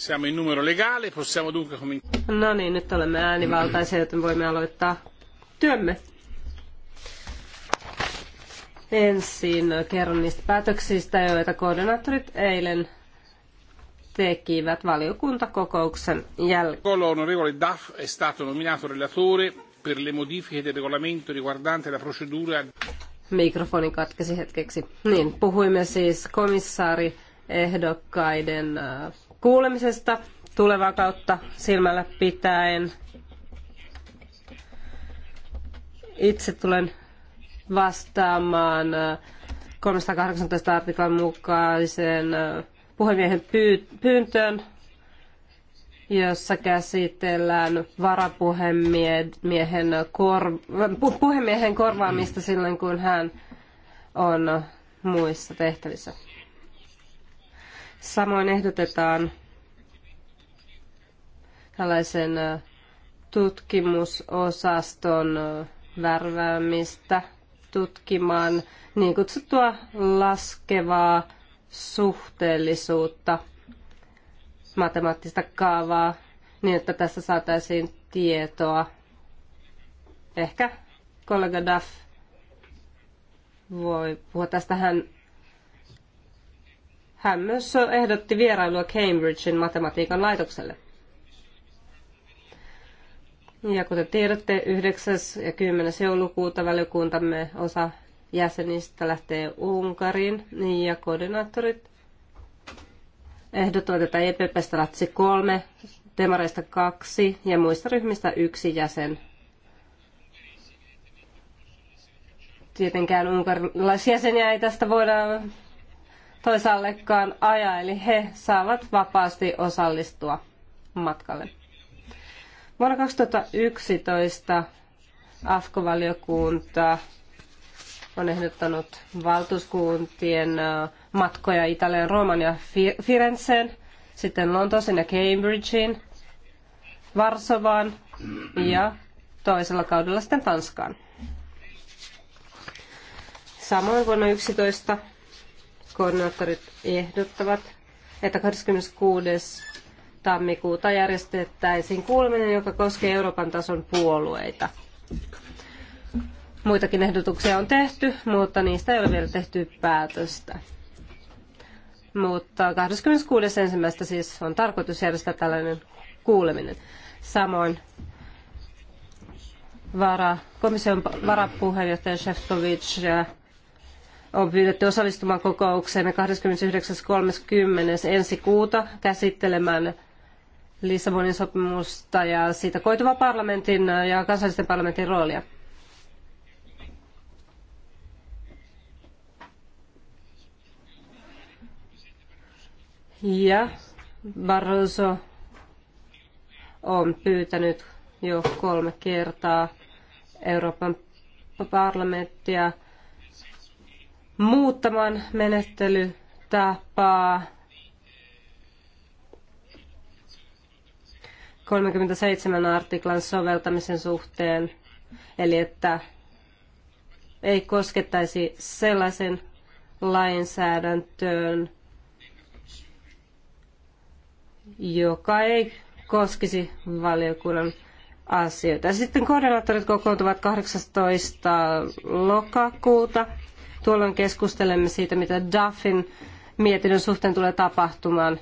Siamo in numero legale, possiamo dunque cominciare. No niin, nyt olemme äänivaltaisia, joten voimme aloittaa työmme. Ensin kerron niistä päätöksistä, joita koordinaattorit eilen tekivät valiokuntakokouksen jälkeen. L'onorevole Duff è stato nominato relatore per le modifiche del regolamento riguardante la procedura... Mikrofoni katkesi hetkeksi. Niin, puhuimme siis komissaari ehdokkaiden äh, kuulemisesta tulevaa kautta silmällä pitäen. Itse tulen vastaamaan 318 äh, artiklan mukaisen äh, puhemiehen pyyntöön, jossa käsitellään varapuhemiehen kor, puhemiehen korvaamista silloin, kun hän on muissa tehtävissä. Samoin ehdotetaan tällaisen tutkimusosaston värväämistä tutkimaan niin kutsuttua laskevaa suhteellisuutta, matemaattista kaavaa, niin että tässä saataisiin tietoa. Ehkä kollega Duff voi puhua tästä. Hän hän myös ehdotti vierailua Cambridgein matematiikan laitokselle. Ja kuten tiedätte, 9. ja 10. joulukuuta valiokuntamme osa jäsenistä lähtee Unkarin ja koordinaattorit ehdotoivat, että EPPstä lähtisi kolme, demareista kaksi ja muista ryhmistä yksi jäsen. Tietenkään unkarilaisjäseniä ei tästä voida toisaallekaan aja, eli he saavat vapaasti osallistua matkalle. Vuonna 2011 AFKO-valiokunta on ehdottanut valtuuskuntien matkoja Italian, Rooman ja Firenzeen, sitten Lontoosin ja Cambridgein, Varsovaan ja toisella kaudella sitten Tanskaan. Samoin vuonna 2011 Koordinaattorit ehdottavat, että 26. tammikuuta järjestettäisiin kuuleminen, joka koskee Euroopan tason puolueita. Muitakin ehdotuksia on tehty, mutta niistä ei ole vielä tehty päätöstä. Mutta 26.1. siis on tarkoitus järjestää tällainen kuuleminen. Samoin vara, komission varapuheenjohtaja Shevkovic on pyydetty osallistumaan kokoukseemme 29.30. ensi kuuta käsittelemään Lissabonin sopimusta ja siitä koituvaa parlamentin ja kansallisten parlamentin roolia. Ja Barroso on pyytänyt jo kolme kertaa Euroopan parlamenttia muuttamaan menettelytapaa. 37 artiklan soveltamisen suhteen, eli että ei koskettaisi sellaisen lainsäädäntöön, joka ei koskisi valiokunnan asioita. Sitten koordinaattorit kokoontuvat 18. lokakuuta Tuolloin keskustelemme siitä, mitä Duffin mietinnön suhteen tulee tapahtumaan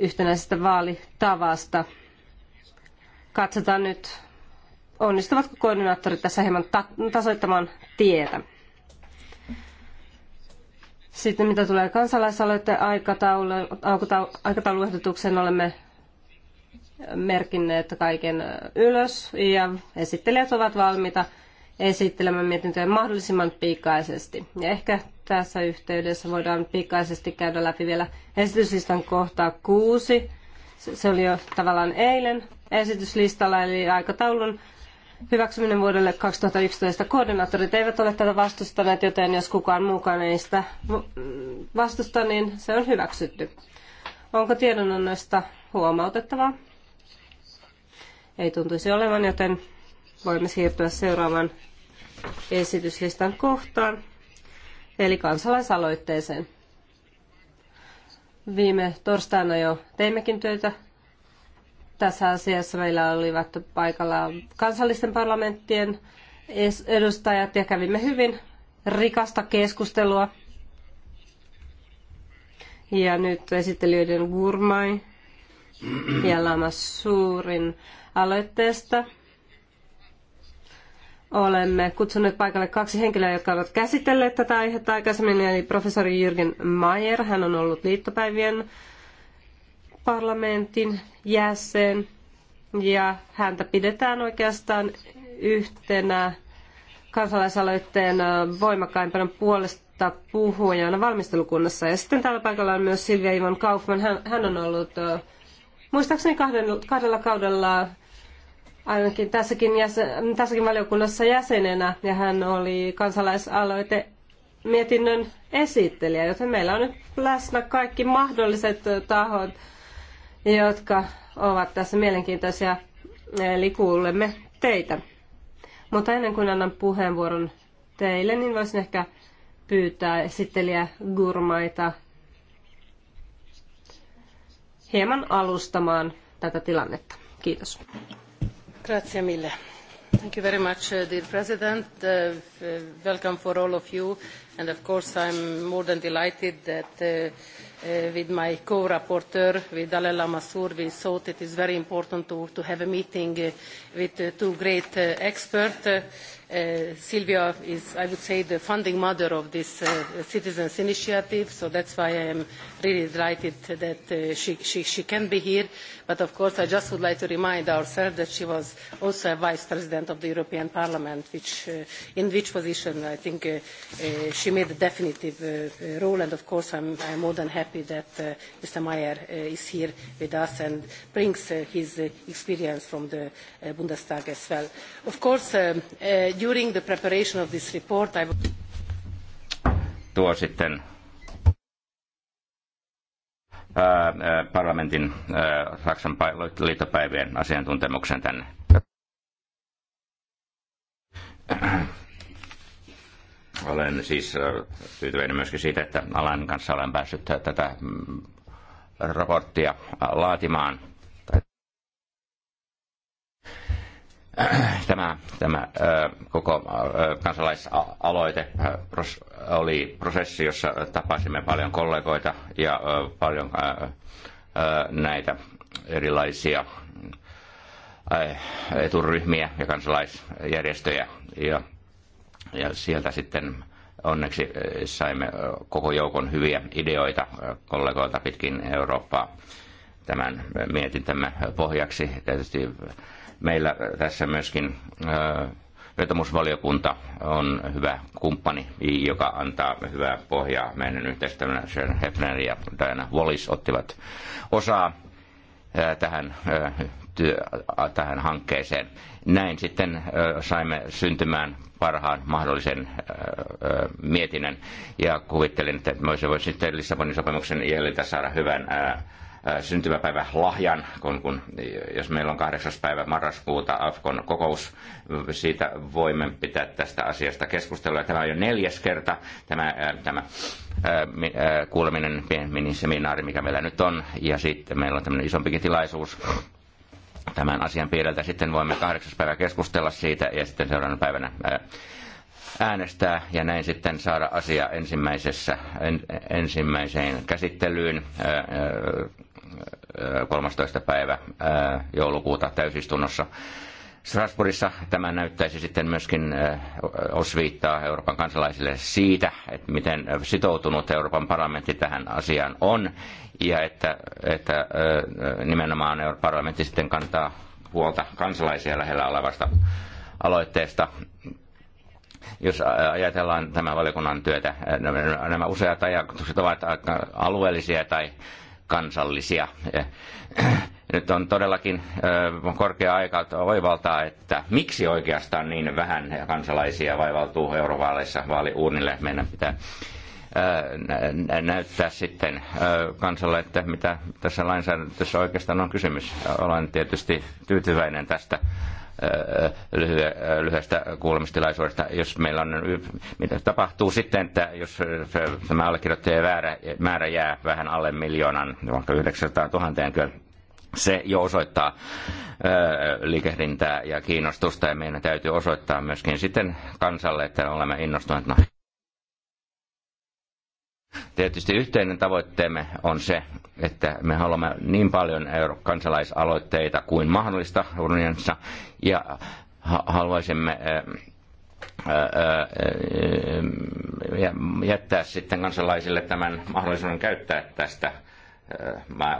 yhtenäisestä vaalitavasta. Katsotaan nyt, onnistuvatko koordinaattorit tässä hieman tasoittamaan tietä. Sitten mitä tulee kansalaisaloitteen aikatauluehdotukseen, olemme merkinneet kaiken ylös ja esittelijät ovat valmiita esittelemään mietintöjä mahdollisimman pikaisesti. Ja ehkä tässä yhteydessä voidaan pikaisesti käydä läpi vielä esityslistan kohtaa kuusi. Se oli jo tavallaan eilen esityslistalla, eli aikataulun hyväksyminen vuodelle 2011. Koordinaattorit eivät ole tätä vastustaneet, joten jos kukaan mukaan ei sitä vastusta, niin se on hyväksytty. Onko tiedonannoista huomautettavaa? Ei tuntuisi olevan, joten voimme siirtyä seuraavaan esityslistan kohtaan, eli kansalaisaloitteeseen. Viime torstaina jo teimmekin työtä tässä asiassa. Meillä olivat paikalla kansallisten parlamenttien edustajat ja kävimme hyvin rikasta keskustelua. Ja nyt esittelijöiden Gurmai ja Lama Suurin aloitteesta – olemme kutsuneet paikalle kaksi henkilöä, jotka ovat käsitelleet tätä aihetta aikaisemmin, eli professori Jürgen Mayer. Hän on ollut liittopäivien parlamentin jäsen, ja häntä pidetään oikeastaan yhtenä kansalaisaloitteen voimakkaimpana puolesta puhujana valmistelukunnassa. Ja sitten täällä paikalla on myös Silvia Ivan Kaufman. Hän, hän on ollut muistaakseni kahden, kahdella kaudella ainakin tässäkin, jäsen, tässäkin valiokunnassa jäsenenä ja hän oli kansalaisaloite mietinnön esittelijä, joten meillä on nyt läsnä kaikki mahdolliset tahot, jotka ovat tässä mielenkiintoisia, eli kuulemme teitä. Mutta ennen kuin annan puheenvuoron teille, niin voisin ehkä pyytää esittelijä Gurmaita hieman alustamaan tätä tilannetta. Kiitos. Thank you very much, uh, dear President. Uh, uh, welcome for all of you. And of course, i am more than delighted that with my co-rapporteur, with Dalai Lamassoure, we thought it is very important to, have a meeting with two great experts Uh, Silvia is, I would say, the founding mother of this uh, citizens' initiative, so that is why I am really delighted that uh, she, she, she can be here. But of course, I just would like to remind ourselves that she was also a vice president of the European Parliament, which, uh, in which position I think uh, uh, she made a definitive uh, role. And of course, i am more than happy that uh, Mr. Meyer uh, is here with us and brings uh, his uh, experience from the uh, Bundestag as well. Of course, um, uh, during the preparation of this report, I... Tuo sitten parlamentin ää, Saksan liittopäivien asiantuntemuksen tänne. Olen siis tyytyväinen myöskin siitä, että Alan kanssa olen päässyt tätä mm, raporttia laatimaan – Äh, tämä, tämä koko kansalaisaloite oli prosessi, jossa tapasimme paljon kollegoita ja paljon näitä erilaisia eturyhmiä ja kansalaisjärjestöjä. Ja, ja sieltä sitten onneksi saimme koko joukon hyviä ideoita kollegoilta pitkin Eurooppaa tämän mietintämme pohjaksi. Tietysti Meillä tässä myöskin vetomusvaliokunta on hyvä kumppani, joka antaa hyvää pohjaa meidän yhteistyönä. Sean Hefner ja Diana Wallis ottivat osaa tähän, työ, tähän hankkeeseen. Näin sitten saimme syntymään parhaan mahdollisen mietinnän ja kuvittelin, että voisi sitten Lissabonin sopimuksen jäljiltä saada hyvän syntymäpäivä lahjan, kun, kun, jos meillä on kahdeksas päivä marraskuuta Afkon kokous, siitä voimme pitää tästä asiasta keskustelua. Tämä on jo neljäs kerta tämä, tämä kuuleminen, pieni seminaari, mikä meillä nyt on, ja sitten meillä on tämmöinen isompikin tilaisuus tämän asian piirreltä. Sitten voimme kahdeksas päivä keskustella siitä ja sitten seuraavana päivänä äänestää ja näin sitten saada asia ensimmäisessä, en, ensimmäiseen käsittelyyn 13. päivä joulukuuta täysistunnossa. Strasbourgissa tämä näyttäisi sitten myöskin osviittaa Euroopan kansalaisille siitä, että miten sitoutunut Euroopan parlamentti tähän asiaan on ja että, että nimenomaan Euroopan parlamentti sitten kantaa huolta kansalaisia lähellä olevasta aloitteesta. Jos ajatellaan tämän valiokunnan työtä, nämä useat ajatukset ovat alueellisia tai kansallisia. Nyt on todellakin korkea aika oivaltaa, että miksi oikeastaan niin vähän kansalaisia vaivautuu eurovaaleissa vaaliuunille. Meidän pitää näyttää sitten kansalle, että mitä tässä lainsäädännössä oikeastaan on kysymys. Olen tietysti tyytyväinen tästä lyhyestä kuulemistilaisuudesta, jos meillä on, mitä tapahtuu sitten, että jos tämä allekirjoittajien määrä, määrä jää vähän alle miljoonan, niin vaikka 900 000, kyllä se jo osoittaa liikehdintää ja kiinnostusta ja meidän täytyy osoittaa myöskin sitten kansalle, että olemme innostuneet. No, Tietysti yhteinen tavoitteemme on se, että me haluamme niin paljon kansalaisaloitteita kuin mahdollista unionissa ja haluaisimme eh, eh, eh, jättää sitten kansalaisille tämän mahdollisuuden käyttää tästä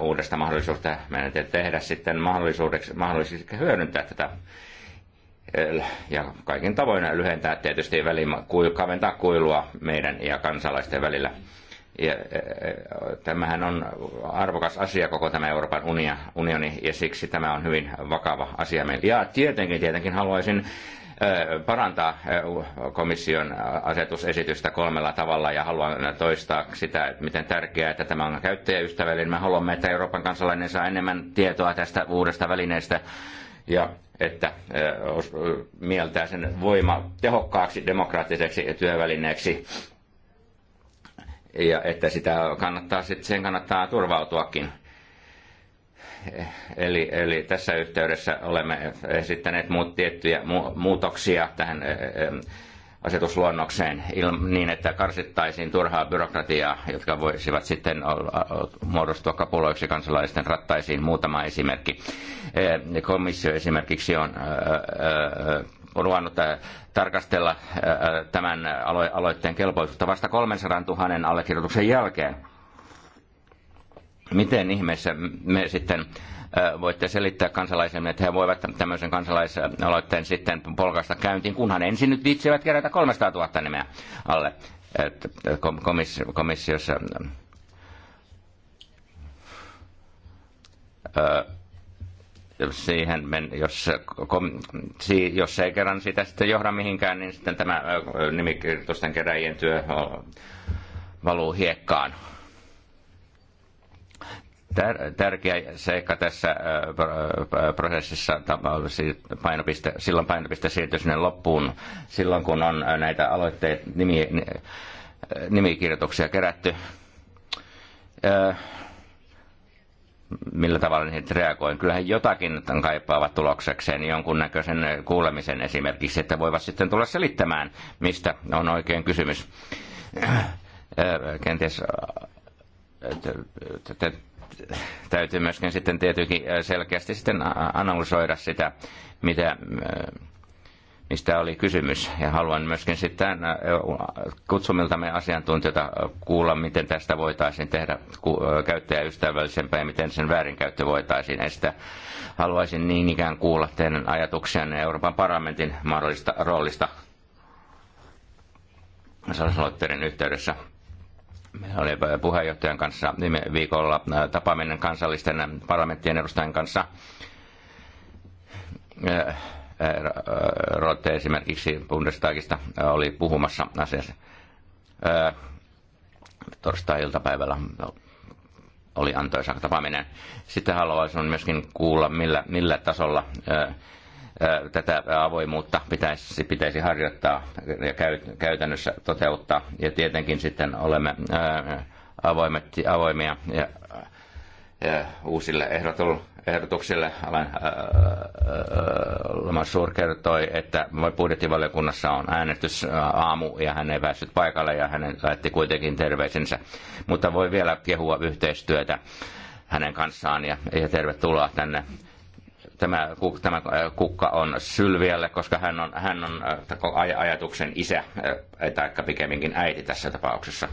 uudesta mahdollisuudesta. Meidän tehdä sitten mahdollisuudeksi, mahdollisiksi hyödyntää tätä ja kaiken tavoin lyhentää tietysti väliin, kaventaa kuilua meidän ja kansalaisten välillä. Ja, tämähän on arvokas asia koko tämä Euroopan unioni ja siksi tämä on hyvin vakava asia meille. Ja tietenkin, tietenkin haluaisin parantaa komission asetusesitystä kolmella tavalla ja haluan toistaa sitä, että miten tärkeää, että tämä on käyttäjäystävällinen. Me haluamme, että Euroopan kansalainen saa enemmän tietoa tästä uudesta välineestä ja että mieltää sen voima tehokkaaksi demokraattiseksi työvälineeksi ja että sitä kannattaa, sit sen kannattaa turvautuakin. Eli, eli tässä yhteydessä olemme esittäneet muut tiettyjä mu- muutoksia tähän asetusluonnokseen niin, että karsittaisiin turhaa byrokratiaa, jotka voisivat sitten muodostua kapuloiksi kansalaisten rattaisiin. Muutama esimerkki. Komissio esimerkiksi on on luvannut äh, tarkastella äh, äh, tämän aloitteen kelpoisuutta vasta 300 000 allekirjoituksen jälkeen. Miten ihmeessä me sitten voitte selittää kansalaisille, että he voivat tämmöisen kansalaisaloitteen sitten polkaista käyntiin, kunhan ensin nyt viitsivät kerätä 300 000 nimeä alle komissiossa. Öö siihen, jos, jos ei kerran sitä sitten johda mihinkään, niin sitten tämä nimikirjoitusten keräjien työ valuu hiekkaan. Tärkeä seikka tässä prosessissa, painopiste, silloin painopiste siirtyy sinne loppuun, silloin kun on näitä aloitteita, nimi, nimikirjoituksia kerätty millä tavalla niihin reagoin. Kyllähän jotakin kaipaavat tuloksekseen jonkunnäköisen kuulemisen esimerkiksi, että voivat sitten tulla selittämään, mistä on oikein kysymys. Kenties täytyy myöskin sitten tietenkin selkeästi sitten analysoida sitä, mitä, mistä oli kysymys. Ja haluan myöskin sitten äh, kutsumiltamme asiantuntijoita äh, kuulla, miten tästä voitaisiin tehdä äh, käyttäjäystävällisempää ja miten sen väärinkäyttö voitaisiin estää. Haluaisin niin ikään kuulla teidän ajatuksenne Euroopan parlamentin mahdollista roolista kansalaisaloitteiden yhteydessä. Meillä oli puheenjohtajan kanssa viime viikolla tapaaminen kansallisten parlamenttien edustajien kanssa Rotte esimerkiksi Bundestagista äh, oli puhumassa asiassa äh, torstai-iltapäivällä oli antoisa tapaaminen. Sitten haluaisin myöskin kuulla, millä, millä tasolla äh, tätä avoimuutta pitäisi, pitäisi harjoittaa ja käytännössä toteuttaa. Ja tietenkin sitten olemme avoimet, avoimia ja, ja uusille ehdotulle ehdotukselle Alan äh, äh, äh, Lamassur kertoi, että budjettivaliokunnassa on äänestys aamu ja hän ei päässyt paikalle ja hän lähetti kuitenkin terveisensä. Mutta voi vielä kehua yhteistyötä hänen kanssaan ja, ja tervetuloa tänne. Tämä, tämä kukka on Sylvialle, koska hän on, hän on ajatuksen isä, tai pikemminkin äiti tässä tapauksessa.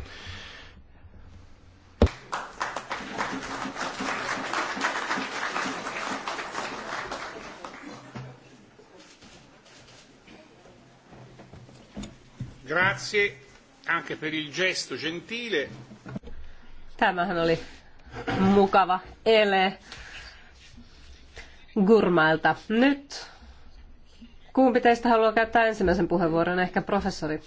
Grazie anche per il gesto gentile. Tämähän oli mukava ele gurmailta. Nyt kumpi teistä haluaa käyttää ensimmäisen puheenvuoron, ehkä professori?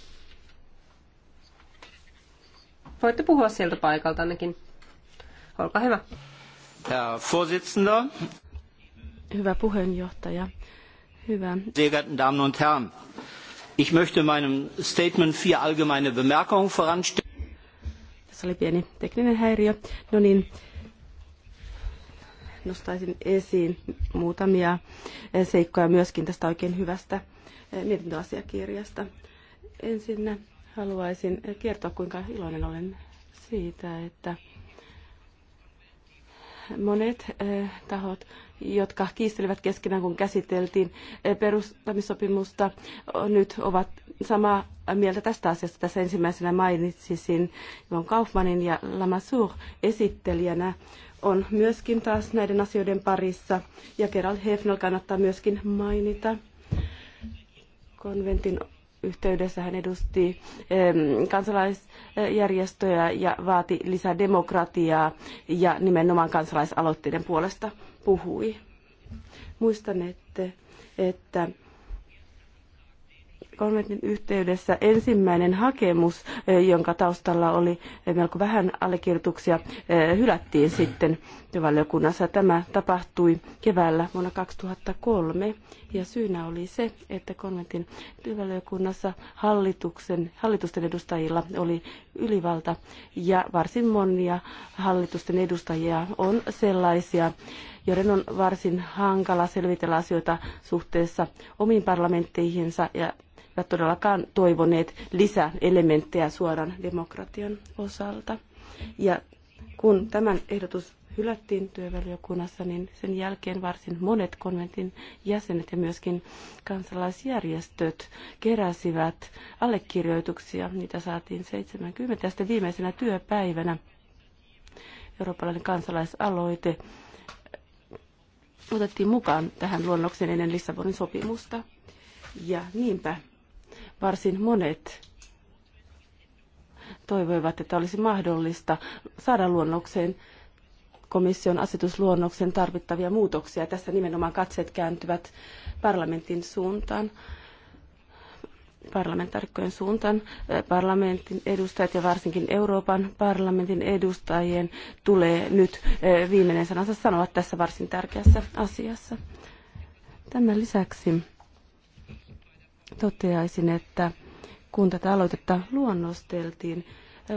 Voitte puhua sieltä paikalta ainakin. Olkaa hyvä. Herr Hyvä puheenjohtaja. Hyvä. Sehr geehrten Damen und Herren. Ich möchte meinem Statement vier allgemeine Bemerkungen voranstellen. oli pieni tekninen häiriö. No niin, nostaisin esiin muutamia seikkoja myöskin tästä oikein hyvästä eh, mietintöasiakirjasta. Ensinnä haluaisin kertoa, kuinka iloinen olen siitä, että monet eh, tahot, jotka kiistelivät keskenään, kun käsiteltiin eh, perustamissopimusta, nyt ovat samaa mieltä tästä asiasta. Tässä ensimmäisenä mainitsisin Jon Kaufmanin ja Lamassur esittelijänä on myöskin taas näiden asioiden parissa. Ja Gerald Hefnel kannattaa myöskin mainita konventin yhteydessä hän edusti kansalaisjärjestöjä ja vaati lisää demokratiaa ja nimenomaan kansalaisaloitteiden puolesta puhui. Muistanette, että konventin yhteydessä ensimmäinen hakemus, eh, jonka taustalla oli eh, melko vähän allekirjoituksia, eh, hylättiin sitten valiokunnassa. Tämä tapahtui keväällä vuonna 2003 ja syynä oli se, että konventin työvaliokunnassa hallituksen, hallitusten edustajilla oli ylivalta ja varsin monia hallitusten edustajia on sellaisia, joiden on varsin hankala selvitellä asioita suhteessa omiin parlamentteihinsa ja eivät todellakaan toivoneet lisäelementtejä suoran demokratian osalta. Ja kun tämän ehdotus hylättiin työvaliokunnassa, niin sen jälkeen varsin monet konventin jäsenet ja myöskin kansalaisjärjestöt keräsivät allekirjoituksia. Niitä saatiin 70 ja sitten viimeisenä työpäivänä eurooppalainen kansalaisaloite otettiin mukaan tähän luonnokseen ennen Lissabonin sopimusta. Ja niinpä varsin monet toivoivat, että olisi mahdollista saada luonnokseen komission asetusluonnoksen tarvittavia muutoksia. Tässä nimenomaan katseet kääntyvät parlamentin suuntaan parlamentaarikkojen suuntaan. Parlamentin edustajat ja varsinkin Euroopan parlamentin edustajien tulee nyt eh, viimeinen sanansa sanoa tässä varsin tärkeässä asiassa. Tämän lisäksi toteaisin, että kun tätä aloitetta luonnosteltiin,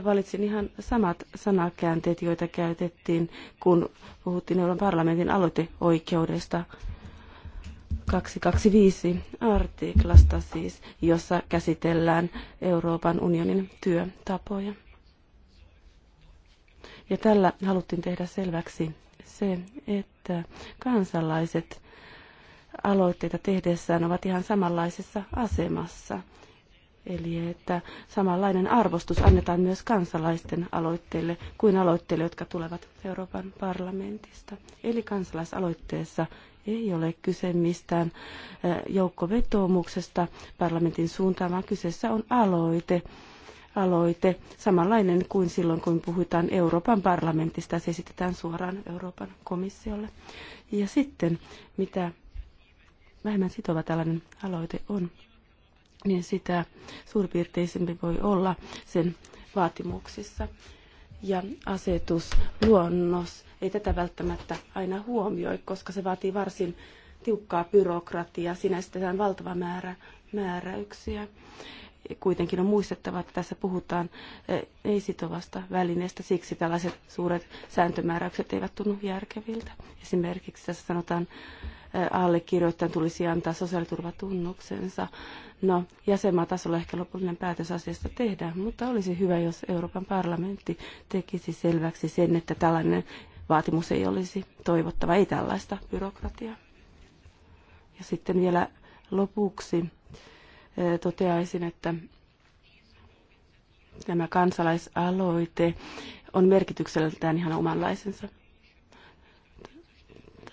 valitsin ihan samat sanakäänteet, joita käytettiin, kun puhuttiin Euroopan parlamentin aloiteoikeudesta 225 artiklasta siis, jossa käsitellään Euroopan unionin työtapoja. Ja tällä haluttiin tehdä selväksi se, että kansalaiset aloitteita tehdessään ovat ihan samanlaisessa asemassa. Eli että samanlainen arvostus annetaan myös kansalaisten aloitteille kuin aloitteille, jotka tulevat Euroopan parlamentista. Eli kansalaisaloitteessa ei ole kyse mistään eh, joukkovetoomuksesta parlamentin suuntaan, vaan kyseessä on aloite. Aloite samanlainen kuin silloin, kun puhutaan Euroopan parlamentista, se esitetään suoraan Euroopan komissiolle. Ja sitten, mitä vähemmän sitova tällainen aloite on, niin sitä suurpiirteisempi voi olla sen vaatimuksissa. Ja asetusluonnos ei tätä välttämättä aina huomioi, koska se vaatii varsin tiukkaa byrokratiaa. Siinä esitetään valtava määrä määräyksiä. Kuitenkin on muistettava, että tässä puhutaan eh, ei-sitovasta välineestä, siksi tällaiset suuret sääntömääräykset eivät tunnu järkeviltä. Esimerkiksi tässä sanotaan allekirjoittajan tulisi antaa sosiaaliturvatunnuksensa. No, jäsenmaatasolla ehkä lopullinen päätös asiasta tehdään, mutta olisi hyvä, jos Euroopan parlamentti tekisi selväksi sen, että tällainen vaatimus ei olisi toivottava, ei tällaista byrokratiaa. Ja sitten vielä lopuksi toteaisin, että tämä kansalaisaloite on merkitykseltään ihan omanlaisensa.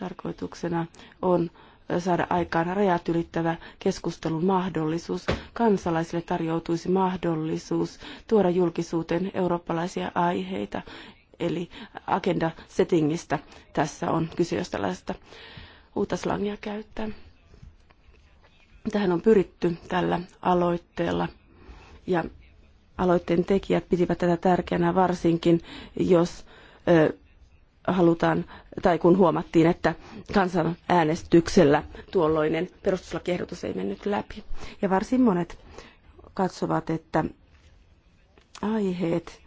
Tarkoituksena on saada aikaan rajat ylittävä keskustelun mahdollisuus. Kansalaisille tarjoutuisi mahdollisuus tuoda julkisuuteen eurooppalaisia aiheita. Eli agenda settingistä tässä on kyse, jos tällaista uutta slangia käyttää. Tähän on pyritty tällä aloitteella ja aloitteen tekijät pitivät tätä tärkeänä varsinkin, jos halutaan, tai kun huomattiin, että kansanäänestyksellä tuolloinen perustuslakiehdotus ei mennyt läpi. Ja varsin monet katsovat, että aiheet,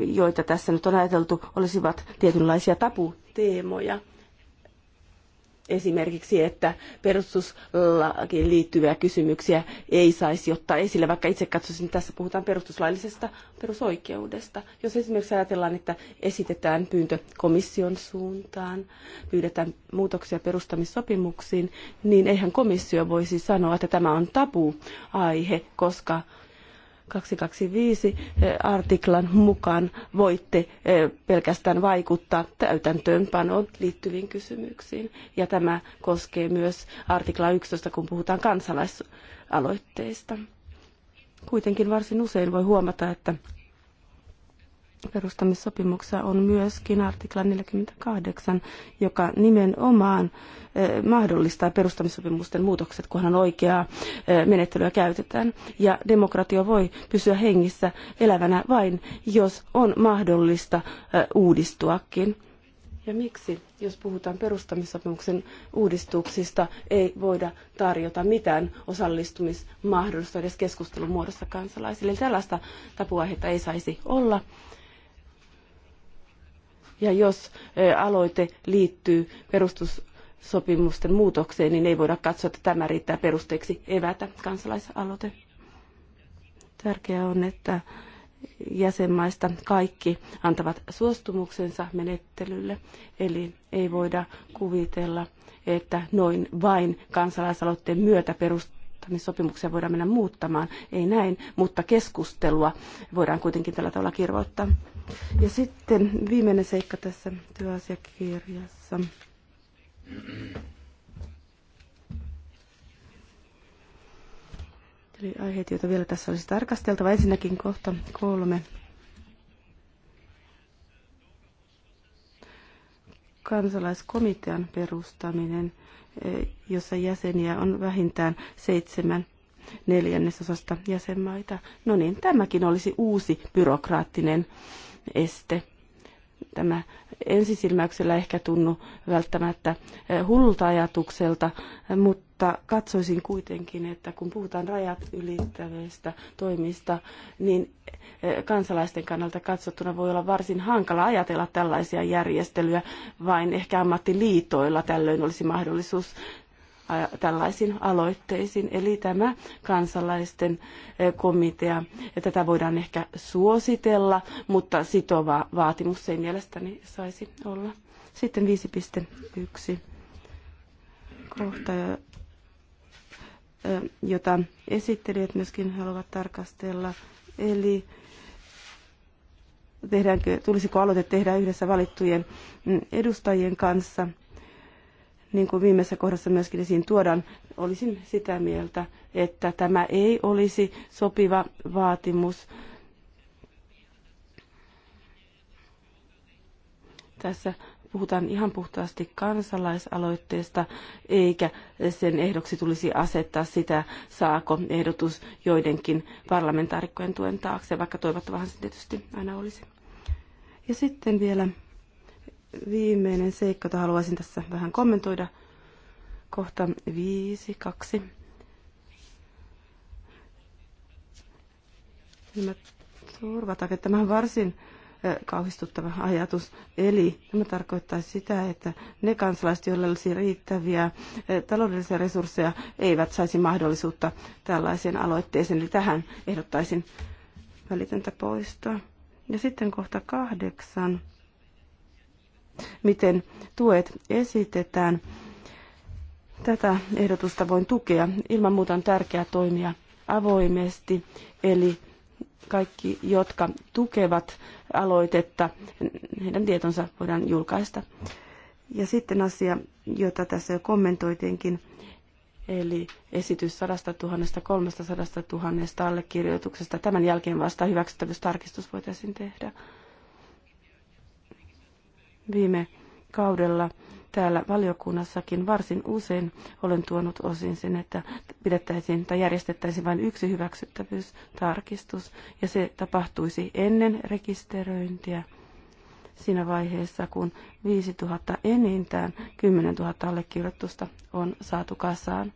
joita tässä nyt on ajateltu, olisivat tietynlaisia tabuteemoja esimerkiksi, että perustuslakiin liittyviä kysymyksiä ei saisi ottaa esille, vaikka itse katsoisin, että tässä puhutaan perustuslaillisesta perusoikeudesta. Jos esimerkiksi ajatellaan, että esitetään pyyntö komission suuntaan, pyydetään muutoksia perustamissopimuksiin, niin eihän komissio voisi sanoa, että tämä on tabu aihe, koska 225 eh, artiklan mukaan voitte eh, pelkästään vaikuttaa täytäntöönpanoon liittyviin kysymyksiin. Ja tämä koskee myös artikla 11, kun puhutaan kansalaisaloitteista. Kuitenkin varsin usein voi huomata, että perustamissopimuksessa on myöskin artikla 48, joka nimenomaan eh, mahdollistaa perustamissopimusten muutokset, kunhan oikeaa eh, menettelyä käytetään. Ja demokratia voi pysyä hengissä elävänä vain, jos on mahdollista eh, uudistuakin. Ja miksi, jos puhutaan perustamissopimuksen uudistuksista, ei voida tarjota mitään osallistumismahdollisuutta edes keskustelun muodossa kansalaisille? Eli tällaista tapuaihetta ei saisi olla. Ja jos aloite liittyy perustussopimusten muutokseen, niin ei voida katsoa, että tämä riittää perusteeksi evätä kansalaisaloite. Tärkeää on, että jäsenmaista kaikki antavat suostumuksensa menettelylle, eli ei voida kuvitella, että noin vain kansalaisaloitteen myötä perustamissopimuksia voidaan mennä muuttamaan. Ei näin, mutta keskustelua voidaan kuitenkin tällä tavalla kirvoittaa. Ja sitten viimeinen seikka tässä työasiakirjassa. Eli aiheet, joita vielä tässä olisi tarkasteltava. Ensinnäkin kohta kolme. Kansalaiskomitean perustaminen, e, jossa jäseniä on vähintään seitsemän neljännesosasta jäsenmaita. No niin, tämäkin olisi uusi byrokraattinen este. Tämä ensisilmäyksellä ehkä tunnu välttämättä eh, hullulta ajatukselta, eh, mutta katsoisin kuitenkin, että kun puhutaan rajat ylittävistä toimista, niin eh, kansalaisten kannalta katsottuna voi olla varsin hankala ajatella tällaisia järjestelyjä, vain ehkä ammattiliitoilla tällöin olisi mahdollisuus tällaisiin aloitteisiin. Eli tämä kansalaisten e, komitea, ja tätä voidaan ehkä suositella, mutta sitova vaatimus ei mielestäni saisi olla. Sitten 5.1 kohta, e, jota esittelijät myöskin haluavat tarkastella. Eli tehdäänkö, tulisiko aloite tehdä yhdessä valittujen mm, edustajien kanssa – niin kuin viimeisessä kohdassa myöskin esiin tuodaan, olisin sitä mieltä, että tämä ei olisi sopiva vaatimus. Tässä puhutaan ihan puhtaasti kansalaisaloitteesta, eikä sen ehdoksi tulisi asettaa sitä, saako ehdotus joidenkin parlamentaarikkojen tuen taakse, vaikka toivottavahan se tietysti aina olisi. Ja sitten vielä viimeinen seikka, jota haluaisin tässä vähän kommentoida. Kohta 5, 2. turvataan, että Tämä on varsin kauhistuttava ajatus. Eli tämä tarkoittaa sitä, että ne kansalaiset, joilla olisi riittäviä taloudellisia resursseja, eivät saisi mahdollisuutta tällaiseen aloitteeseen. Eli tähän ehdottaisin välitöntä poistoa. Ja sitten kohta kahdeksan miten tuet esitetään. Tätä ehdotusta voin tukea. Ilman muuta on tärkeää toimia avoimesti, eli kaikki, jotka tukevat aloitetta, heidän tietonsa voidaan julkaista. Ja sitten asia, jota tässä jo kommentoitiinkin, eli esitys 100 000, 300 000 allekirjoituksesta. Tämän jälkeen vasta hyväksyttävyystarkistus voitaisiin tehdä. Viime kaudella täällä valiokunnassakin varsin usein olen tuonut osin sen, että pidettäisiin tai järjestettäisiin vain yksi hyväksyttävyystarkistus, ja se tapahtuisi ennen rekisteröintiä siinä vaiheessa, kun 5000 enintään 10 000 allekirjoitusta on saatu kasaan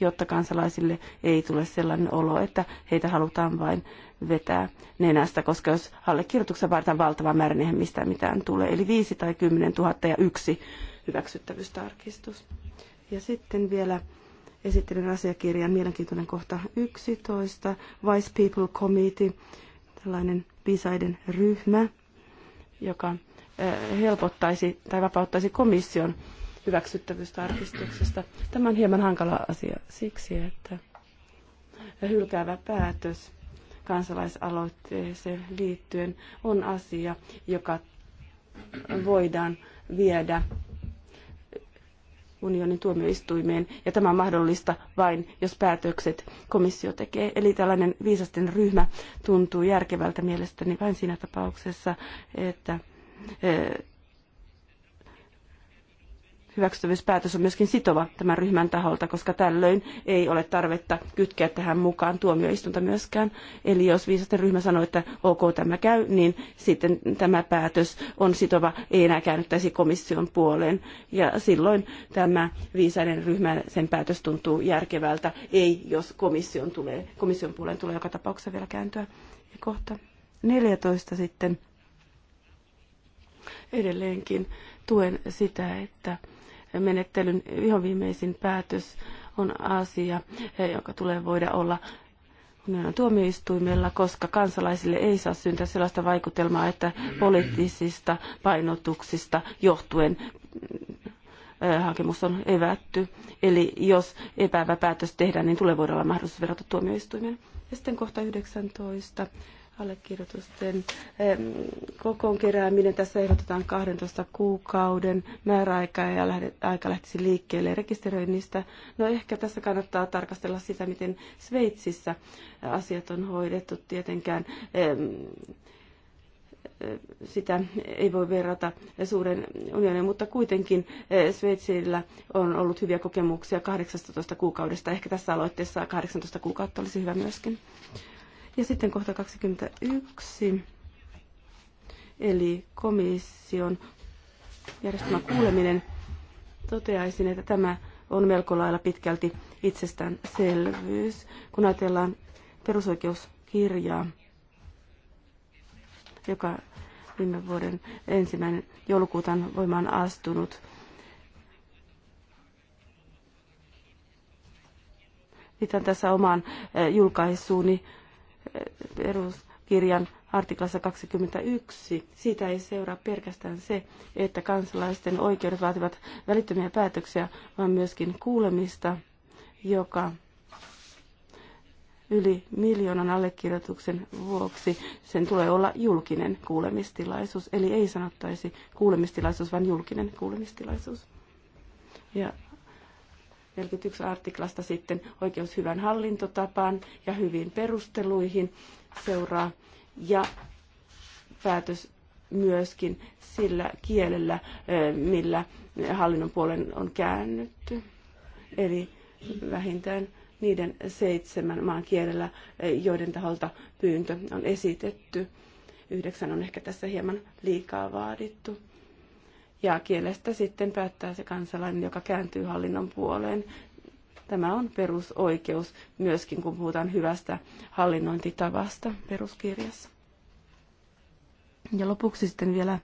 jotta kansalaisille ei tule sellainen olo, että heitä halutaan vain vetää nenästä, koska jos allekirjoituksen varten valtava määrä, niin mistään mitään tulee. Eli 5 tai 10 000 ja yksi hyväksyttävyystarkistus. Ja sitten vielä esittelen asiakirjan mielenkiintoinen kohta 11, Vice People Committee, tällainen viisaiden ryhmä, joka eh, helpottaisi tai vapauttaisi komission hyväksyttävyystarkistuksesta. Tämä on hieman hankala asia siksi, että hylkäävä päätös kansalaisaloitteeseen liittyen on asia, joka voidaan viedä unionin tuomioistuimeen, ja tämä on mahdollista vain, jos päätökset komissio tekee. Eli tällainen viisasten ryhmä tuntuu järkevältä mielestäni vain siinä tapauksessa, että eh, hyväksyttävyyspäätös on myöskin sitova tämän ryhmän taholta, koska tällöin ei ole tarvetta kytkeä tähän mukaan tuomioistunta myöskään. Eli jos viisasten ryhmä sanoo, että ok tämä käy, niin sitten tämä päätös on sitova, ei enää käännyttäisi komission puoleen. Ja silloin tämä viisaiden ryhmän sen päätös tuntuu järkevältä, ei jos komission, tulee, komission puoleen tulee joka tapauksessa vielä kääntyä. Ja kohta 14 sitten edelleenkin tuen sitä, että menettelyn vihoviimeisin päätös on asia, eh, joka tulee voida olla tuomioistuimella, koska kansalaisille ei saa syntyä sellaista vaikutelmaa, että poliittisista painotuksista johtuen eh, hakemus on evätty. Eli jos epäävä päätös tehdään, niin tulee voida olla mahdollisuus verrata tuomioistuimeen. Ja sitten kohta 19 allekirjoitusten eh, kokoon kerääminen. Tässä ehdotetaan 12 kuukauden määräaikaa ja aika lähtisi liikkeelle rekisteröinnistä. No ehkä tässä kannattaa tarkastella sitä, miten Sveitsissä asiat on hoidettu tietenkään. Eh, sitä ei voi verrata suuren unionin, mutta kuitenkin eh, Sveitsillä on ollut hyviä kokemuksia 18 kuukaudesta. Ehkä tässä aloitteessa 18 kuukautta olisi hyvä myöskin. Ja sitten kohta 21, eli komission järjestämä kuuleminen. Toteaisin, että tämä on melko lailla pitkälti itsestäänselvyys, kun ajatellaan perusoikeuskirjaa, joka viime vuoden ensimmäinen joulukuuta on voimaan astunut. Viitan tässä omaan eh, julkaisuuni peruskirjan artiklassa 21. Siitä ei seuraa pelkästään se, että kansalaisten oikeudet vaativat välittömiä päätöksiä, vaan myöskin kuulemista, joka yli miljoonan allekirjoituksen vuoksi sen tulee olla julkinen kuulemistilaisuus. Eli ei sanottaisi kuulemistilaisuus, vaan julkinen kuulemistilaisuus. Ja 41 artiklasta sitten oikeus hyvän hallintotapaan ja hyviin perusteluihin seuraa. Ja päätös myöskin sillä kielellä, eh, millä hallinnon puolen on käännytty. Eli vähintään niiden seitsemän maan kielellä, eh, joiden taholta pyyntö on esitetty. Yhdeksän on ehkä tässä hieman liikaa vaadittu ja kielestä sitten päättää se kansalainen, joka kääntyy hallinnon puoleen. Tämä on perusoikeus myöskin, kun puhutaan hyvästä hallinnointitavasta peruskirjassa. Ja lopuksi sitten vielä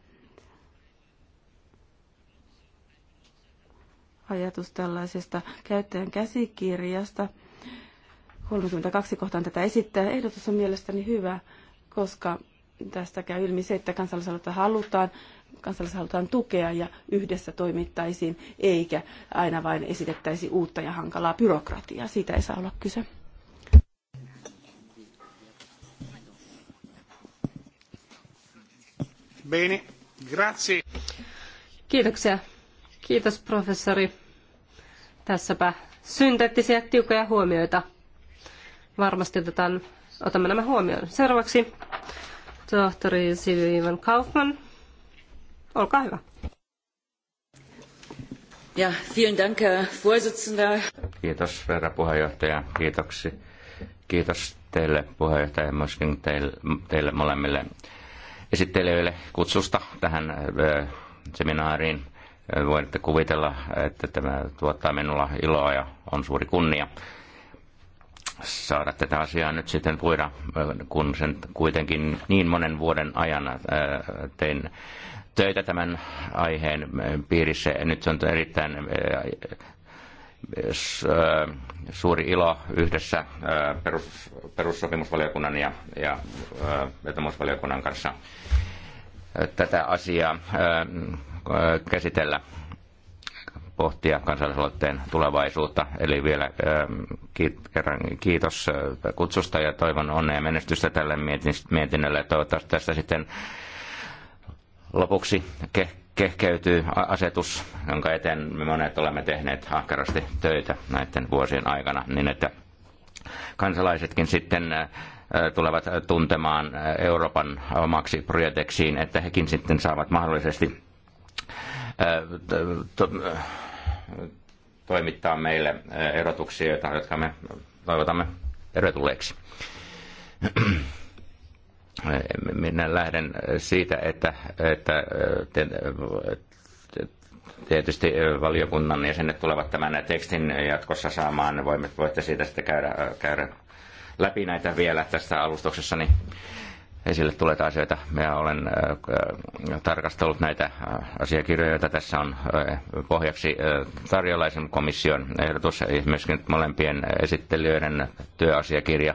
ajatus tällaisesta käyttäjän käsikirjasta. 32 kohtaan tätä esittää. Ehdotus on mielestäni hyvä, koska tästä käy ilmi se, että kansalaisaloitetta halutaan kansalaisia halutaan tukea ja yhdessä toimittaisiin, eikä aina vain esitettäisi uutta ja hankalaa byrokratiaa. Siitä ei saa olla kyse. Bene, grazie. Kiitoksia. Kiitos professori. Tässäpä synteettisiä tiukkoja huomioita. Varmasti otetaan, otamme nämä huomioon. Seuraavaksi tohtori Sivi Ivan Kaufman Olkaa hyvä. Ja, vielen dank, Kiitos, herra puheenjohtaja. Kiitoksi. Kiitos teille puheenjohtaja ja myöskin teille, teille molemmille esittelijöille kutsusta tähän äh, seminaariin. Äh, voitte kuvitella, että tämä tuottaa minulla iloa ja on suuri kunnia saada tätä asiaa nyt sitten puida, kun sen kuitenkin niin monen vuoden ajan äh, tein töitä tämän aiheen piirissä. Nyt on erittäin äh, äh, suuri ilo yhdessä perus, perussopimusvaliokunnan ja, ja vetomusvaliokunnan kanssa tätä asiaa käsitellä pohtia kansallisaloitteen tulevaisuutta. Eli vielä ähm, kerran kiitos äh, kutsusta ja toivon onnea menestystä tälle mietinnölle. Toivottavasti tästä sitten lopuksi kehkeytyy asetus, jonka eteen me monet olemme tehneet ahkerasti töitä näiden vuosien aikana, niin että kansalaisetkin sitten äh, tulevat tuntemaan äh, Euroopan omaksi projekteksiin, että hekin sitten saavat mahdollisesti toimittaa meille erotuksia, eh, jotka me toivotamme tervetulleeksi. Eh, minä lähden siitä, että, että eh, tietysti valiokunnan jäsenet tulevat tämän tekstin jatkossa saamaan. Voimme, voitte siitä sitten käydä, käydä läpi näitä vielä tässä alustuksessa. Niin esille tulleita asioita. Minä olen äh, äh, tarkastellut näitä äh, asiakirjoja, joita tässä on pohjaksi tarjolaisen komission ehdotus, myöskin molempien esittelijöiden työasiakirja,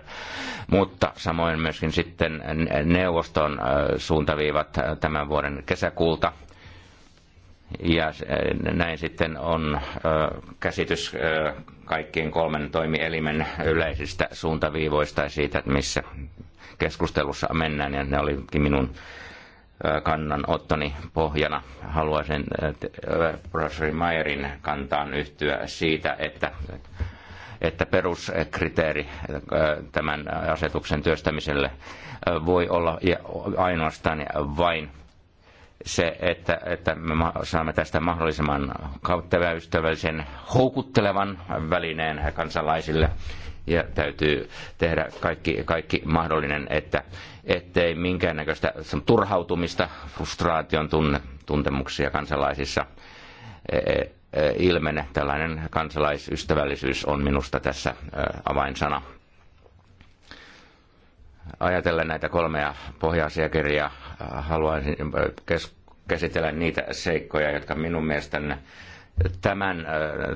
mutta samoin myöskin sitten neuvoston suuntaviivat tämän vuoden kesäkuulta – ja äh, näin sitten on äh, käsitys äh, kaikkien kolmen toimielimen yleisistä suuntaviivoista ja siitä, että missä keskustelussa mennään, ja ne olikin minun kannanottoni pohjana. Haluaisin professori Mayerin kantaan yhtyä siitä, että että peruskriteeri tämän asetuksen työstämiselle voi olla ainoastaan vain se, että, että me saamme tästä mahdollisimman käyttäväystävällisen, houkuttelevan välineen kansalaisille. Ja täytyy tehdä kaikki, kaikki mahdollinen, että ettei minkäännäköistä turhautumista, frustraation tunne, tuntemuksia kansalaisissa e, e, e, ilmene. Tällainen kansalaisystävällisyys on minusta tässä avainsana ajatellen näitä kolmea pohja-asiakirjaa, haluaisin äh, käsitellä niitä seikkoja, jotka minun mielestäni tämän, äh,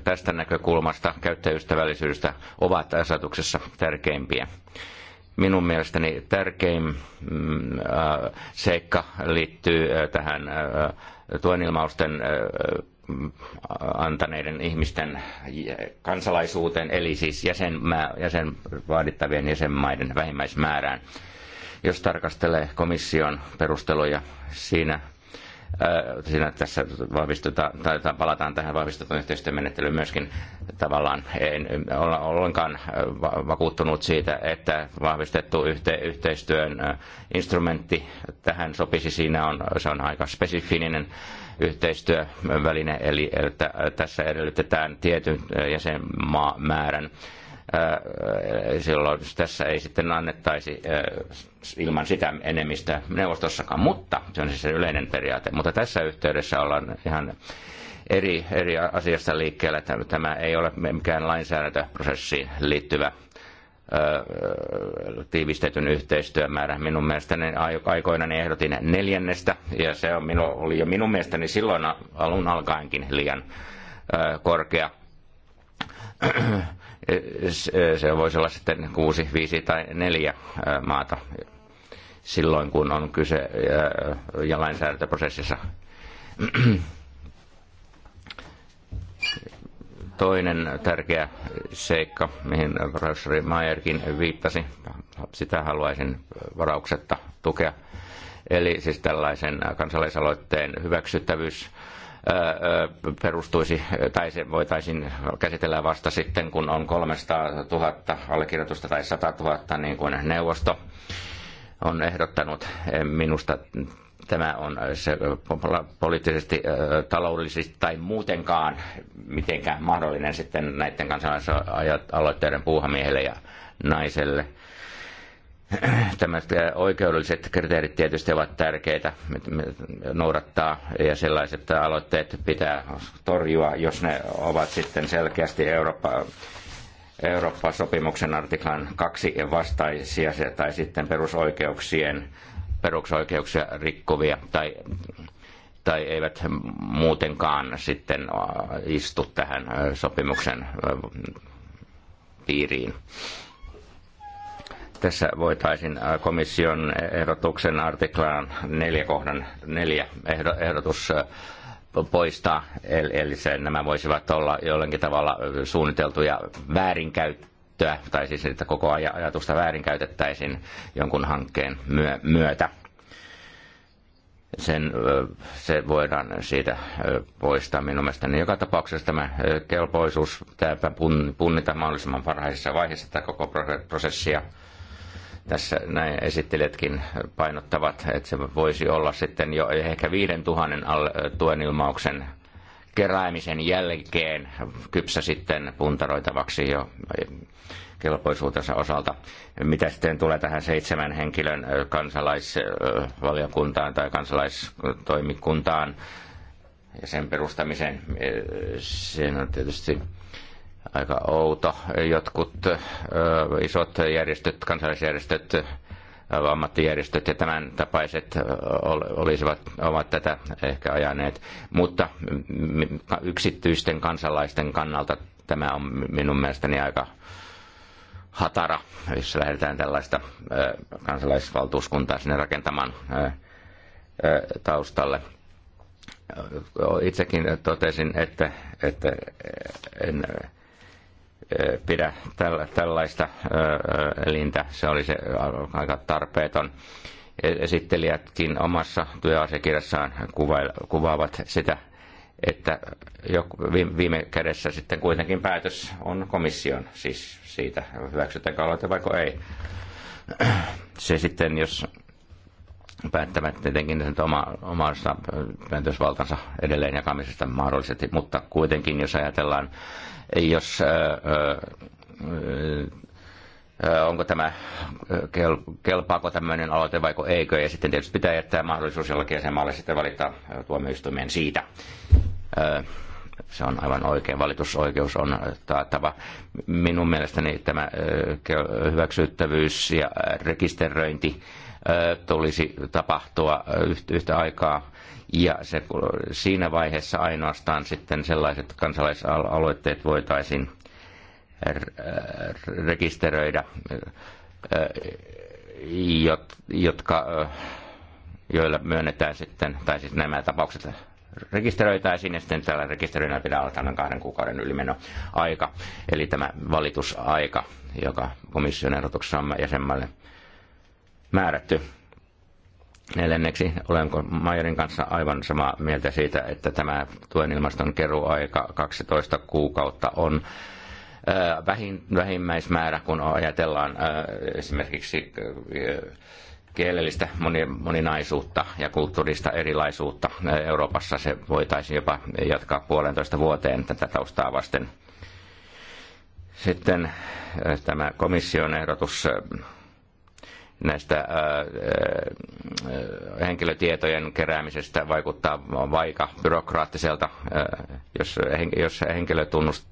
tästä näkökulmasta käyttäjystävällisyydestä ovat asetuksessa tärkeimpiä. Minun mielestäni tärkein mm, äh, seikka liittyy tähän tuenilmausten antaneiden ihmisten kansalaisuuteen, eli siis jäsenmaa, jäsen, vaadittavien jäsenmaiden vähimmäismäärään. Jos tarkastelee komission perusteluja, siinä siinä tässä vahvistetaan, tai palataan tähän vahvistetun yhteistyömenettelyyn myöskin tavallaan. En ole ollenkaan vakuuttunut siitä, että vahvistettu yhteistyön instrumentti tähän sopisi. Siinä on, se on aika spesifinen yhteistyöväline, eli että tässä edellytetään tietyn jäsenmaamäärän määrän silloin tässä ei sitten annettaisi ilman sitä enemmistä neuvostossakaan, mutta se on siis se yleinen periaate. Mutta tässä yhteydessä ollaan ihan eri, eri asiasta liikkeellä. Tämä ei ole mikään lainsäädäntöprosessiin liittyvä tiivistetyn yhteistyömäärä. Minun mielestäni aikoina ehdotin neljännestä, ja se on minu, oli jo minun mielestäni silloin alun alkaenkin liian korkea se voisi olla sitten kuusi, viisi tai neljä maata silloin, kun on kyse ja lainsäädäntöprosessissa. Toinen tärkeä seikka, mihin professori Mayerkin viittasi, sitä haluaisin varauksetta tukea, eli siis tällaisen kansalaisaloitteen hyväksyttävyys perustuisi, tai se voitaisiin käsitellä vasta sitten, kun on 300 000 allekirjoitusta tai 100 000, niin kuin neuvosto on ehdottanut. Minusta tämä on se poliittisesti, taloudellisesti tai muutenkaan mitenkään mahdollinen sitten näiden kansalaisaloitteiden puuhamiehelle ja naiselle – tämmöiset äh, oikeudelliset kriteerit tietysti ovat tärkeitä noudattaa ja sellaiset aloitteet pitää torjua, jos ne ovat sitten selkeästi Eurooppa, Eurooppa-sopimuksen artiklan kaksi vastaisia tai sitten perusoikeuksien perusoikeuksia rikkovia tai, tai eivät muutenkaan sitten äh, istu tähän äh, sopimuksen piiriin. Tässä voitaisiin äh, komission ehdotuksen artiklaan 4 kohdan 4 ehdotus äh, poistaa, eli, se, nämä voisivat olla jollakin tavalla äh, suunniteltuja väärinkäyttöä, tai siis että koko ajatusta väärinkäytettäisiin jonkun hankkeen myötä. Sen, se voidaan siitä poistaa minun mielestäni. Joka tapauksessa tämä kelpoisuus pitää punnita mahdollisimman varhaisessa vaiheessa tätä koko prosessia tässä näin esittelijätkin painottavat, että se voisi olla sitten jo ehkä 5000 tuenilmauksen keräämisen jälkeen kypsä sitten puntaroitavaksi jo kelpoisuutensa osalta. Mitä sitten tulee tähän seitsemän henkilön kansalaisvaliokuntaan tai kansalaistoimikuntaan ja sen perustamiseen, siinä on tietysti aika outo. Jotkut isot järjestöt, kansalaisjärjestöt, ammattijärjestöt ja tämän tapaiset olisivat, ovat tätä ehkä ajaneet. Mutta yksityisten kansalaisten kannalta tämä on minun mielestäni aika hatara, jos lähdetään tällaista kansalaisvaltuuskuntaa sinne rakentamaan taustalle. Itsekin totesin, että, että en, pidä tällaista elintä. Se oli se aika tarpeeton. E, esittelijätkin omassa työasiakirjassaan kuvaavat sitä, että viime kädessä sitten kuitenkin päätös on komission, siis siitä hyväksytäänkö aloite vaiko ei. Se sitten, jos päättävät tietenkin sen oma, omasta päätösvaltansa edelleen jakamisesta mahdollisesti, mutta kuitenkin jos ajatellaan jos äh, äh, äh, onko tämä, kelpaako tämmöinen aloite vai eikö, ja sitten tietysti pitää jättää mahdollisuus jollakin jäsenmaalle sitten valittaa tuomioistuimeen siitä. Se on aivan oikein, valitusoikeus on taattava. Minun mielestäni tämä hyväksyttävyys ja rekisteröinti tulisi tapahtua yhtä aikaa ja se, siinä vaiheessa ainoastaan sitten sellaiset kansalaisaloitteet voitaisiin rekisteröidä, jotka, joilla myönnetään sitten, tai siis nämä tapaukset rekisteröitäisiin ja sitten tällä rekisteröinä pitää olla tämän kahden kuukauden aika, eli tämä valitusaika, joka komission ehdotuksessa on jäsenmaille määrätty. Neljänneksi olenko Majerin kanssa aivan samaa mieltä siitä, että tämä tuen ilmaston keruaika 12 kuukautta on äh, vähin, vähimmäismäärä, kun ajatellaan äh, esimerkiksi äh, kielellistä moninaisuutta ja kulttuurista erilaisuutta. Euroopassa se voitaisiin jopa jatkaa puolentoista vuoteen tätä taustaa vasten. Sitten tämä komission ehdotus näistä henkilötietojen keräämisestä vaikuttaa vaikka byrokraattiselta, jos, jos henkilötunnus,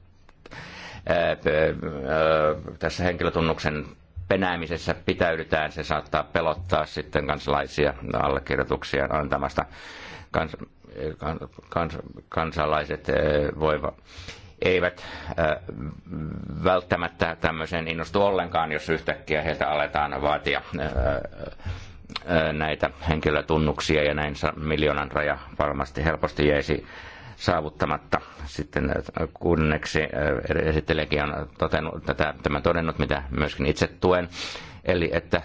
tässä henkilötunnuksen penäämisessä pitäydytään, se saattaa pelottaa sitten kansalaisia allekirjoituksia antamasta. Kans, kans, kansalaiset voivat eivät äh, välttämättä tämmöiseen innostu ollenkaan, jos yhtäkkiä heiltä aletaan vaatia äh, äh, näitä henkilötunnuksia ja näin miljoonan raja varmasti helposti jäisi saavuttamatta. Sitten kunneksi esittelijäkin on totenut, tätä, tämän todennut, mitä myöskin itse tuen. Eli että,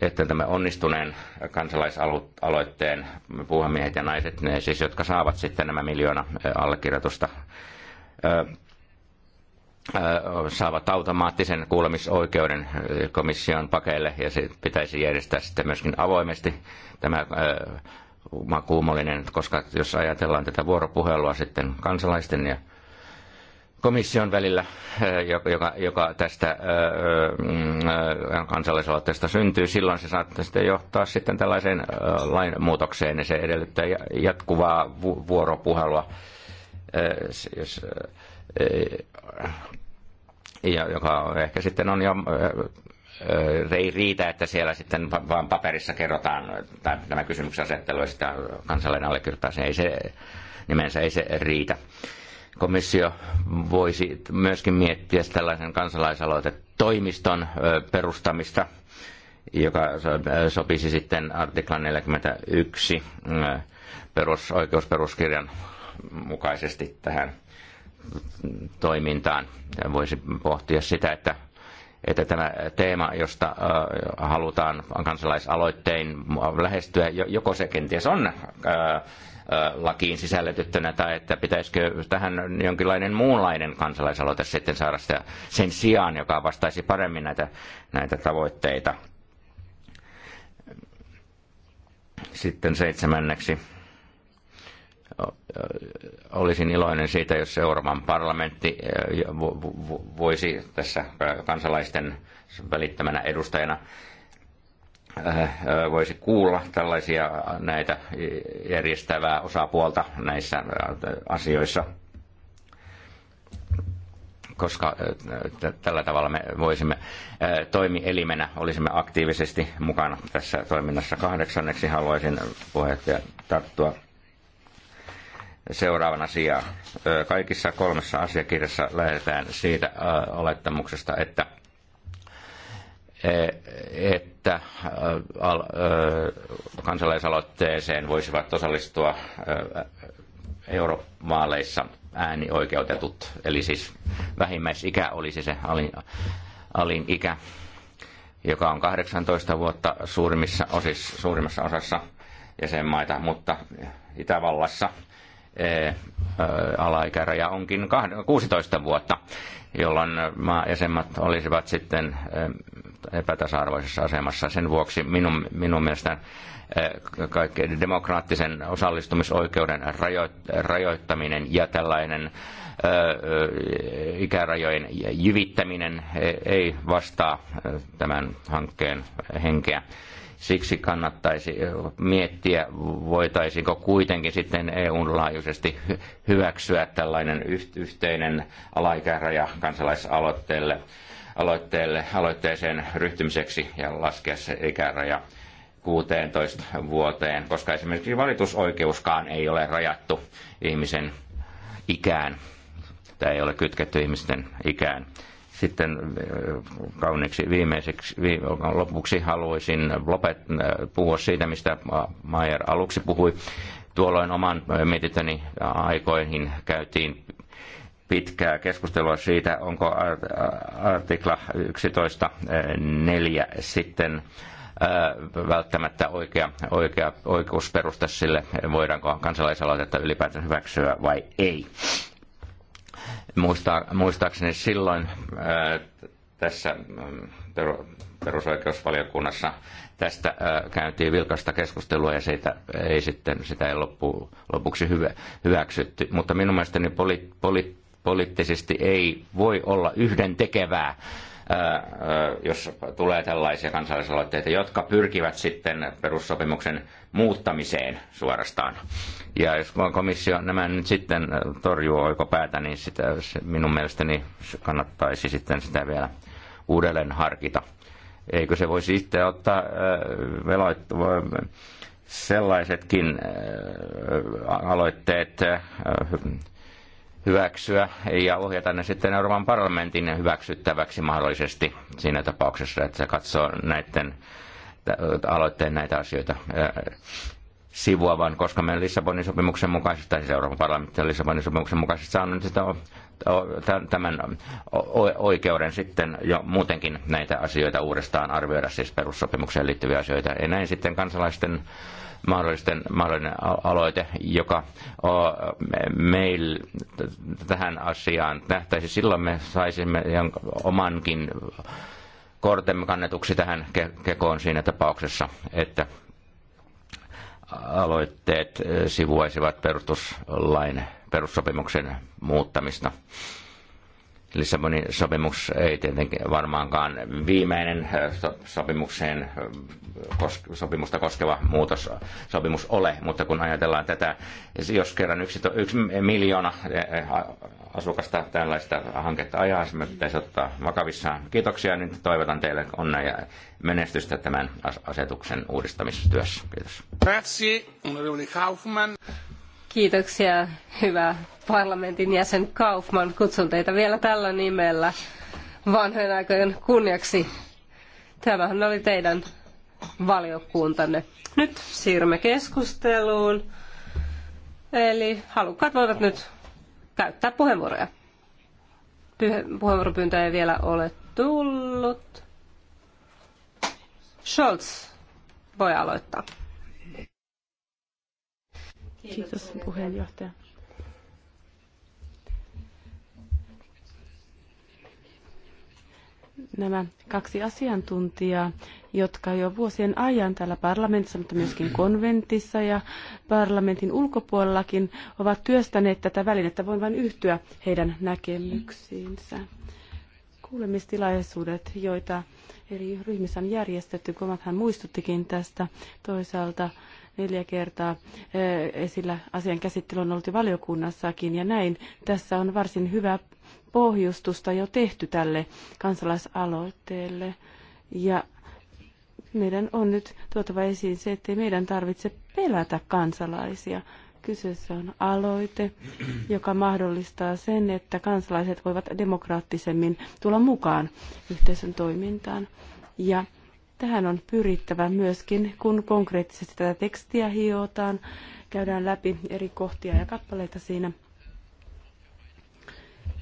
että tämä onnistuneen kansalaisaloitteen puhemiehet ja naiset, ne siis, jotka saavat sitten nämä miljoona allekirjoitusta saavat automaattisen kuulemisoikeuden komission pakeille ja se pitäisi järjestää sitten myöskin avoimesti tämä kuumollinen, koska jos ajatellaan tätä vuoropuhelua sitten kansalaisten ja komission välillä, joka, joka tästä kansallisaloitteesta syntyy, silloin se saattaa sitten johtaa sitten tällaiseen lainmuutokseen ja se edellyttää jatkuvaa vuoropuhelua jos, äh, äh, ja joka ehkä sitten on jo äh, ei riitä, että siellä sitten vaan paperissa kerrotaan tai tämä asettelu ja sitä kansallinen allekirjoittaa sen. Ei se nimensä ei se riitä. Komissio voisi myöskin miettiä tällaisen kansalaisaloitetoimiston perustamista, joka sopisi sitten artiklan 41 perusoikeusperuskirjan mukaisesti tähän toimintaan. Voisi pohtia sitä, että, että tämä teema, josta halutaan kansalaisaloittein lähestyä, joko se kenties on lakiin sisällytettynä, tai että pitäisikö tähän jonkinlainen muunlainen kansalaisaloite sitten saada sitä sen sijaan, joka vastaisi paremmin näitä, näitä tavoitteita. Sitten seitsemänneksi olisin iloinen siitä, jos Euroopan parlamentti eh, voisi tässä kansalaisten välittämänä edustajana eh, voisi kuulla tällaisia näitä järjestävää osapuolta näissä eh, asioissa, koska tällä tavalla me voisimme toimielimenä, olisimme aktiivisesti mukana tässä toiminnassa. Kahdeksanneksi haluaisin puheenjohtaja tarttua seuraavana sijaa. Kaikissa kolmessa asiakirjassa lähdetään siitä olettamuksesta, että e, että kansalaisaloitteeseen voisivat osallistua euromaaleissa äänioikeutetut, eli siis vähimmäisikä olisi se alin, alin ikä, joka on 18 vuotta suurimmissa osissa, suurimmassa osassa jäsenmaita, mutta Itävallassa alaikäraja onkin 16 vuotta, jolloin jäsenmat olisivat sitten epätasa-arvoisessa asemassa. Sen vuoksi minun, minun mielestäni kaikkein demokraattisen osallistumisoikeuden rajoittaminen ja tällainen ikärajojen jyvittäminen e, ei vastaa tämän hankkeen henkeä. Siksi kannattaisi miettiä, voitaisiinko kuitenkin sitten EUn laajuisesti hyväksyä tällainen yhteinen alaikäraja kansalaisaloitteelle aloitteelle, aloitteeseen ryhtymiseksi ja laskea se ikäraja 16 vuoteen, koska esimerkiksi valitusoikeuskaan ei ole rajattu ihmisen ikään että ei ole kytketty ihmisten ikään. Sitten äh, kauniiksi viimeiseksi, viime, lopuksi haluaisin lopet, äh, puhua siitä, mistä Maier aluksi puhui. Tuolloin oman äh, mietintöni aikoihin käytiin pitkää keskustelua siitä, onko artikla 11.4 sitten välttämättä oikea, oikea oikeusperusta sille, voidaanko kansalaisaloitetta ylipäätään hyväksyä vai ei. Muista, muistaakseni silloin ää, tässä mm, perusoikeusvaliokunnassa tästä ää, käytiin vilkasta keskustelua ja siitä ei sitten, sitä ei loppu, lopuksi hyvä, hyväksytty. Mutta minun mielestäni poli, poli, poliittisesti ei voi olla yhden tekevää jos tulee tällaisia kansalaisaloitteita, jotka pyrkivät sitten perussopimuksen muuttamiseen suorastaan. Ja jos komissio nämä nyt sitten torjuu oikopäätä, niin sitä minun mielestäni kannattaisi sitten sitä vielä uudelleen harkita. Eikö se voisi sitten ottaa sellaisetkin aloitteet hyväksyä ja ohjata ne sitten Euroopan parlamentin hyväksyttäväksi mahdollisesti siinä tapauksessa, että se katsoo näiden aloitteen näitä asioita sivuavan, koska meidän Lissabonin sopimuksen mukaisesti, siis Euroopan on Lissabonin sopimuksen mukaisesti saanut sitä tämän oikeuden sitten jo muutenkin näitä asioita uudestaan arvioida, siis perussopimukseen liittyviä asioita. Ja näin sitten kansalaisten mahdollisten, mahdollinen aloite, joka meillä tähän asiaan nähtäisi. Silloin me saisimme omankin kortemme kannetuksi tähän kekoon siinä tapauksessa, että aloitteet sivuaisivat perustuslain perussopimuksen muuttamista. Lissabonin sopimus ei tietenkin varmaankaan viimeinen äh, sopimukseen, äh, sopimusta koskeva muutos sopimus ole, mutta kun ajatellaan tätä, jos kerran yksi, yksi miljoona äh, asukasta tällaista hanketta ajaa, se pitäisi ottaa vakavissaan. Kiitoksia, nyt toivotan teille onnea ja menestystä tämän asetuksen uudistamistyössä. Kiitos. Grazie, Kaufmann. Kiitoksia, hyvä parlamentin jäsen Kaufman. Kutsun teitä vielä tällä nimellä vanhojen aikojen kunniaksi. Tämähän oli teidän valiokuntanne. Nyt siirrymme keskusteluun. Eli halukkaat voivat nyt käyttää puheenvuoroja. Puheenvuoropyyntöä ei vielä ole tullut. Scholz voi aloittaa. Kiitos puheenjohtaja. Nämä kaksi asiantuntijaa, jotka jo vuosien ajan täällä parlamentissa, mutta myöskin konventissa ja parlamentin ulkopuolellakin ovat työstäneet tätä välinettä, voin vain yhtyä heidän näkemyksiinsä. Kuulemistilaisuudet, joita eri ryhmissä on järjestetty, kun hän muistuttikin tästä toisaalta neljä kertaa eh, esillä asian käsittely on ollut valiokunnassakin ja näin. Tässä on varsin hyvä pohjustusta jo tehty tälle kansalaisaloitteelle ja meidän on nyt tuotava esiin se, ettei meidän tarvitse pelätä kansalaisia. Kyseessä on aloite, joka mahdollistaa sen, että kansalaiset voivat demokraattisemmin tulla mukaan yhteisön toimintaan. Ja Tähän on pyrittävä myöskin, kun konkreettisesti tätä tekstiä hiotaan, käydään läpi eri kohtia ja kappaleita siinä.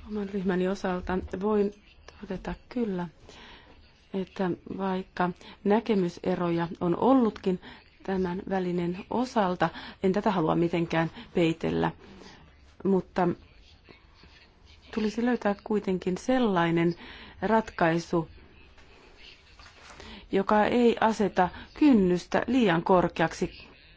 Oman ryhmäni osalta voin todeta kyllä, että vaikka näkemyseroja on ollutkin tämän välinen osalta, en tätä halua mitenkään peitellä, mutta tulisi löytää kuitenkin sellainen ratkaisu, joka ei aseta kynnystä liian korkeaksi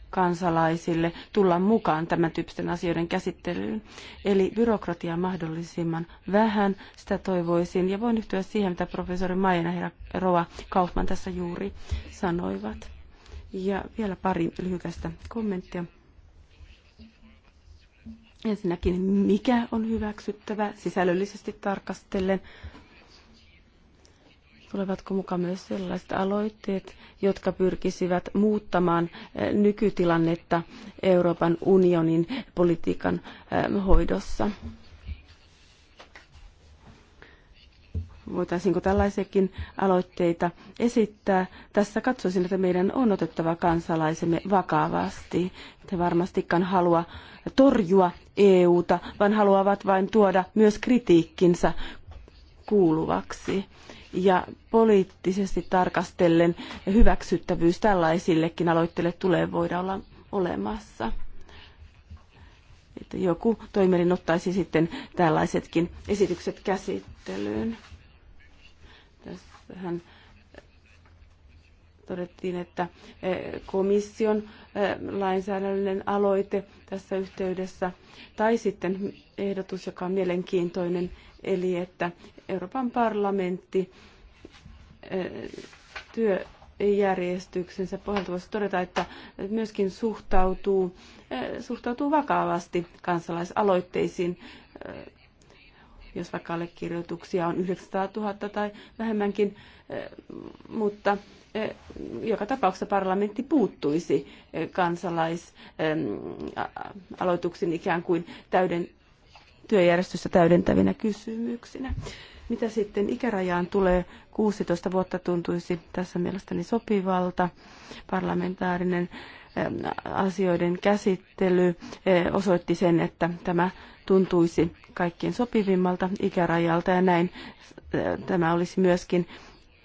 kansalaisille tulla mukaan tämän tyyppisten asioiden käsittelyyn. Eli byrokratiaa mahdollisimman vähän, sitä toivoisin. Ja voin yhtyä siihen, mitä professori Maijana ja Roa Kaufman tässä juuri sanoivat. Ja vielä pari lyhykästä kommenttia. Ensinnäkin, mikä on hyväksyttävä sisällöllisesti tarkastellen, Tulevatko mukaan myös sellaiset aloitteet, jotka pyrkisivät muuttamaan eh, nykytilannetta Euroopan unionin politiikan eh, hoidossa? voitaisiinko tällaisiakin aloitteita esittää. Tässä katsoisin, että meidän on otettava kansalaisemme vakavasti. He varmastikaan halua torjua EUta, vaan haluavat vain tuoda myös kritiikkinsä kuuluvaksi ja poliittisesti tarkastellen hyväksyttävyys tällaisillekin aloitteille tulee voida olla olemassa. Että joku toimielin ottaisi sitten tällaisetkin esitykset käsittelyyn. Tässähän todettiin, että eh, komission eh, lainsäädännöllinen aloite tässä yhteydessä, tai sitten ehdotus, joka on mielenkiintoinen, eli että Euroopan parlamentti eh, työjärjestyksensä pohjalta voisi todeta, että myöskin suhtautuu, suhtautuu vakavasti kansalaisaloitteisiin jos vaikka allekirjoituksia on 900 000 tai vähemmänkin, eh, mutta eh, joka tapauksessa parlamentti puuttuisi eh, kansalaisaloituksen ikään kuin täyden, työjärjestössä täydentävinä kysymyksinä. Mitä sitten ikärajaan tulee, 16 vuotta tuntuisi tässä mielestäni sopivalta. Parlamentaarinen asioiden käsittely osoitti sen, että tämä tuntuisi kaikkien sopivimmalta ikärajalta ja näin äh, tämä olisi myöskin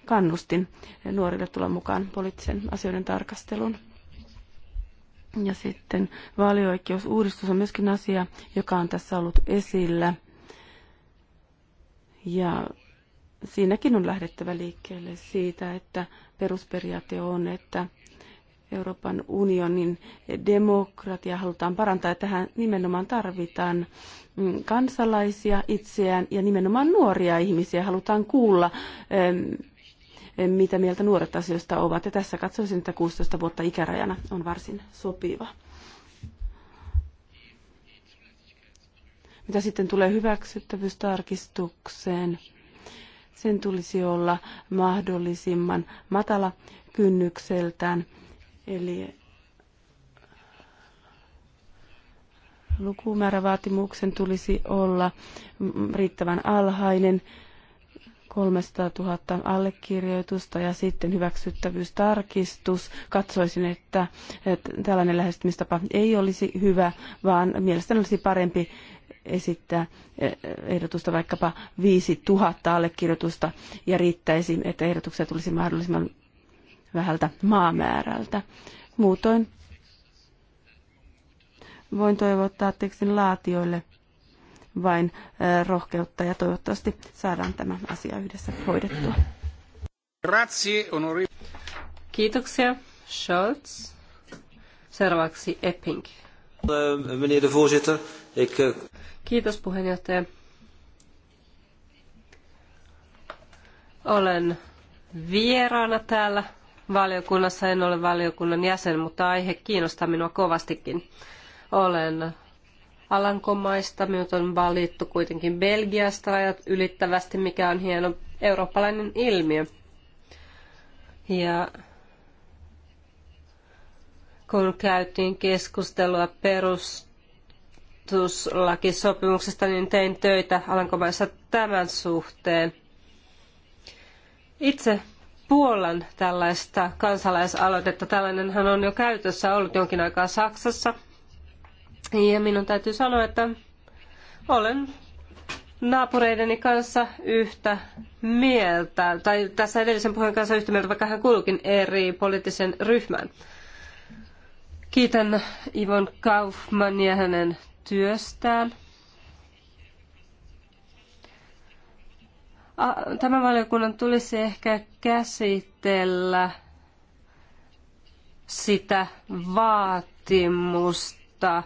kannustin nuorille tulla mukaan poliittisen asioiden tarkasteluun. Ja sitten vaalioikeusuudistus on myöskin asia, joka on tässä ollut esillä. Ja siinäkin on lähdettävä liikkeelle siitä, että perusperiaate on, että Euroopan unionin demokratia halutaan parantaa. Ja tähän nimenomaan tarvitaan mm, kansalaisia itseään ja nimenomaan nuoria ihmisiä. Halutaan kuulla, mitä mieltä nuoret asioista ovat. Ja tässä katsoisin, että 16 vuotta ikärajana on varsin sopiva. Mitä sitten tulee hyväksyttävyystarkistukseen? Sen tulisi olla mahdollisimman matala kynnykseltään Eli lukumäärävaatimuksen tulisi olla riittävän alhainen, 300 000 allekirjoitusta ja sitten hyväksyttävyystarkistus. Katsoisin, että, että tällainen lähestymistapa ei olisi hyvä, vaan mielestäni olisi parempi esittää e, ehdotusta vaikkapa 5000 allekirjoitusta ja riittäisi, että ehdotuksia tulisi mahdollisimman vähältä maamäärältä. Muutoin voin toivottaa tekstin laatioille vain rohkeutta ja toivottavasti saadaan tämä asia yhdessä hoidettua. Kiitoksia, Scholz. Seuraavaksi Epping. Eh, de voorzitter, ik... Eh, Kiitos puheenjohtaja. Olen vieraana täällä valiokunnassa, en ole valiokunnan jäsen, mutta aihe kiinnostaa minua kovastikin. Olen Alankomaista, minut on valittu kuitenkin Belgiasta rajat ylittävästi, mikä on hieno eurooppalainen ilmiö. Ja kun käytiin keskustelua perustuslakisopimuksesta, niin tein töitä Alankomaissa tämän suhteen. Itse puollan tällaista kansalaisaloitetta. Tällainenhan on jo käytössä ollut jonkin aikaa Saksassa. Ja minun täytyy sanoa, että olen naapureideni kanssa yhtä mieltä, tai tässä edellisen puheen kanssa yhtä mieltä, vaikka hän kuulukin eri poliittisen ryhmän. Kiitän Ivon Kaufmania hänen työstään. tämän valiokunnan tulisi ehkä käsitellä sitä vaatimusta,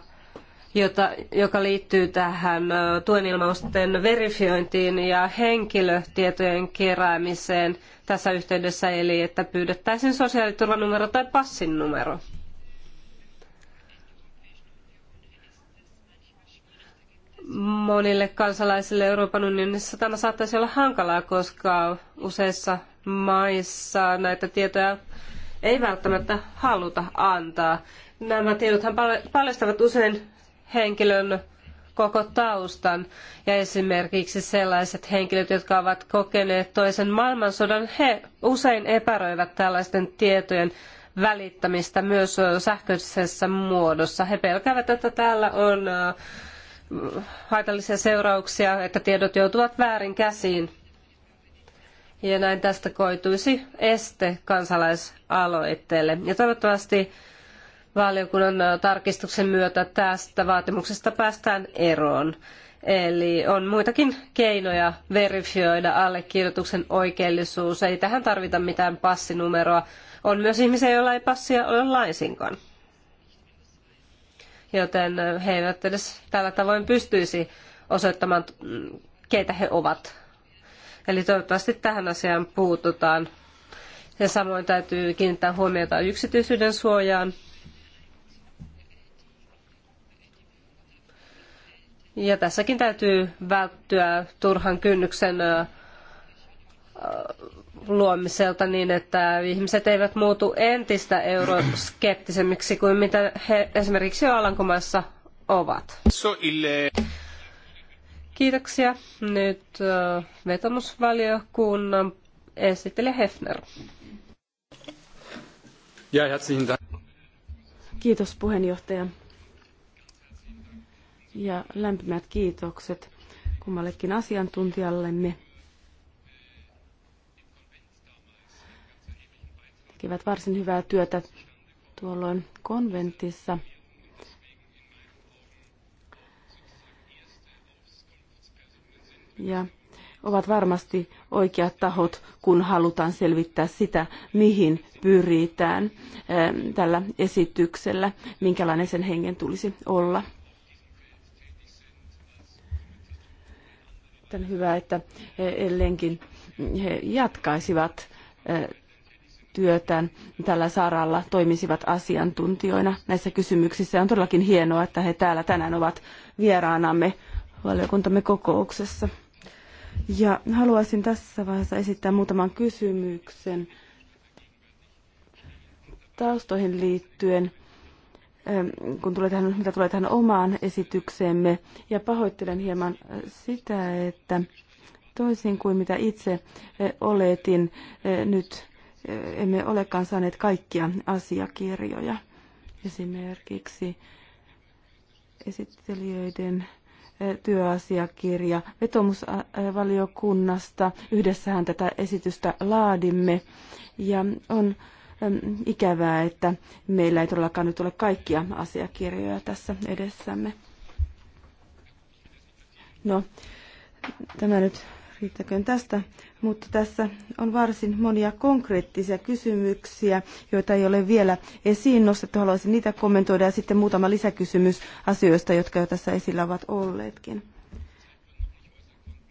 jota, joka liittyy tähän tuenilmausten verifiointiin ja henkilötietojen keräämiseen tässä yhteydessä, eli että pyydettäisiin sosiaaliturvanumero tai passin monille kansalaisille Euroopan unionissa tämä saattaisi olla hankalaa, koska useissa maissa näitä tietoja ei välttämättä haluta antaa. Nämä tiedothan paljastavat usein henkilön koko taustan ja esimerkiksi sellaiset henkilöt, jotka ovat kokeneet toisen maailmansodan, he usein epäröivät tällaisten tietojen välittämistä myös sähköisessä muodossa. He pelkäävät, että täällä on äh, haitallisia seurauksia, että tiedot joutuvat väärin käsiin. Ja näin tästä koituisi este kansalaisaloitteelle. Ja toivottavasti valiokunnan tarkistuksen myötä tästä vaatimuksesta päästään eroon. Eli on muitakin keinoja verifioida allekirjoituksen oikeellisuus. Ei tähän tarvita mitään passinumeroa. On myös ihmisiä, joilla ei passia ole laisinkaan joten he eivät edes tällä tavoin pystyisi osoittamaan, mm, keitä he ovat. Eli toivottavasti tähän asiaan puututaan. Ja samoin täytyy kiinnittää huomiota yksityisyyden suojaan. Ja tässäkin täytyy välttyä turhan kynnyksen luomiselta niin, että ihmiset eivät muutu entistä euroskeptisemmiksi kuin mitä he esimerkiksi jo Alankomaissa ovat. Kiitoksia. Nyt vetomusvaliokunnan esittelijä Hefner. Ja, herzlichen Kiitos puheenjohtaja. Ja lämpimät kiitokset kummallekin asiantuntijallemme. tekivät varsin hyvää työtä tuolloin konventissa. Ja ovat varmasti oikeat tahot, kun halutaan selvittää sitä, mihin pyritään ähm, tällä esityksellä, minkälainen sen hengen tulisi olla. On hyvä, että äh, Ellenkin he jatkaisivat äh, työtään tällä saralla toimisivat asiantuntijoina näissä kysymyksissä. On todellakin hienoa, että he täällä tänään ovat vieraanamme valiokuntamme kokouksessa. Ja haluaisin tässä vaiheessa esittää muutaman kysymyksen taustoihin liittyen, ähm, kun tulee tähän, mitä tulee tähän omaan esitykseemme. Ja pahoittelen hieman sitä, että toisin kuin mitä itse äh, oletin, äh, nyt emme olekaan saaneet kaikkia asiakirjoja. Esimerkiksi esittelijöiden eh, työasiakirja vetomusvaliokunnasta. Yhdessähän tätä esitystä laadimme ja on ikävää, että meillä ei todellakaan nyt ole kaikkia asiakirjoja tässä edessämme. No, tämä nyt riittäköön tästä, mutta tässä on varsin monia konkreettisia kysymyksiä, joita ei ole vielä esiin nostettu. Haluaisin niitä kommentoida ja sitten muutama lisäkysymys asioista, jotka jo tässä esillä ovat olleetkin.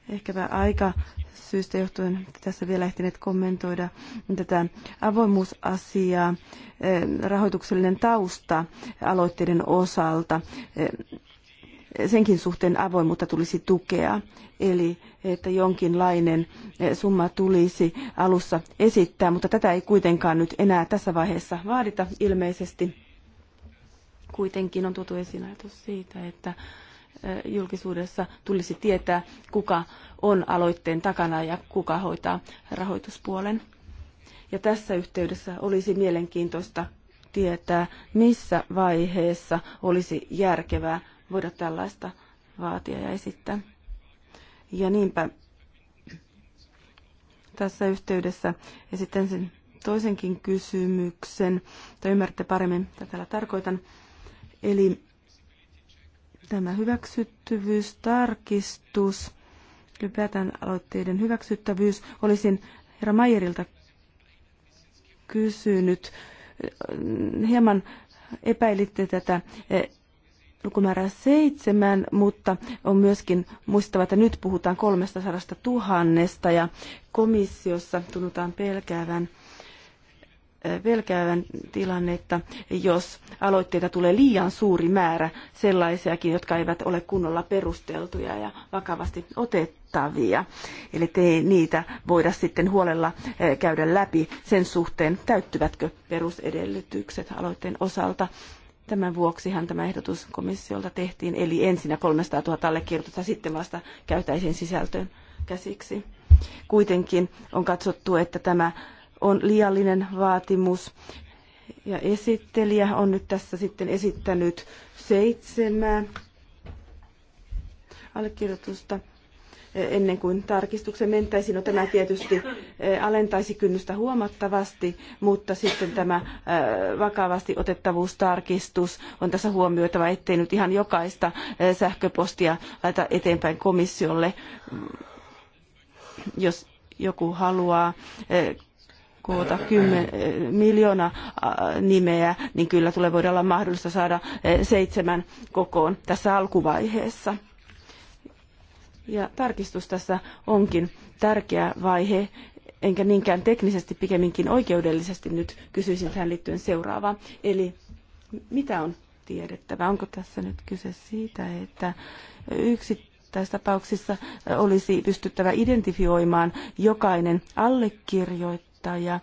Ehkäpä aika syystä johtuen tässä vielä ehtineet kommentoida tätä avoimuusasiaa, eh, rahoituksellinen tausta aloitteiden osalta eh, senkin suhteen avoimuutta tulisi tukea, eli että jonkinlainen eh, summa tulisi alussa esittää, mutta tätä ei kuitenkaan nyt enää tässä vaiheessa vaadita ilmeisesti. Kuitenkin on tuotu esiin ajatus siitä, että eh, julkisuudessa tulisi tietää, kuka on aloitteen takana ja kuka hoitaa rahoituspuolen. Ja tässä yhteydessä olisi mielenkiintoista tietää, missä vaiheessa olisi järkevää voida tällaista vaatia ja esittää. Ja niinpä tässä yhteydessä esitän sen toisenkin kysymyksen, että ymmärrätte paremmin, mitä täällä tarkoitan. Eli tämä hyväksyttyvyystarkistus, ylipäätään aloitteiden hyväksyttävyys, olisin herra Mayerilta kysynyt. Hieman epäilitte tätä lukumäärä seitsemän, mutta on myöskin muistava, että nyt puhutaan 300 tuhannesta ja komissiossa tunnutaan pelkäävän äh, pelkäävän tilannetta, jos aloitteita tulee liian suuri määrä sellaisiakin, jotka eivät ole kunnolla perusteltuja ja vakavasti otettavia. Eli ei niitä voida sitten huolella äh, käydä läpi sen suhteen, täyttyvätkö perusedellytykset aloitteen osalta. Tämän vuoksihan tämä ehdotus komissiolta tehtiin, eli ensinnä 300 000 allekirjoitusta, sitten vasta käytäisiin sisältöön käsiksi. Kuitenkin on katsottu, että tämä on liiallinen vaatimus, ja esittelijä on nyt tässä sitten esittänyt seitsemää allekirjoitusta ennen kuin tarkistuksen mentäisiin. No tämä tietysti alentaisi kynnystä huomattavasti, mutta sitten tämä vakavasti otettavuustarkistus on tässä huomioitava, ettei nyt ihan jokaista sähköpostia laita eteenpäin komissiolle, jos joku haluaa koota 10 miljoona nimeä, niin kyllä tulee voida olla mahdollista saada seitsemän kokoon tässä alkuvaiheessa. Ja tarkistus tässä onkin tärkeä vaihe, enkä niinkään teknisesti, pikemminkin oikeudellisesti nyt kysyisin tähän liittyen seuraavaa. Eli mitä on tiedettävä? Onko tässä nyt kyse siitä, että yksittäistapauksissa olisi pystyttävä identifioimaan jokainen allekirjoittaja?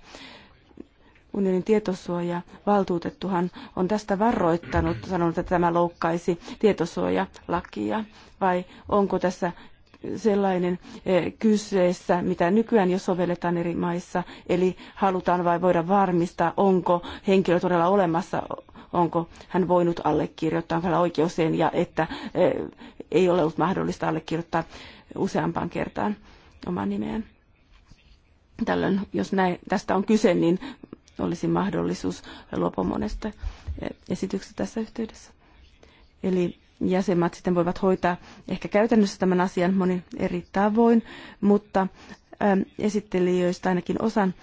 Unionin tietosuojavaltuutettuhan on tästä varoittanut, sanonut, että tämä loukkaisi tietosuojalakia, vai onko tässä sellainen eh, kyseessä, mitä nykyään jo sovelletaan eri maissa, eli halutaan vai voida varmistaa, onko henkilö todella olemassa, onko hän voinut allekirjoittaa, onko hänellä oikeus ja että eh, ei ole ollut mahdollista allekirjoittaa useampaan kertaan omaa nimeään. Tällöin, jos näin, tästä on kyse, niin olisi mahdollisuus luopua monesta eh, esityksestä tässä yhteydessä. Eli jäsenmaat sitten voivat hoitaa ehkä käytännössä tämän asian monin eri tavoin, mutta ähm, esittelijöistä ainakin osan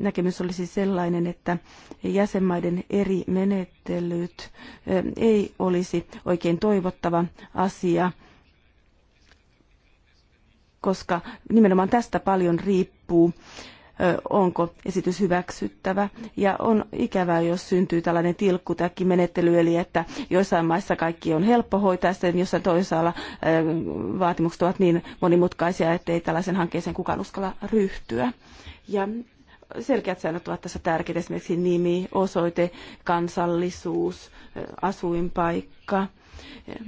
näkemys olisi sellainen, että jäsenmaiden eri menettelyt ähm, ei olisi oikein toivottava asia, koska nimenomaan tästä paljon riippuu onko esitys hyväksyttävä. Ja on ikävää, jos syntyy tällainen tilkkutäkkimenettely, eli että joissain maissa kaikki on helppo hoitaa, sen jossain toisaalla vaatimukset ovat niin monimutkaisia, ettei tällaisen hankkeeseen kukaan uskalla ryhtyä. Ja selkeät säännöt ovat tässä tärkeitä, esimerkiksi nimi, osoite, kansallisuus, asuinpaikka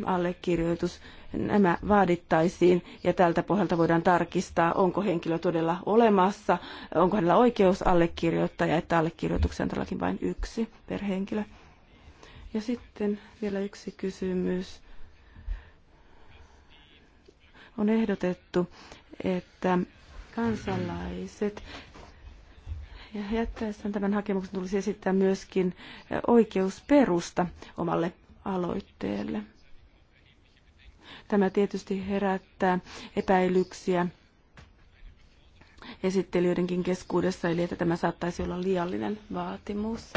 allekirjoitus. Nämä vaadittaisiin ja tältä pohjalta voidaan tarkistaa, onko henkilö todella olemassa, onko hänellä oikeus allekirjoittaa ja että allekirjoituksia on todellakin vain yksi per henkilö. Ja sitten vielä yksi kysymys. On ehdotettu, että kansalaiset ja jättäessään tämän hakemuksen tulisi esittää myöskin oikeusperusta omalle aloitteelle. Tämä tietysti herättää epäilyksiä esittelijöidenkin keskuudessa, eli että tämä saattaisi olla liiallinen vaatimus.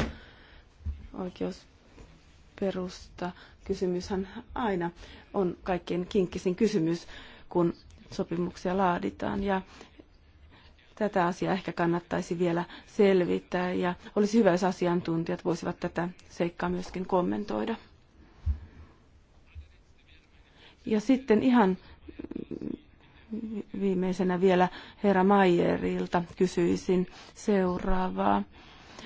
Oikeusperusta kysymyshän aina on kaikkein kinkkisin kysymys, kun sopimuksia laaditaan. Ja tätä asiaa ehkä kannattaisi vielä selvittää ja olisi hyvä, jos asiantuntijat voisivat tätä seikkaa myöskin kommentoida. Ja sitten ihan viimeisenä vielä herra Maierilta kysyisin seuraavaa.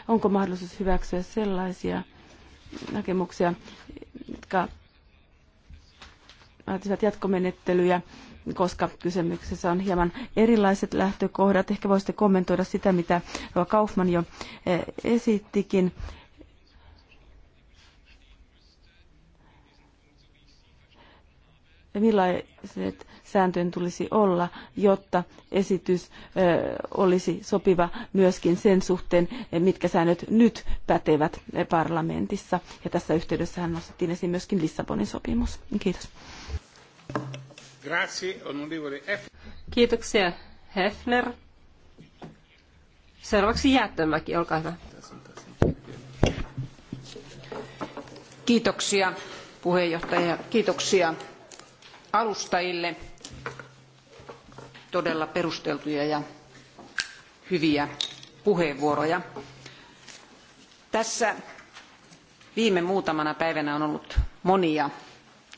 Onko mahdollisuus hyväksyä sellaisia näkemyksiä, jotka vaatisivat jatkomenettelyjä, koska kysymyksessä on hieman erilaiset lähtökohdat. Ehkä voisitte kommentoida sitä, mitä Kaufman jo eh, esittikin. ja millaiset sääntöjen tulisi olla, jotta esitys olisi sopiva myöskin sen suhteen, mitkä säännöt nyt pätevät parlamentissa. Ja tässä yhteydessähän nostettiin esiin myöskin Lissabonin sopimus. Kiitos. Kiitoksia, Hefner. Seuraavaksi Jäättömäki, olkaa hyvä. Kiitoksia puheenjohtaja, kiitoksia alustajille todella perusteltuja ja hyviä puheenvuoroja. Tässä viime muutamana päivänä on ollut monia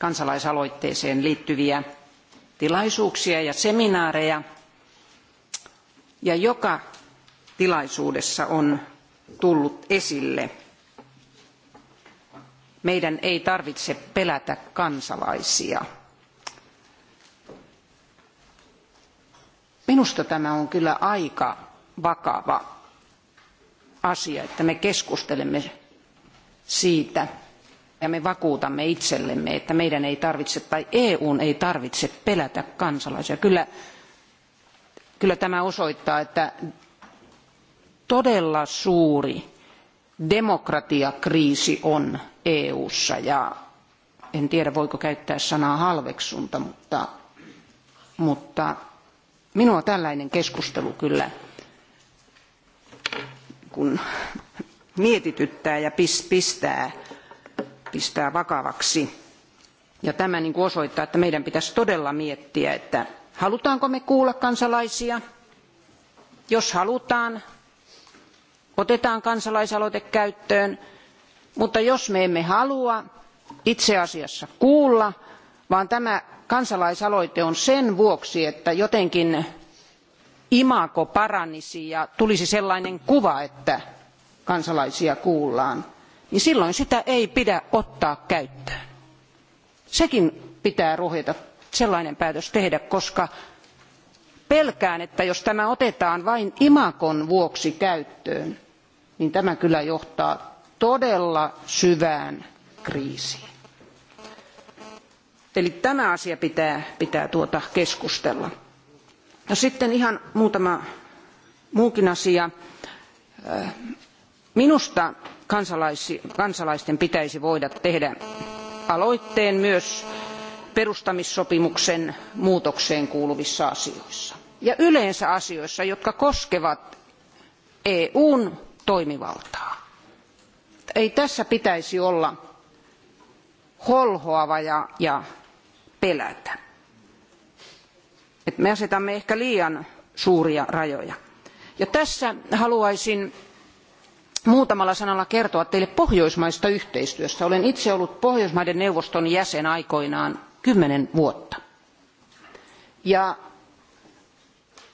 kansalaisaloitteeseen liittyviä tilaisuuksia ja seminaareja ja joka tilaisuudessa on tullut esille meidän ei tarvitse pelätä kansalaisia. Minusta tämä on kyllä aika vakava asia, että me keskustelemme siitä ja me vakuutamme itsellemme, että meidän ei tarvitse tai EUn ei tarvitse pelätä kansalaisia. Kyllä, kyllä tämä osoittaa, että todella suuri demokratiakriisi on EUssa ja en tiedä voiko käyttää sanaa halveksunta, mutta, mutta minua tällainen keskustelu kyllä kun mietityttää ja pistää, pistää vakavaksi. Ja tämä niin kuin osoittaa, että meidän pitäisi todella miettiä, että halutaanko me kuulla kansalaisia. Jos halutaan, otetaan kansalaisaloite käyttöön. Mutta jos me emme halua itse asiassa kuulla, vaan tämä kansalaisaloite on sen vuoksi että jotenkin imago paranisi ja tulisi sellainen kuva että kansalaisia kuullaan niin silloin sitä ei pidä ottaa käyttöön. sekin pitää rohjeta sellainen päätös tehdä koska pelkään että jos tämä otetaan vain imagon vuoksi käyttöön niin tämä kyllä johtaa todella syvään kriisiin. Eli tämä asia pitää, pitää tuota keskustella. No sitten ihan muutama muukin asia. Minusta kansalaisten pitäisi voida tehdä aloitteen myös perustamissopimuksen muutokseen kuuluvissa asioissa ja yleensä asioissa jotka koskevat eun toimivaltaa. ei tässä pitäisi olla holhoava ja, ja pelätä. Et me asetamme ehkä liian suuria rajoja. Ja tässä haluaisin muutamalla sanalla kertoa teille pohjoismaista yhteistyöstä. Olen itse ollut Pohjoismaiden neuvoston jäsen aikoinaan kymmenen vuotta. Ja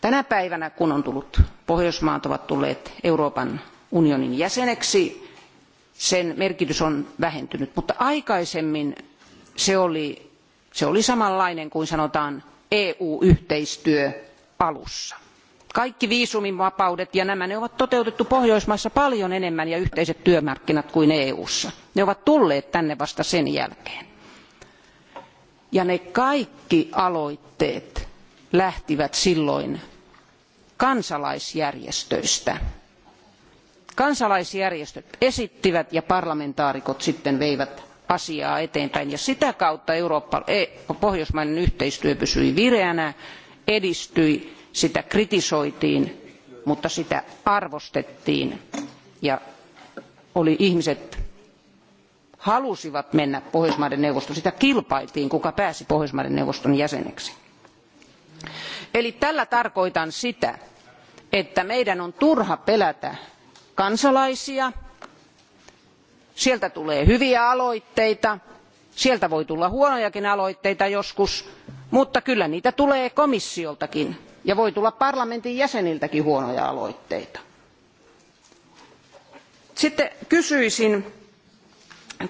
tänä päivänä, kun on tullut, Pohjoismaat ovat tulleet Euroopan unionin jäseneksi, sen merkitys on vähentynyt, mutta aikaisemmin se oli se oli samanlainen kuin sanotaan eu yhteistyö alussa. kaikki viisumivapaudet ja nämä ne on toteutettu pohjoismaissa paljon enemmän ja yhteiset työmarkkinat kuin eu ssa. ne ovat tulleet tänne vasta sen jälkeen. ja ne kaikki aloitteet lähtivät silloin kansalaisjärjestöistä kansalaisjärjestöt esittivät ja parlamentaarikot sitten veivät asiaa eteenpäin ja sitä kautta e, pohjoismainen yhteistyö pysyi vireänä, edistyi, sitä kritisoitiin, mutta sitä arvostettiin ja oli ihmiset halusivat mennä Pohjoismaiden neuvostoon, sitä kilpailtiin, kuka pääsi Pohjoismaiden neuvoston jäseneksi. Eli tällä tarkoitan sitä, että meidän on turha pelätä kansalaisia, sieltä tulee hyviä aloitteita sieltä voi tulla huonojakin aloitteita joskus mutta kyllä niitä tulee komissioltakin ja voi tulla parlamentin jäseniltäkin huonoja aloitteita. sitten kysyisin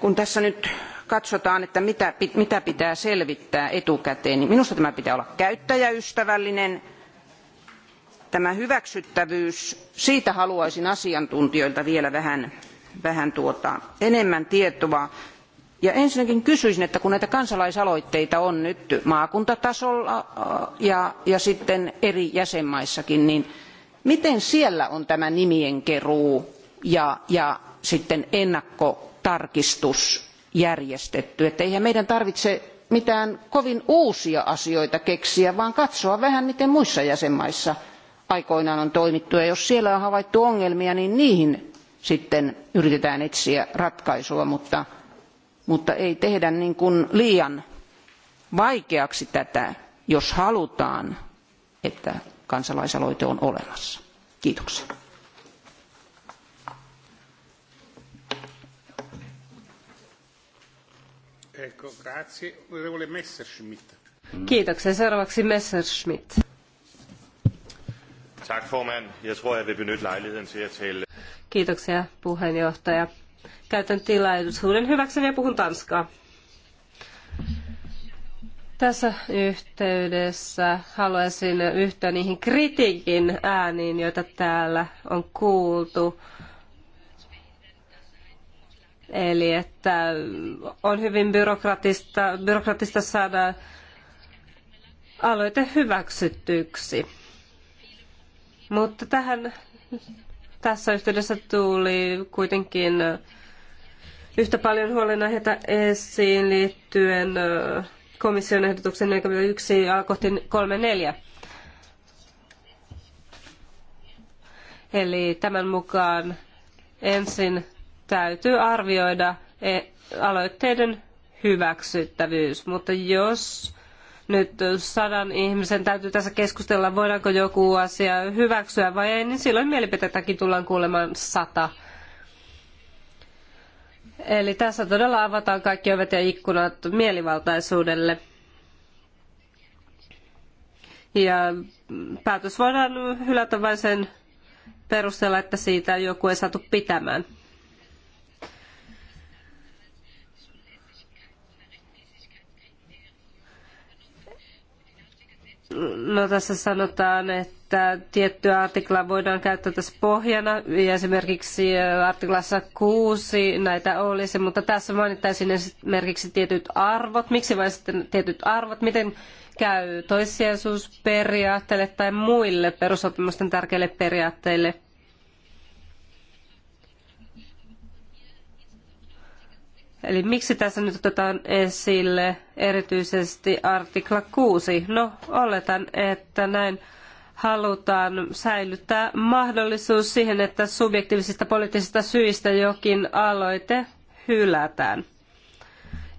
kun tässä nyt katsotaan että mitä, mitä pitää selvittää etukäteen niin minusta tämä pitää olla käyttäjäystävällinen tämä hyväksyttävyys siitä haluaisin asiantuntijoilta vielä vähän vähän tuota, enemmän tietoa. Ja ensinnäkin kysyisin, että kun näitä kansalaisaloitteita on nyt maakuntatasolla ja, ja sitten eri jäsenmaissakin, niin miten siellä on tämä nimien keruu ja, ja sitten ennakkotarkistus järjestetty? Että eihän meidän tarvitse mitään kovin uusia asioita keksiä, vaan katsoa vähän, miten muissa jäsenmaissa aikoinaan on toimittu. Ja jos siellä on havaittu ongelmia, niin niihin sitten yritetään etsiä ratkaisua, mutta, mutta ei tehdä niin kuin liian vaikeaksi tätä, jos halutaan, että kansalaisaloite on olemassa. Kiitoksia. Kiitoksia. Seuraavaksi Messerschmidt. Tak formand. Jeg tror, jeg vil benytte lejligheden til at tale Kiitoksia puheenjohtaja. Käytän tilaisuuden hyväkseni ja puhun tanskaa. Tässä yhteydessä haluaisin yhtyä niihin kritiikin ääniin, joita täällä on kuultu. Eli että on hyvin byrokratista, byrokratista saada aloite hyväksytyksi. Mutta tähän tässä yhteydessä tuli kuitenkin yhtä paljon huolenaiheita esiin liittyen komission ehdotuksen 41 kohti 34. Eli tämän mukaan ensin täytyy arvioida e, aloitteiden hyväksyttävyys, mutta jos nyt sadan ihmisen täytyy tässä keskustella, voidaanko joku asia hyväksyä vai ei, niin silloin mielipiteitäkin tullaan kuulemaan sata. Eli tässä todella avataan kaikki ovet ja ikkunat mielivaltaisuudelle. Ja päätös voidaan hylätä vain sen perusteella, että siitä joku ei saatu pitämään. No tässä sanotaan, että tiettyä artiklaa voidaan käyttää tässä pohjana. Ja esimerkiksi artiklassa kuusi näitä olisi, mutta tässä mainittaisiin esimerkiksi tietyt arvot. Miksi vain sitten tietyt arvot? Miten käy toissijaisuusperiaatteelle tai muille perusopimusten tärkeille periaatteille – Eli miksi tässä nyt otetaan esille erityisesti artikla 6? No, oletan, että näin halutaan säilyttää mahdollisuus siihen, että subjektiivisista poliittisista syistä jokin aloite hylätään.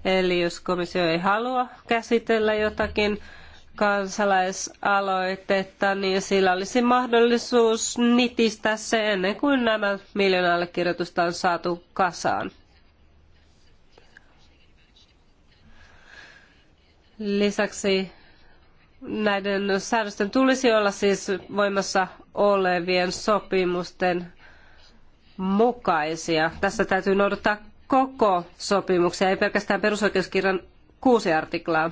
Eli jos komissio ei halua käsitellä jotakin kansalaisaloitetta, niin sillä olisi mahdollisuus nitistää se ennen kuin nämä miljoona allekirjoitusta on saatu kasaan. Lisäksi näiden säädösten tulisi olla siis voimassa olevien sopimusten mukaisia. Tässä täytyy noudattaa koko sopimuksia, ei pelkästään perusoikeuskirjan kuusi artiklaa.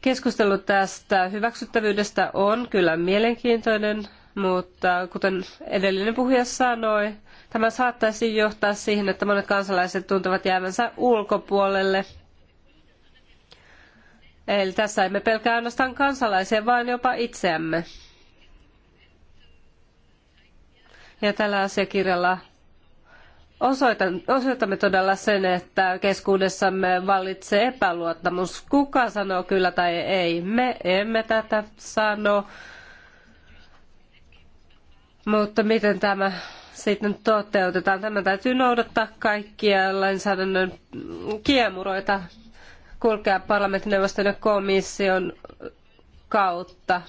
Keskustelu tästä hyväksyttävyydestä on kyllä mielenkiintoinen, mutta kuten edellinen puhuja sanoi, tämä saattaisi johtaa siihen, että monet kansalaiset tuntevat jäävänsä ulkopuolelle – Eli tässä emme pelkää ainoastaan kansalaisia, vaan jopa itseämme. Ja tällä asiakirjalla osoitamme todella sen, että keskuudessamme vallitsee epäluottamus. Kuka sanoo kyllä tai ei? Me emme tätä sano. Mutta miten tämä sitten toteutetaan? Tämä täytyy noudattaa kaikkia lainsäädännön kiemuroita kulkea parlamenttineuvoston ja komission kautta.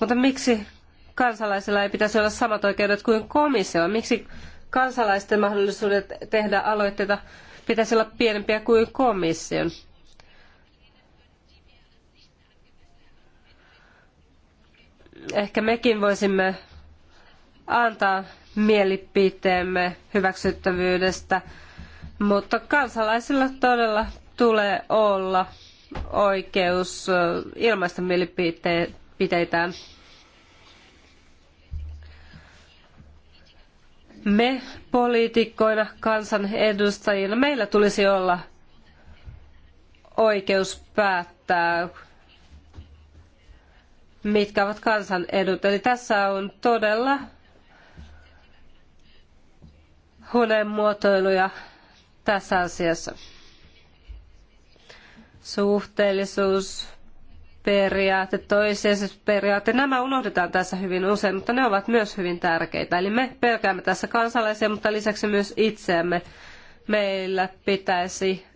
Mutta miksi kansalaisilla ei pitäisi olla samat oikeudet kuin komissio? Miksi kansalaisten mahdollisuudet tehdä aloitteita pitäisi olla pienempiä kuin komission? Ehkä mekin voisimme antaa mielipiteemme hyväksyttävyydestä, mutta kansalaisilla todella tulee olla oikeus ilmaista mielipiteitään. Me poliitikkoina, kansanedustajina, meillä tulisi olla oikeus päättää, mitkä ovat kansan edut. Eli tässä on todella huoneen muotoiluja tässä asiassa suhteellisuus, periaate, toissijaisuusperiaate. Nämä unohdetaan tässä hyvin usein, mutta ne ovat myös hyvin tärkeitä. Eli me pelkäämme tässä kansalaisia, mutta lisäksi myös itseämme. Meillä pitäisi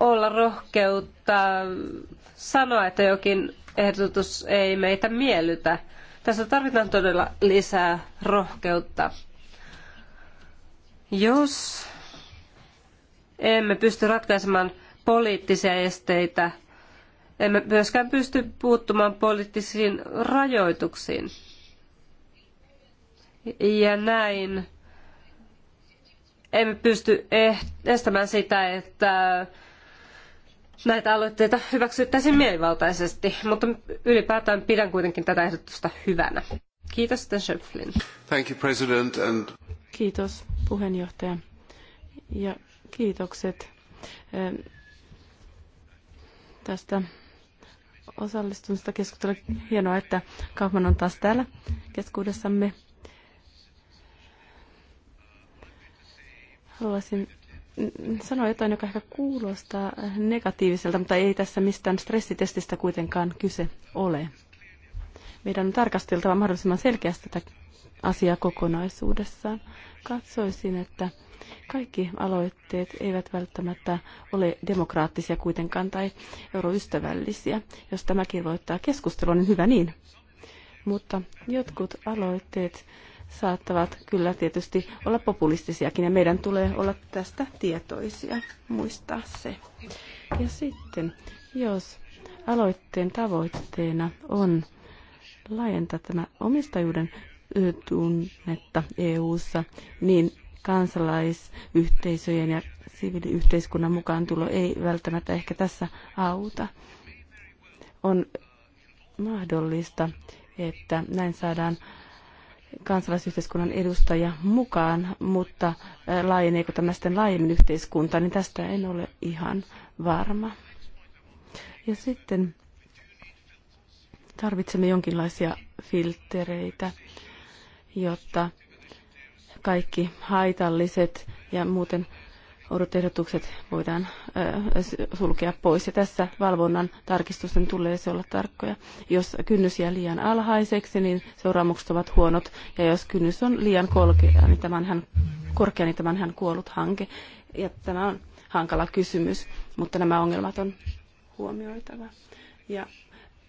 olla rohkeutta sanoa, että jokin ehdotus ei meitä miellytä. Tässä tarvitaan todella lisää rohkeutta. Jos emme pysty ratkaisemaan poliittisia esteitä. Emme myöskään pysty puuttumaan poliittisiin rajoituksiin. Ja näin emme pysty eh- estämään sitä, että näitä aloitteita hyväksyttäisiin mielivaltaisesti, mutta ylipäätään pidän kuitenkin tätä ehdotusta hyvänä. Kiitos Sten Schöpflin. Thank you, President, and... Kiitos puheenjohtaja ja kiitokset eh, tästä osallistumista keskustelua. Hienoa, että Kaufman on taas täällä keskuudessamme. Haluaisin sanoa jotain, joka ehkä kuulostaa negatiiviselta, mutta ei tässä mistään stressitestistä kuitenkaan kyse ole. Meidän on tarkasteltava mahdollisimman selkeästi tätä asiaa kokonaisuudessaan. Katsoisin, että kaikki aloitteet eivät välttämättä ole demokraattisia kuitenkaan tai euroystävällisiä. Jos tämä kirvoittaa keskustelua, niin hyvä niin. Mutta jotkut aloitteet saattavat kyllä tietysti olla populistisiakin ja meidän tulee olla tästä tietoisia, muistaa se. Ja sitten, jos aloitteen tavoitteena on laajentaa tämä omistajuuden tunnetta EU-ssa, niin kansalaisyhteisöjen ja siviiliyhteiskunnan mukaan tulo ei välttämättä ehkä tässä auta. On mahdollista, että näin saadaan kansalaisyhteiskunnan edustaja mukaan, mutta laajeneeko tämä sitten laajemmin yhteiskuntaan, niin tästä en ole ihan varma. Ja sitten tarvitsemme jonkinlaisia filtereitä, jotta kaikki haitalliset ja muuten oudot ehdotukset voidaan sulkea pois. Ja tässä valvonnan tarkistusten tulee se olla tarkkoja. Jos kynnys jää liian alhaiseksi, niin seuraamukset ovat huonot. Ja jos kynnys on liian korkea, niin tämä on hän, korkea, niin tämä on kuollut hanke. Ja tämä on hankala kysymys, mutta nämä ongelmat on huomioitava. Ja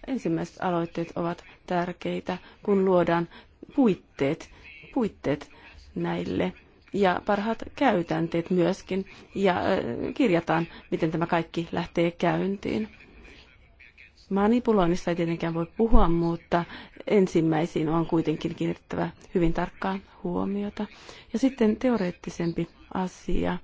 ensimmäiset aloitteet ovat tärkeitä, kun luodaan puitteet, puitteet näille ja parhaat käytänteet myöskin ja kirjataan, miten tämä kaikki lähtee käyntiin. Manipuloinnista ei tietenkään voi puhua, mutta ensimmäisiin on kuitenkin kiinnitettävä hyvin tarkkaan huomiota. Ja sitten teoreettisempi asia.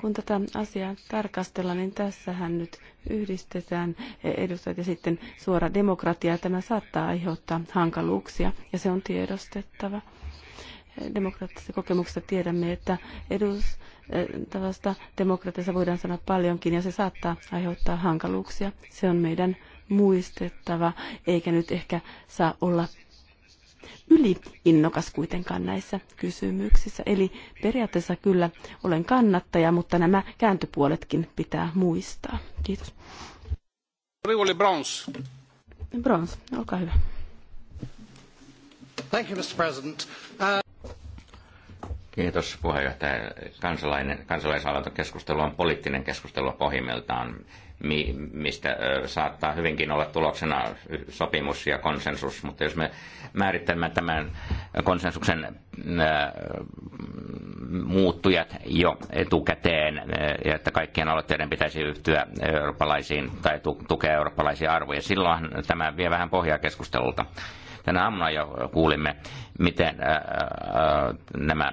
Kun tätä asiaa tarkastellaan, niin tässähän nyt yhdistetään edustajat ja sitten suora demokratia. Tämä saattaa aiheuttaa hankaluuksia ja se on tiedostettava demokraattisesta kokemuksesta tiedämme, että edustavasta demokratiassa voidaan sanoa paljonkin ja se saattaa aiheuttaa hankaluuksia. Se on meidän muistettava, eikä nyt ehkä saa olla yliinnokas kuitenkaan näissä kysymyksissä. Eli periaatteessa kyllä olen kannattaja, mutta nämä kääntöpuoletkin pitää muistaa. Kiitos. Brons. Brons, olkaa hyvä. Thank you, Mr. President. Uh... Kiitos puheenjohtaja. Kansalainen, kansalaisaloitekeskustelu on poliittinen keskustelu pohjimmiltaan, mi, mistä ö, saattaa hyvinkin olla tuloksena sopimus ja konsensus, mutta jos me määrittelemme tämän konsensuksen ö, muuttujat jo etukäteen, ja että kaikkien aloitteiden pitäisi yhtyä eurooppalaisiin tai tu, tukea eurooppalaisia arvoja, silloin tämä vie vähän pohjaa keskustelulta. Tänä aamuna jo kuulimme, miten nämä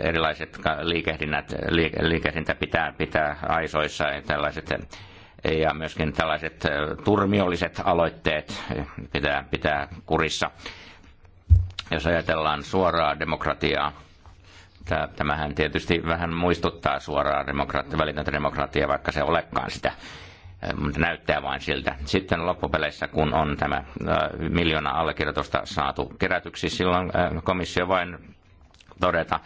erilaiset liikehdinnät, liikehdintä pitää pitää aisoissa ja tällaiset ja myöskin tällaiset turmiolliset aloitteet pitää, pitää kurissa. Jos ajatellaan suoraa demokratiaa, tämähän tietysti vähän muistuttaa suoraa demokrati- välitöntä demokratiaa, vaikka se olekaan sitä. Äh, mutta näyttää vain siltä. Sitten loppupeleissä, kun on tämä äh, miljoona allekirjoitusta saatu kerätyksi, silloin äh, komissio vain todeta,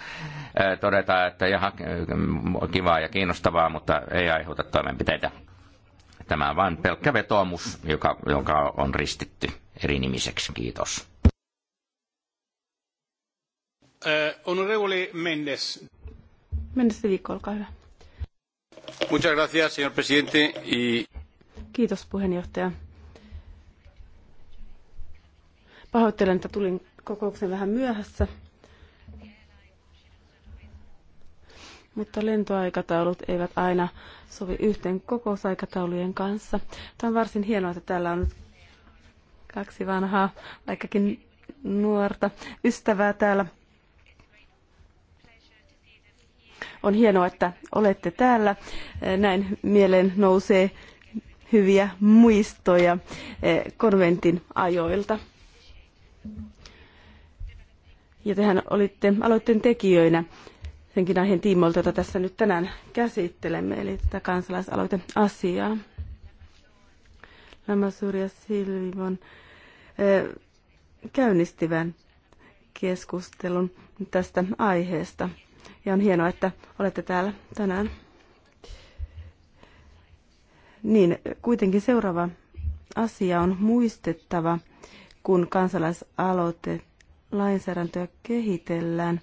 todeta että jaha, kivaa ja kiinnostavaa, mutta ei aiheuta toimenpiteitä. Tämä on vain pelkkä vetoomus, joka, joka on ristitty eri nimiseksi. Kiitos. Eh, Mendes. Mendes, viikko, olkaa hyvä. Kiitos puheenjohtaja. Pahoittelen, että tulin kokouksen vähän myöhässä. Mutta lentoaikataulut eivät aina sovi yhteen kokousaikataulujen kanssa. Tämä on varsin hienoa, että täällä on nyt kaksi vanhaa, vaikkakin nuorta ystävää täällä on hienoa, että olette täällä. Eh, näin mieleen nousee hyviä muistoja eh, konventin ajoilta. Ja tehän olitte aloitteen tekijöinä senkin aiheen tiimoilta, jota tässä nyt tänään käsittelemme, eli tätä kansalaisaloiteasiaa. Lamassur ja Silvon eh, käynnistivän keskustelun tästä aiheesta ja on hienoa, että olette täällä tänään. Niin, kuitenkin seuraava asia on muistettava, kun kansalaisaloite lainsäädäntöä kehitellään.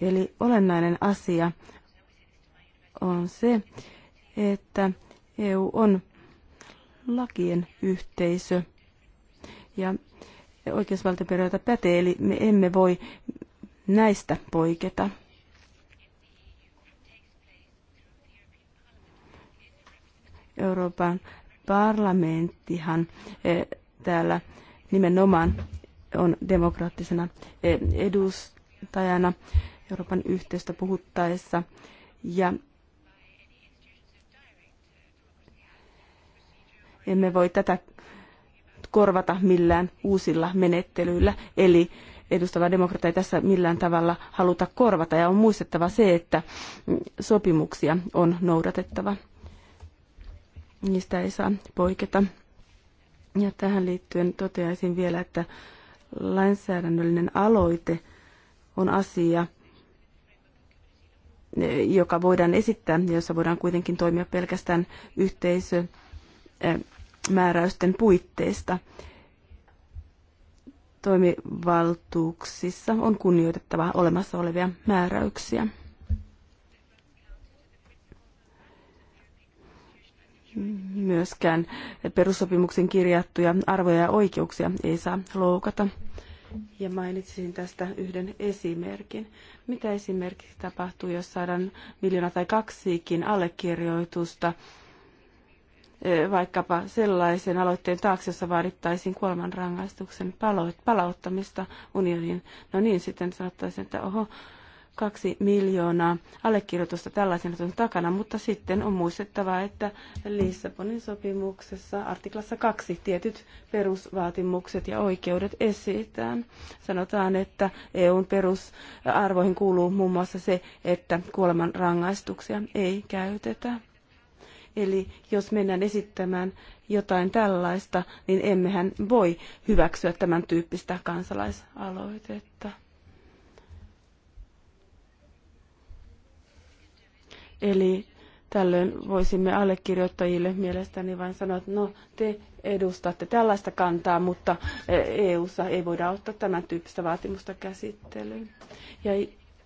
Eli olennainen asia on se, että EU on lakien yhteisö ja oikeusvaltioperiaate pätee, eli me emme voi näistä poiketa. Euroopan parlamenttihan eh, täällä nimenomaan on demokraattisena eh, edustajana Euroopan yhteistä puhuttaessa. Ja emme voi tätä korvata millään uusilla menettelyillä. Eli edustava demokratia ei tässä millään tavalla haluta korvata. Ja on muistettava se, että mm, sopimuksia on noudatettava niistä ei saa poiketa. Ja tähän liittyen toteaisin vielä, että lainsäädännöllinen aloite on asia, joka voidaan esittää, jossa voidaan kuitenkin toimia pelkästään yhteisömääräysten puitteista. Toimivaltuuksissa on kunnioitettava olemassa olevia määräyksiä. myöskään perussopimuksen kirjattuja arvoja ja oikeuksia ei saa loukata. Ja mainitsisin tästä yhden esimerkin. Mitä esimerkiksi tapahtuu, jos saadaan miljoona tai kaksikin allekirjoitusta e, vaikkapa sellaisen aloitteen taakse, jossa vaadittaisiin kuolemanrangaistuksen palauttamista unioniin. No niin, sitten sanottaisiin, että oho, kaksi miljoonaa allekirjoitusta tällaisen on takana, mutta sitten on muistettava, että Lissabonin sopimuksessa artiklassa kaksi tietyt perusvaatimukset ja oikeudet esitään. Sanotaan, että EUn perusarvoihin kuuluu muun muassa se, että kuoleman rangaistuksia ei käytetä. Eli jos mennään esittämään jotain tällaista, niin emmehän voi hyväksyä tämän tyyppistä kansalaisaloitetta. Eli tällöin voisimme allekirjoittajille mielestäni vain sanoa, että no te edustatte tällaista kantaa, mutta EU-ssa eh, e ei voida ottaa tämän tyyppistä vaatimusta käsittelyyn. Ja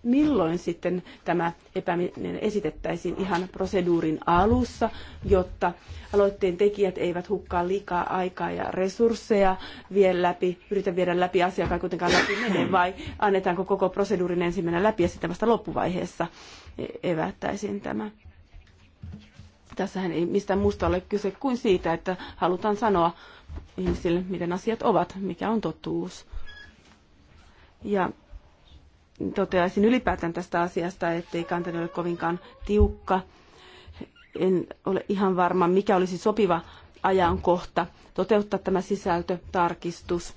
milloin sitten tämä epäminen esitettäisiin ihan proseduurin alussa, jotta aloitteen tekijät eivät hukkaa liikaa aikaa ja resursseja vie läpi, yritä viedä läpi asiaa, joka kuitenkaan läpi mene, vai annetaanko koko proseduurin ensimmäinen läpi ja sitten vasta loppuvaiheessa evättäisiin tämä. Tässähän ei mistään muusta ole kyse kuin siitä, että halutaan sanoa ihmisille, miten asiat ovat, mikä on totuus. Ja toteaisin ylipäätään tästä asiasta, ettei kantani ole kovinkaan tiukka. En ole ihan varma, mikä olisi sopiva ajankohta toteuttaa tämä sisältötarkistus.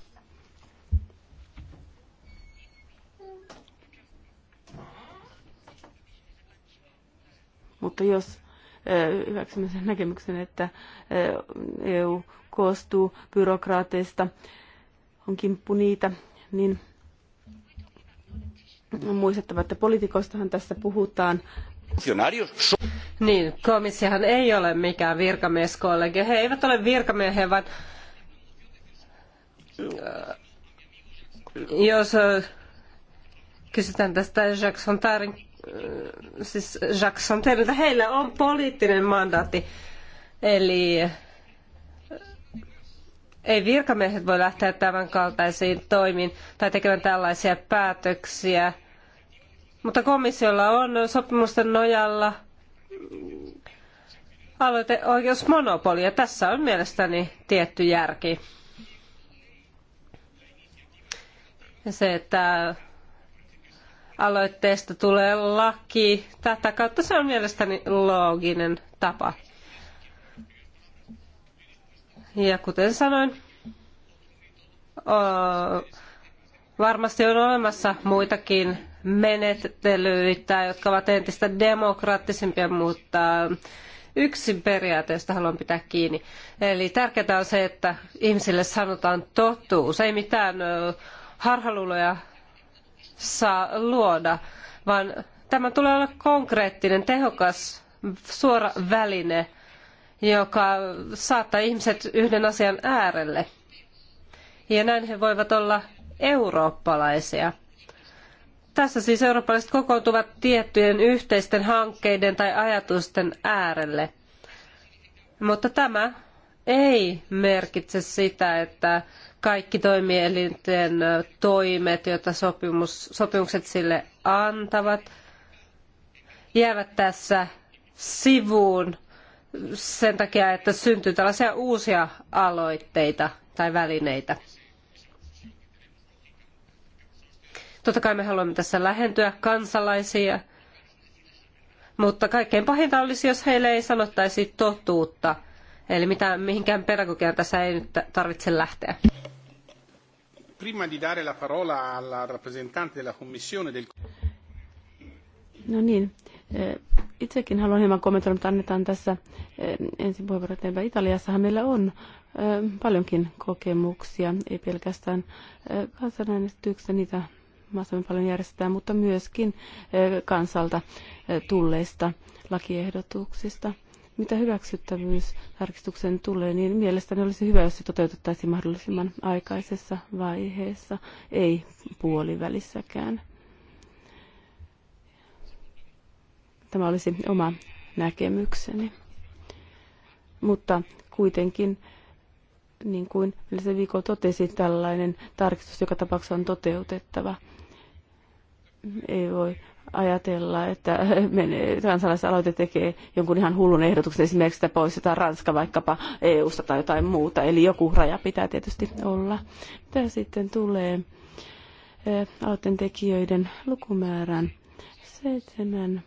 Mutta jos hyväksymme sen näkemyksen, että EU koostuu byrokraateista, on kimppu niitä, niin muistettava, että poliitikoistahan tässä puhutaan. Niin, komissiohan ei ole mikään virkamieskollegio. He eivät ole virkamiehiä, vaan äh, jos äh, kysytään tästä Jacques Fontarin, äh, siis Jacques Fontainilta, heillä on poliittinen mandaatti. Eli ei virkamiehet voi lähteä tämän kaltaisiin toimiin tai tekemään tällaisia päätöksiä. Mutta komissiolla on sopimusten nojalla aloiteoikeusmonopoli ja tässä on mielestäni tietty järki. Ja se, että aloitteesta tulee laki, tätä kautta se on mielestäni looginen tapa ja kuten sanoin, varmasti on olemassa muitakin menettelyitä, jotka ovat entistä demokraattisempia, mutta yksi periaate, josta haluan pitää kiinni. Eli tärkeää on se, että ihmisille sanotaan totuus. Ei mitään harhaluuloja saa luoda, vaan tämä tulee olla konkreettinen, tehokas, suora väline – joka saattaa ihmiset yhden asian äärelle. Ja näin he voivat olla eurooppalaisia. Tässä siis eurooppalaiset kokoontuvat tiettyjen yhteisten hankkeiden tai ajatusten äärelle. Mutta tämä ei merkitse sitä, että kaikki toimielinten toimet, joita sopimus, sopimukset sille antavat, jäävät tässä sivuun sen takia, että syntyy tällaisia uusia aloitteita tai välineitä. Totta kai me haluamme tässä lähentyä kansalaisia, mutta kaikkein pahinta olisi, jos heille ei sanottaisi totuutta. Eli mitä, mihinkään pedagogiaan tässä ei nyt tarvitse lähteä. Prima di dare la parola alla rappresentante della commissione del... No niin, eh, Itsekin haluan hieman kommentoida, mutta annetaan tässä eh, ensin puheenvuoro eteenpäin. Italiassahan meillä on eh, paljonkin kokemuksia, ei pelkästään eh, kansanäänestyksessä niitä maassamme paljon järjestetään, mutta myöskin kansalta tulleista lakiehdotuksista. Mitä hyväksyttävyystarkistuksen tulee, niin mielestäni olisi hyvä, jos se toteutettaisiin mahdollisimman aikaisessa vaiheessa, ei puolivälissäkään. Tämä olisi oma näkemykseni. Mutta kuitenkin, niin kuin se viikko totesi, tällainen tarkistus joka tapauksessa on toteutettava. Ei voi ajatella, että kansalaisaloite tekee jonkun ihan hullun ehdotuksen, esimerkiksi että poistetaan Ranska vaikkapa EU-sta tai jotain muuta, eli joku raja pitää tietysti olla. Mitä sitten tulee eh, aloitteen tekijöiden lukumäärän? Seitsemän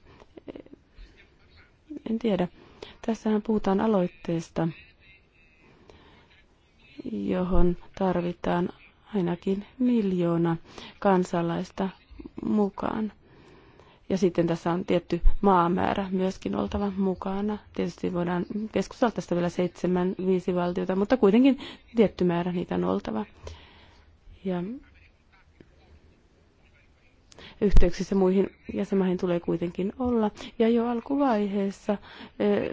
en tiedä. Tässähän puhutaan aloitteesta, johon tarvitaan ainakin miljoona kansalaista mukaan. Ja sitten tässä on tietty maamäärä myöskin oltava mukana. Tietysti voidaan keskustella tästä vielä seitsemän, viisi valtiota, mutta kuitenkin tietty määrä niitä on oltava. Ja yhteyksissä muihin jäsenmaihin tulee kuitenkin olla. Ja jo alkuvaiheessa eh, eh,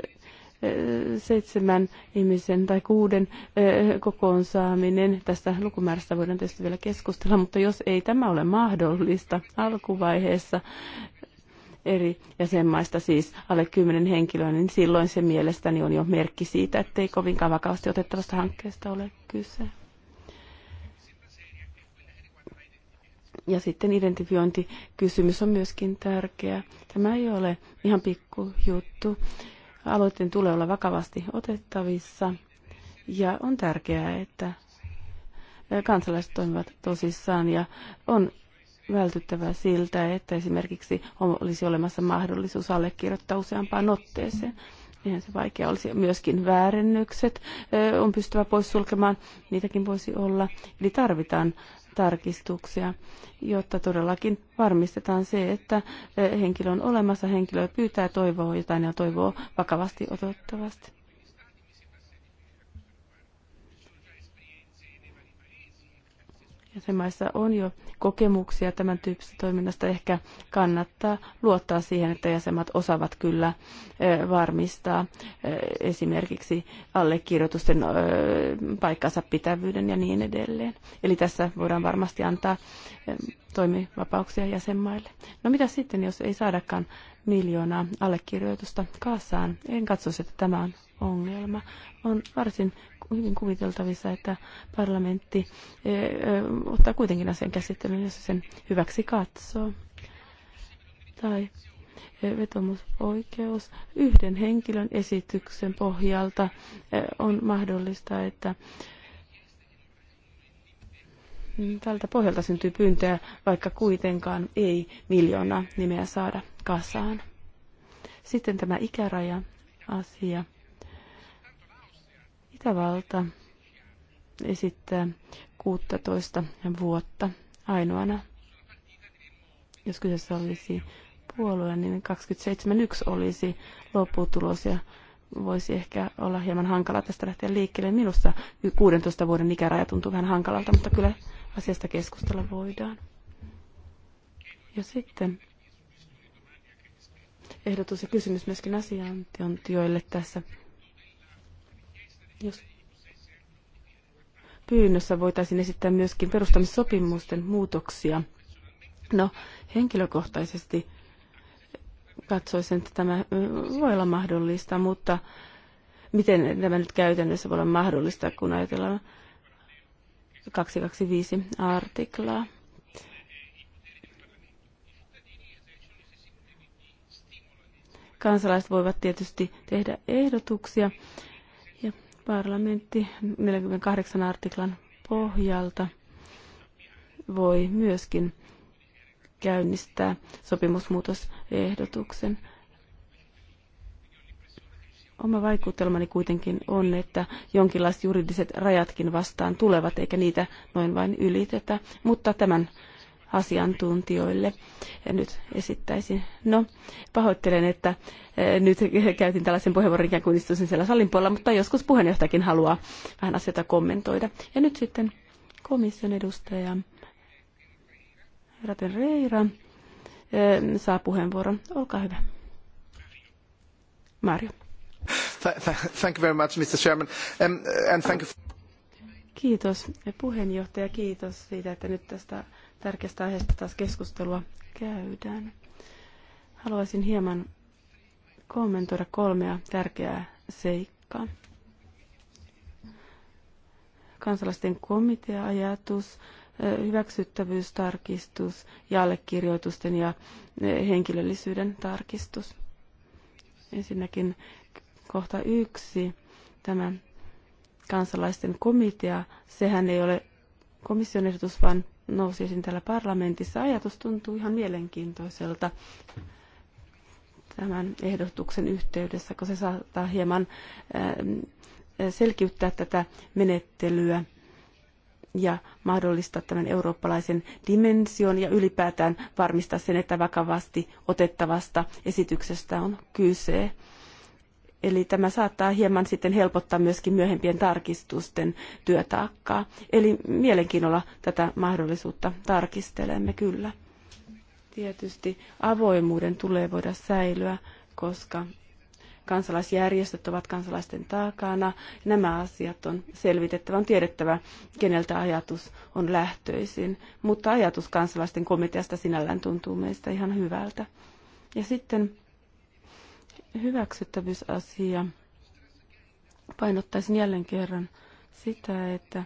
seitsemän ihmisen tai kuuden eh, kokoon saaminen. Tästä lukumäärästä voidaan tietysti vielä keskustella, mutta jos ei tämä ole mahdollista alkuvaiheessa, eri jäsenmaista, siis alle kymmenen henkilöä, niin silloin se mielestäni on jo merkki siitä, ettei kovinkaan vakavasti otettavasta hankkeesta ole kyse. Ja sitten identifiointikysymys on myöskin tärkeä. Tämä ei ole ihan pikkujuttu. Aloitteen tulee olla vakavasti otettavissa. Ja on tärkeää, että kansalaiset toimivat tosissaan ja on vältyttävää siltä, että esimerkiksi olisi olemassa mahdollisuus allekirjoittaa useampaan otteeseen. Eihän se vaikea olisi. Myöskin väärennykset on pystyvä pois sulkemaan, niitäkin voisi olla. Eli tarvitaan tarkistuksia, jotta todellakin varmistetaan se, että eh, henkilö on olemassa, henkilö pyytää, toivoo jotain ja toivoo vakavasti otettavasti. jäsenmaissa on jo kokemuksia tämän tyyppisestä toiminnasta, ehkä kannattaa luottaa siihen, että jäsenmaat osaavat kyllä varmistaa esimerkiksi allekirjoitusten paikkansa pitävyyden ja niin edelleen. Eli tässä voidaan varmasti antaa toimivapauksia jäsenmaille. No mitä sitten, jos ei saadakaan miljoonaa allekirjoitusta kaasaan? En katso, että tämä on ongelma. On varsin hyvin kuviteltavissa, että parlamentti eh, eh, ottaa kuitenkin asian käsittelyyn, jos sen hyväksi katsoo. Tai eh, vetomusoikeus yhden henkilön esityksen pohjalta on mahdollista, että tältä pohjalta syntyy pyyntöjä, vaikka kuitenkaan ei miljoonaa nimeä saada kasaan. Sitten tämä ikäraja asia. Itävalta esittää 16 vuotta ainoana. Jos kyseessä olisi puolue, niin 27.1 olisi lopputulos ja voisi ehkä olla hieman hankala tästä lähteä liikkeelle. Minusta 16 vuoden ikäraja tuntuu vähän hankalalta, mutta kyllä asiasta keskustella voidaan. Ja sitten ehdotus ja kysymys myöskin asiantuntijoille tässä jos pyynnössä voitaisiin esittää myöskin perustamissopimusten muutoksia. No, henkilökohtaisesti katsoisin, että tämä voi olla mahdollista, mutta miten tämä nyt käytännössä voi olla mahdollista, kun ajatellaan 225 artiklaa. Kansalaiset voivat tietysti tehdä ehdotuksia parlamentti 48 artiklan pohjalta voi myöskin käynnistää sopimusmuutosehdotuksen. Oma vaikutelmani kuitenkin on, että jonkinlaiset juridiset rajatkin vastaan tulevat, eikä niitä noin vain ylitetä, mutta tämän asiantuntijoille. Ja nyt esittäisin. No, pahoittelen, että eh, nyt käytin tällaisen puheenvuoron ikään kuin istuisin siellä salin puolella, mutta joskus puheenjohtajakin haluaa vähän asioita kommentoida. Ja nyt sitten komission edustaja Raten Reira eh, saa puheenvuoron. Olkaa hyvä. Mario. Thank you very much, Mr. Chairman. Um, and thank you. Kiitos puheenjohtaja, kiitos siitä, että nyt tästä tärkeästä aiheesta taas keskustelua käydään. Haluaisin hieman kommentoida kolmea tärkeää seikkaa. Kansalaisten komiteaajatus, hyväksyttävyystarkistus ja allekirjoitusten ja henkilöllisyyden tarkistus. Ensinnäkin kohta yksi, tämä kansalaisten komitea, sehän ei ole komission ehdotus, vaan nousi esiin täällä parlamentissa. Ajatus tuntuu ihan mielenkiintoiselta tämän ehdotuksen yhteydessä, kun se saattaa hieman ähm, selkiyttää tätä menettelyä ja mahdollistaa tämän eurooppalaisen dimension ja ylipäätään varmistaa sen, että vakavasti otettavasta esityksestä on kyse. Eli tämä saattaa hieman sitten helpottaa myöskin myöhempien tarkistusten työtaakkaa. Eli mielenkiinnolla tätä mahdollisuutta tarkistelemme kyllä. Tietysti avoimuuden tulee voida säilyä, koska kansalaisjärjestöt ovat kansalaisten takana. Nämä asiat on selvitettävä, on tiedettävä, keneltä ajatus on lähtöisin. Mutta ajatus kansalaisten komiteasta sinällään tuntuu meistä ihan hyvältä. Ja sitten hyväksyttävyysasia. Painottaisin jälleen kerran sitä, että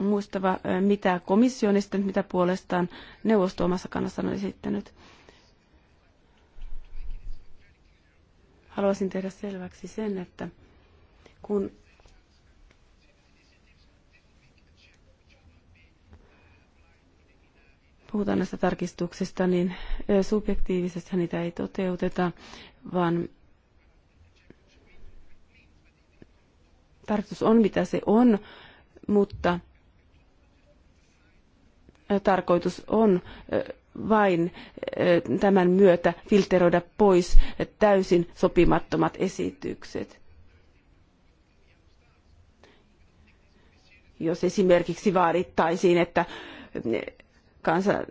muistava, mitä komissio on esittänyt, mitä puolestaan neuvosto omassa kannassaan on esittänyt. Haluaisin tehdä selväksi sen, että kun puhutaan näistä tarkistuksista, niin subjektiivisesti niitä ei toteuteta, vaan tarkoitus on mitä se on, mutta tarkoitus on vain tämän myötä filteroida pois täysin sopimattomat esitykset. Jos esimerkiksi vaadittaisiin, että kansan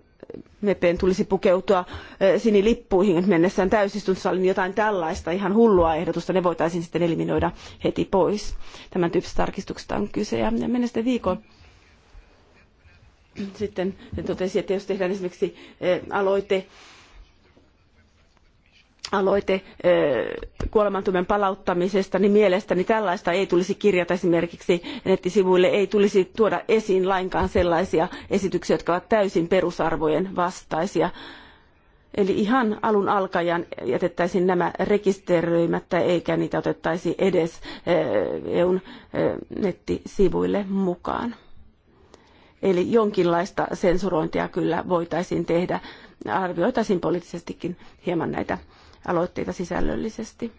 mepeen tulisi pukeutua eh, sinilippuihin mennessään täysistuntosaliin jotain tällaista ihan hullua ehdotusta, ne voitaisiin sitten eliminoida heti pois. Tämän tyyppisestä tarkistuksesta on kyse ja mennä sitten viikon sitten totesi, että jos tehdään esimerkiksi eh, aloite aloite kuolemantuomion palauttamisesta, niin mielestäni tällaista ei tulisi kirjata esimerkiksi nettisivuille, ei tulisi tuoda esiin lainkaan sellaisia esityksiä, jotka ovat täysin perusarvojen vastaisia. Eli ihan alun alkajan jätettäisiin nämä rekisteröimättä eikä niitä otettaisi edes EUn nettisivuille mukaan. Eli jonkinlaista sensurointia kyllä voitaisiin tehdä. Arvioitaisiin poliittisestikin hieman näitä aloitteita sisällöllisesti.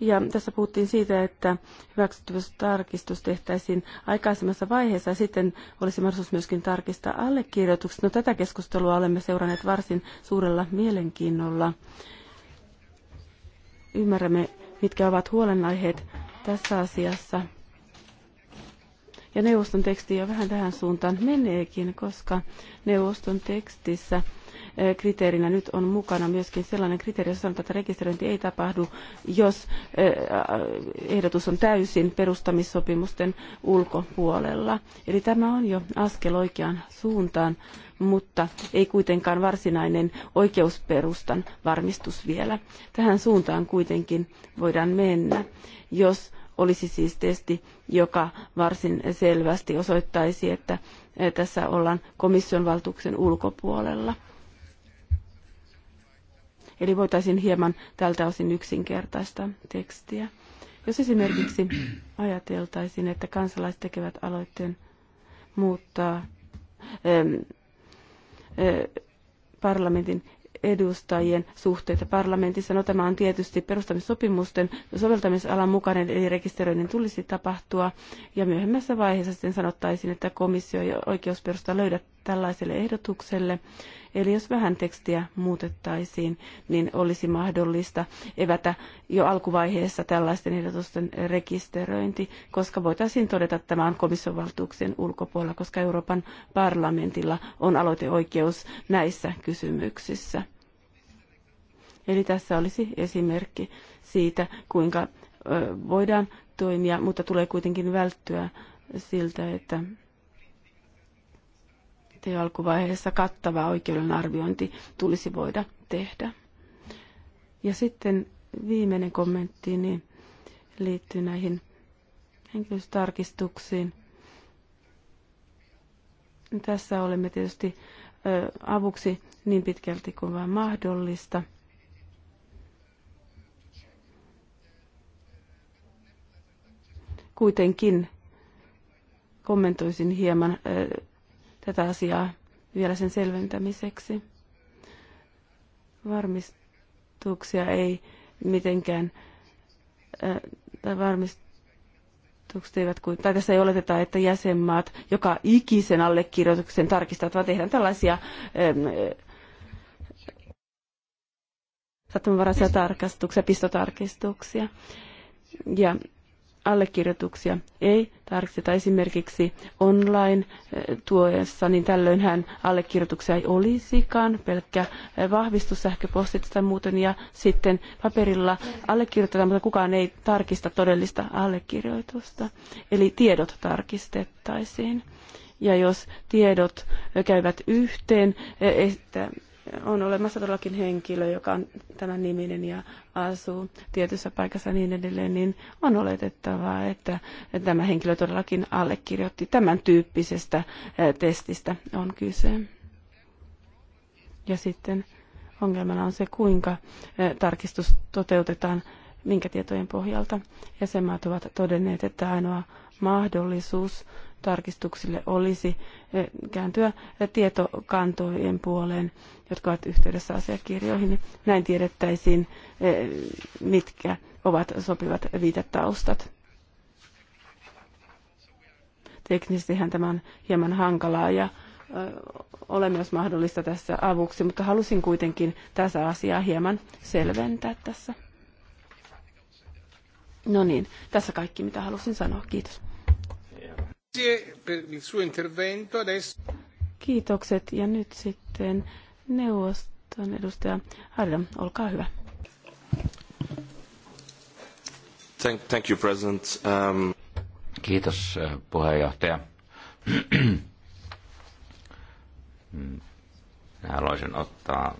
Ja tässä puhuttiin siitä, että hyväksyttävyystarkistus tehtäisiin aikaisemmassa vaiheessa ja sitten olisi mahdollisuus myöskin tarkistaa allekirjoitukset. No, tätä keskustelua olemme seuranneet varsin suurella mielenkiinnolla. Ymmärrämme, mitkä ovat huolenaiheet tässä asiassa. Ja neuvoston teksti jo vähän tähän suuntaan meneekin, koska neuvoston tekstissä eh, kriteerinä nyt on mukana myöskin sellainen kriteeri, jossa sanotaan, että rekisteröinti ei tapahdu, jos eh, ehdotus on täysin perustamissopimusten ulkopuolella. Eli tämä on jo askel oikeaan suuntaan, mutta ei kuitenkaan varsinainen oikeusperustan varmistus vielä. Tähän suuntaan kuitenkin voidaan mennä, jos olisi siis testi, joka varsin selvästi osoittaisi, että eh, tässä ollaan komission valtuuksen ulkopuolella. Eli voitaisiin hieman tältä osin yksinkertaista tekstiä. Jos esimerkiksi ajateltaisiin, että kansalaiset tekevät aloitteen muuttaa eh, parlamentin edustajien suhteita parlamentissa. No tämä on tietysti perustamissopimusten soveltamisalan mukainen, eli rekisteröinnin tulisi tapahtua. Ja myöhemmässä vaiheessa sitten sanottaisiin, että komissio ja oikeusperusta löydät tällaiselle ehdotukselle. Eli jos vähän tekstiä muutettaisiin, niin olisi mahdollista evätä jo alkuvaiheessa tällaisten ehdotusten rekisteröinti, koska voitaisiin todeta, että tämä on komission valtuuksien ulkopuolella, koska Euroopan parlamentilla on aloiteoikeus näissä kysymyksissä. Eli tässä olisi esimerkki siitä, kuinka voidaan toimia, mutta tulee kuitenkin välttyä siltä, että te alkuvaiheessa kattava oikeuden arviointi tulisi voida tehdä. Ja sitten viimeinen kommentti niin liittyy näihin henkilöstarkistuksiin. Tässä olemme tietysti avuksi niin pitkälti kuin vain mahdollista – kuitenkin kommentoisin hieman tätä asiaa vielä sen selventämiseksi. Varmistuksia ei mitenkään, tai varmistukset eivät, tai tässä ei oleteta, että jäsenmaat joka ikisen allekirjoituksen tarkistavat, vaan tehdään tällaisia sattumanvaraisia tarkastuksia, pistotarkistuksia. Ja allekirjoituksia ei tarvitse, esimerkiksi online-tuessa, eh, niin tällöinhän allekirjoituksia ei olisikaan, pelkkä eh, vahvistus sähköpostit tai muuten, ja sitten paperilla allekirjoitetaan, mutta kukaan ei tarkista todellista allekirjoitusta. Eli tiedot tarkistettaisiin. Ja jos tiedot eh, käyvät yhteen, että on olemassa todellakin henkilö, joka on tämän niminen ja asuu tietyssä paikassa niin edelleen, niin on oletettavaa, että tämä henkilö todellakin allekirjoitti tämän tyyppisestä eh, testistä on kyse. Ja sitten ongelmana on se, kuinka eh, tarkistus toteutetaan, minkä tietojen pohjalta jäsenmaat ovat todenneet, että ainoa mahdollisuus tarkistuksille olisi eh, kääntyä tietokantojen puoleen, jotka ovat yhteydessä asiakirjoihin. Näin tiedettäisiin, eh, mitkä ovat sopivat viitetaustat. Teknisestihän tämä on hieman hankalaa ja eh, ole myös mahdollista tässä avuksi, mutta halusin kuitenkin tässä asiaa hieman selventää tässä. No niin, tässä kaikki mitä halusin sanoa. Kiitos. Kiitokset ja nyt sitten neuvoston edustaja Harja, olkaa hyvä. Thank, thank you, President. Um... Kiitos eh, puheenjohtaja. Haluaisin ottaa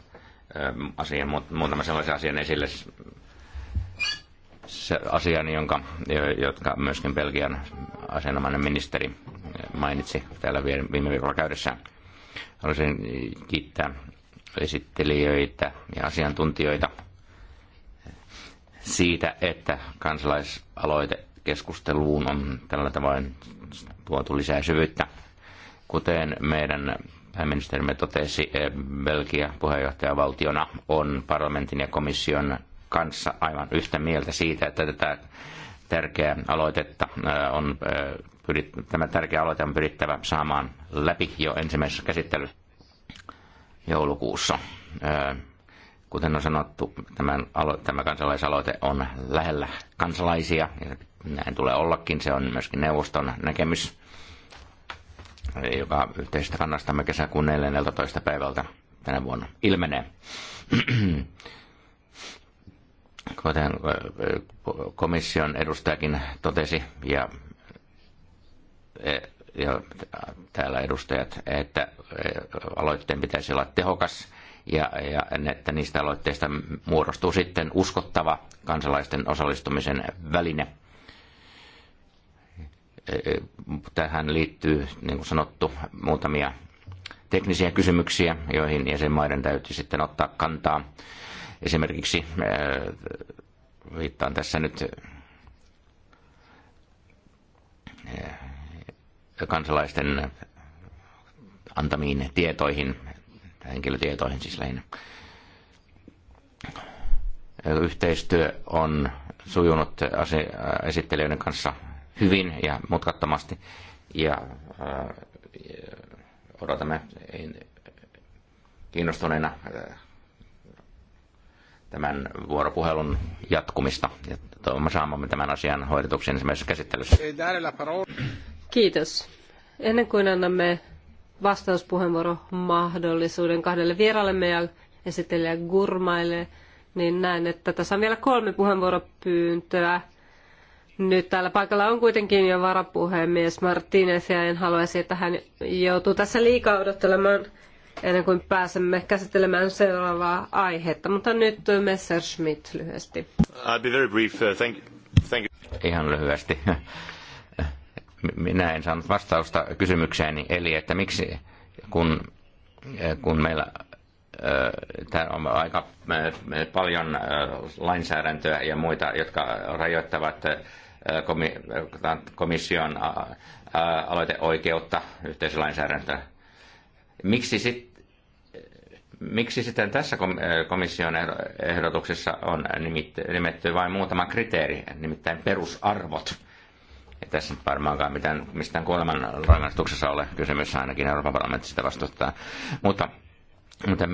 eh, asian, muutaman sellaisen asian esille, siis se asian, jonka, jotka myöskin Belgian asianomainen ministeri mainitsi täällä viime viikolla käydessään. Haluaisin kiittää esittelijöitä ja asiantuntijoita siitä, että kansalaisaloite keskusteluun on tällä tavoin tuotu lisää syvyyttä. Kuten meidän pääministerimme totesi, Belgia puheenjohtajavaltiona on parlamentin ja komission kanssa aivan yhtä mieltä siitä, että tätä tärkeää aloitetta on tämä tärkeä aloite on pyrittävä saamaan läpi jo ensimmäisessä käsittelyssä joulukuussa. Kuten on sanottu, tämän tämä kansalaisaloite on lähellä kansalaisia, ja näin tulee ollakin. Se on myöskin neuvoston näkemys, joka yhteisestä kannastamme kesäkuun 14. päivältä tänä vuonna ilmenee kuten komission edustajakin totesi ja, e, ja täällä edustajat, että e, aloitteen pitäisi olla tehokas ja, ja että niistä aloitteista muodostuu sitten uskottava kansalaisten osallistumisen väline. E, tähän liittyy, niin kuin sanottu, muutamia teknisiä kysymyksiä, joihin jäsenmaiden täytyy sitten ottaa kantaa Esimerkiksi viittaan tässä nyt kansalaisten antamiin tietoihin, henkilötietoihin siis lähinnä. Yhteistyö on sujunut esittelijöiden kanssa hyvin ja mutkattomasti ja odotamme kiinnostuneena tämän vuoropuhelun jatkumista ja toivomme saamamme tämän asian hoidetuksi ensimmäisessä käsittelyssä. Kiitos. Ennen kuin annamme vastauspuheenvuoromahdollisuuden kahdelle vieraallemme ja esittelijä Gurmaille, niin näen, että tässä on vielä kolme puheenvuoropyyntöä. Nyt täällä paikalla on kuitenkin jo varapuhemies Martinez ja en haluaisi, että hän joutuu tässä liikaa odottelemaan ennen kuin pääsemme käsittelemään seuraavaa aihetta. Mutta nyt Messerschmitt lyhyesti. I'll be very brief. Uh, thank Thank you. Ihan lyhyesti. Minä en saanut vastausta kysymykseeni, eli että miksi kun, eh, kun meillä eh, Tämä on aika eh, paljon lainsäädäntöä ja muita, jotka rajoittavat komission aloiteoikeutta yhteislainsäädäntöä. Miksi, sit, miksi sitten tässä äh, komission ehdotuksessa on nimetty vain muutama kriteeri, nimittäin perusarvot? Ja tässä nyt varmaankaan mitään, mistään kuoleman rangaistuksessa ole kysymys, ainakin Euroopan parlamentti sitä vastustaa. Mutta mutta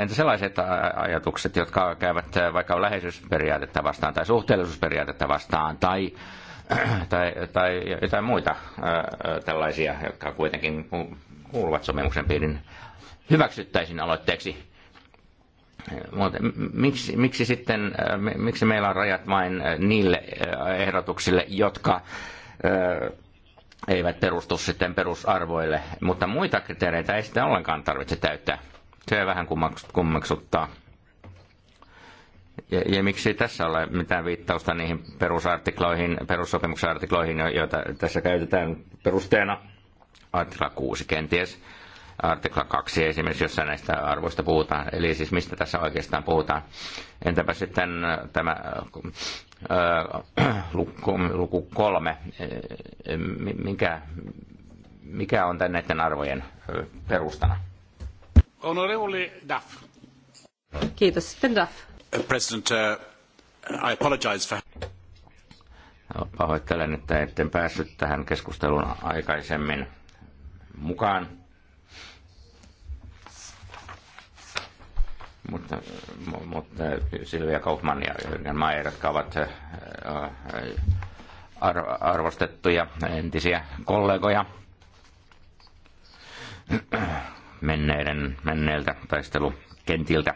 entä sellaiset ajatukset, jotka käyvät vaikka läheisyysperiaatetta vastaan tai suhteellisuusperiaatetta vastaan tai, tai, tai jotain muita tällaisia, jotka kuitenkin kuuluvat sopimuksen piirin hyväksyttäisiin aloitteeksi. Mutta miksi, miksi sitten, äh, miksi meillä on rajat vain äh, niille äh, ehdotuksille, jotka eivät perustu sitten perusarvoille, mutta muita kriteereitä ei sitten ollenkaan tarvitse täyttää. Se vähän kummeksuttaa. Ja, ja miksi tässä ole mitään viittausta niihin perusartikloihin, perussopimuksen artikloihin, joita tässä käytetään perusteena artikla 6 kenties, artikla 2 esimerkiksi, jossa näistä arvoista puhutaan. Eli siis mistä tässä oikeastaan puhutaan. Entäpä sitten äh, tämä äh, luku, luku kolme, äh, mikä, mikä on tämän näiden arvojen perustana? Honorable Duff. Kiitos. Sitten Duff. Uh, President, uh, I apologize for... Pahoittelen, että etten päässyt tähän keskusteluun aikaisemmin mukaan. Mutta, mutta Silvia Kaufman ja Jürgen Mayer, jotka ovat äh, äh, arvostettuja entisiä kollegoja menneiden, menneiltä taistelukentiltä.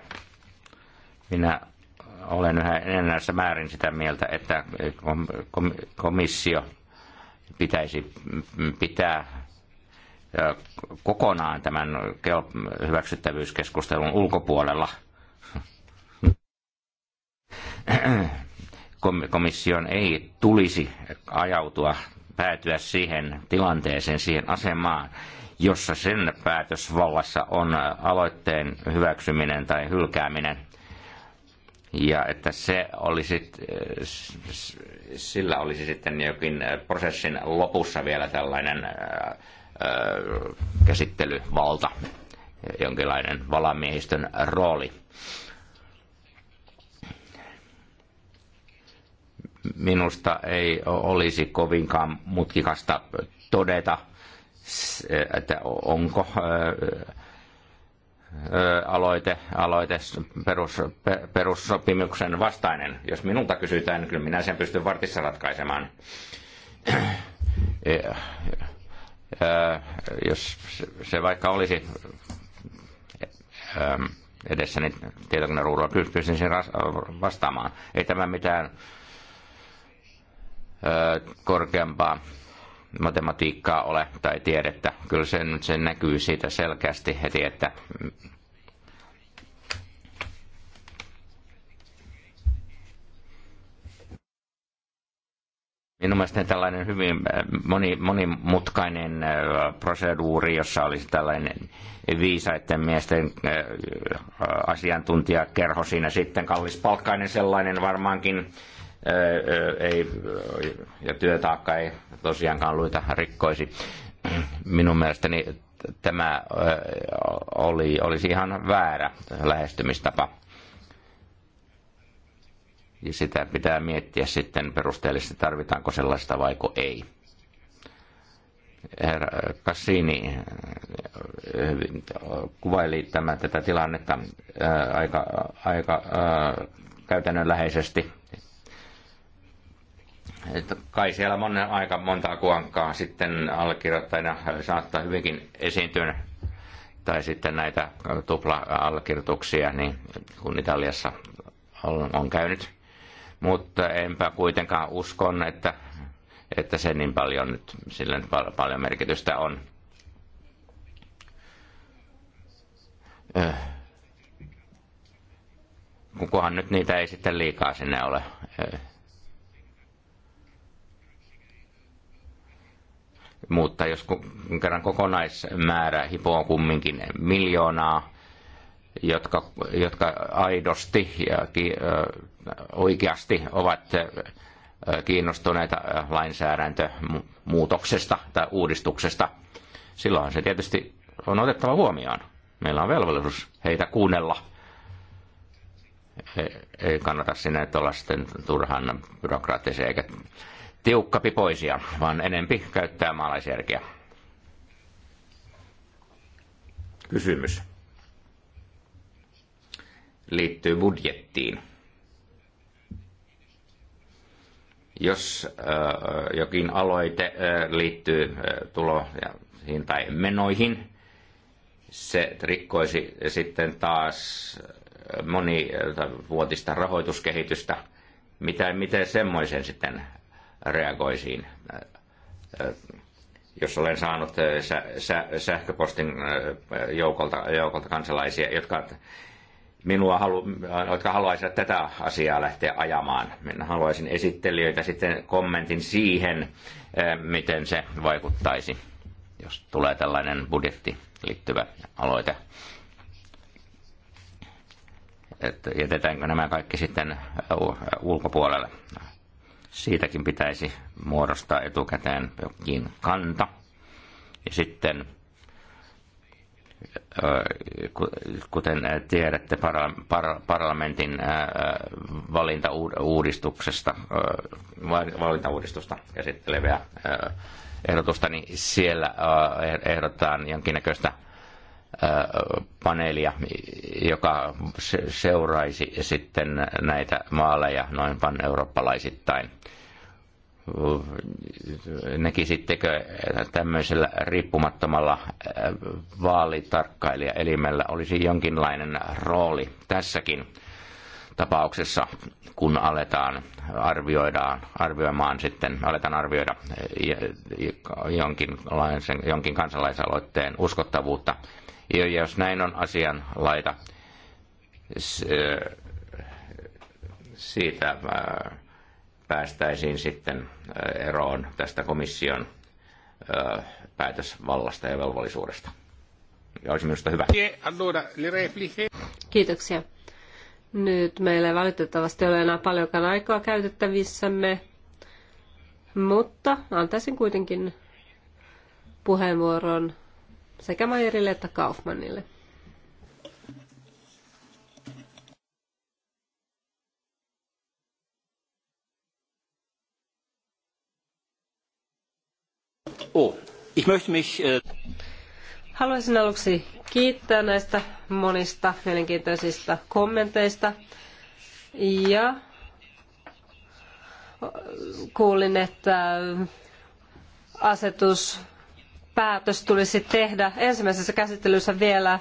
Minä olen yhä enenässä määrin sitä mieltä, että komissio pitäisi pitää kokonaan tämän hyväksyttävyyskeskustelun ulkopuolella. Komission ei tulisi ajautua, päätyä siihen tilanteeseen, siihen asemaan, jossa sen päätösvallassa on aloitteen hyväksyminen tai hylkääminen. Ja että se olisi, sillä olisi sitten jokin prosessin lopussa vielä tällainen käsittelyvalta, jonkinlainen valamiehistön rooli. Minusta ei olisi kovinkaan mutkikasta todeta, että onko aloite, aloite perus, perussopimuksen vastainen. Jos minulta kysytään, niin kyllä minä sen pystyn vartissa ratkaisemaan. Äh, jos se vaikka olisi ähm, edessäni niin tietokoneruudulla, pystyisin siihen vastaamaan. Ei tämä mitään äh, korkeampaa matematiikkaa ole tai tiedettä. Kyllä se nyt se näkyy siitä selkeästi heti, että Minun niin mielestäni tällainen hyvin äh, moni, monimutkainen äh, proseduuri, jossa olisi tällainen viisaiden miesten äh, asiantuntijakerho siinä sitten, palkkainen sellainen varmaankin, ei, ja työtaakka ei tosiaankaan luita rikkoisi. Minun mielestäni tämä oli, olisi ihan väärä lähestymistapa ja sitä pitää miettiä sitten perusteellisesti, tarvitaanko sellaista vai ei. Herra Cassini eh, eh, kuvaili tämä, tätä tilannetta ää, eh, aika, aika ää, käytännönläheisesti. Et kai siellä monen, aika montaa kuankaa sitten allekirjoittajina saattaa hyvinkin esiintyä tai sitten näitä tupla-allekirjoituksia, niin kun Italiassa on, on käynyt mutta enpä kuitenkaan uskon, että, että se niin paljon nyt, sillä nyt paljon merkitystä on. Äh. Kukohan nyt niitä ei sitten liikaa sinne ole äh. mutta jos kerran kokonaismäärä hipoo kumminkin miljoonaa, jotka, jotka aidosti ja, ki, äh, oikeasti ovat kiinnostuneita lainsäädäntömuutoksesta tai uudistuksesta, silloin se tietysti on otettava huomioon. Meillä on velvollisuus heitä kuunnella. E, ei kannata sinne olla sitten turhan byrokraattisia eikä tiukkapipoisia, vaan enempi käyttää maalaisjärkeä. Kysymys liittyy budjettiin. Jos äh, jokin aloite äh, liittyy äh, tuloihin tai menoihin, se rikkoisi sitten taas monivuotista rahoituskehitystä. Mitä, miten semmoisen sitten reagoisiin? Jos olen saanut sähköpostin joukolta, joukolta kansalaisia, jotka minua, halu, äh, jotka haluaisivat tätä asiaa lähteä ajamaan. Minä haluaisin esittelijöitä sitten kommentin siihen, äh, miten se vaikuttaisi, jos tulee tällainen budjetti liittyvä aloite. Että jätetäänkö nämä kaikki sitten äh, ulkopuolelle. Siitäkin pitäisi muodostaa etukäteen jokin kanta. Ja sitten kuten tiedätte, parlamentin valintauudistuksesta, valintauudistusta käsitteleviä ehdotusta, niin siellä eh-, ehdotetaan jonkinnäköistä paneelia, joka seuraisi sitten näitä maaleja noin pan-eurooppalaisittain. eurooppalaisittain näkisittekö tämmöisellä riippumattomalla vaalitarkkailijaelimellä olisi jonkinlainen rooli tässäkin tapauksessa, kun aletaan arvioidaan, arvioimaan sitten, aletaan arvioida jonkin, jonkin kansalaisaloitteen uskottavuutta. Ja jos näin on asian laita, siitä päästäisiin sitten äh, eroon tästä komission äh, päätösvallasta ja velvollisuudesta. Ja olisi minusta hyvä. Kiitoksia. Nyt meillä ei valitettavasti ole enää paljonkaan aikaa käytettävissämme, mutta antaisin kuitenkin puheenvuoron sekä Mayerille että Kaufmanille. Oh, äh Haluaisin aluksi kiittää näistä monista mielenkiintoisista kommenteista. Ja äh, kuulin, että asetuspäätös tulisi tehdä ensimmäisessä käsittelyssä vielä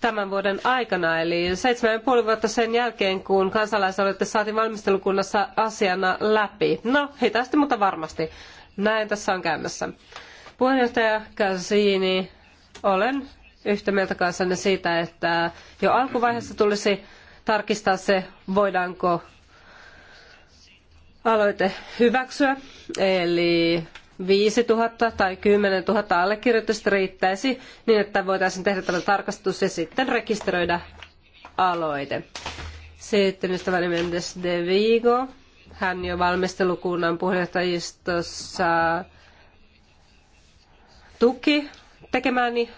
tämän vuoden aikana, eli seitsemän ja puoli vuotta sen jälkeen, kun kansalaisaloitte saatiin valmistelukunnassa asiana läpi. No, hitaasti, mutta varmasti. Näin tässä on käymässä. Puheenjohtaja Kasini, olen yhtä mieltä kanssanne siitä, että jo alkuvaiheessa tulisi tarkistaa se, voidaanko aloite hyväksyä. Eli 5000 tai 10 000 allekirjoitusta riittäisi niin, että voitaisiin tehdä tämä tarkastus ja sitten rekisteröidä aloite. Sitten ystäväni Mendes de Vigo hän jo valmistelukunnan puheenjohtajistossa tuki tekemääni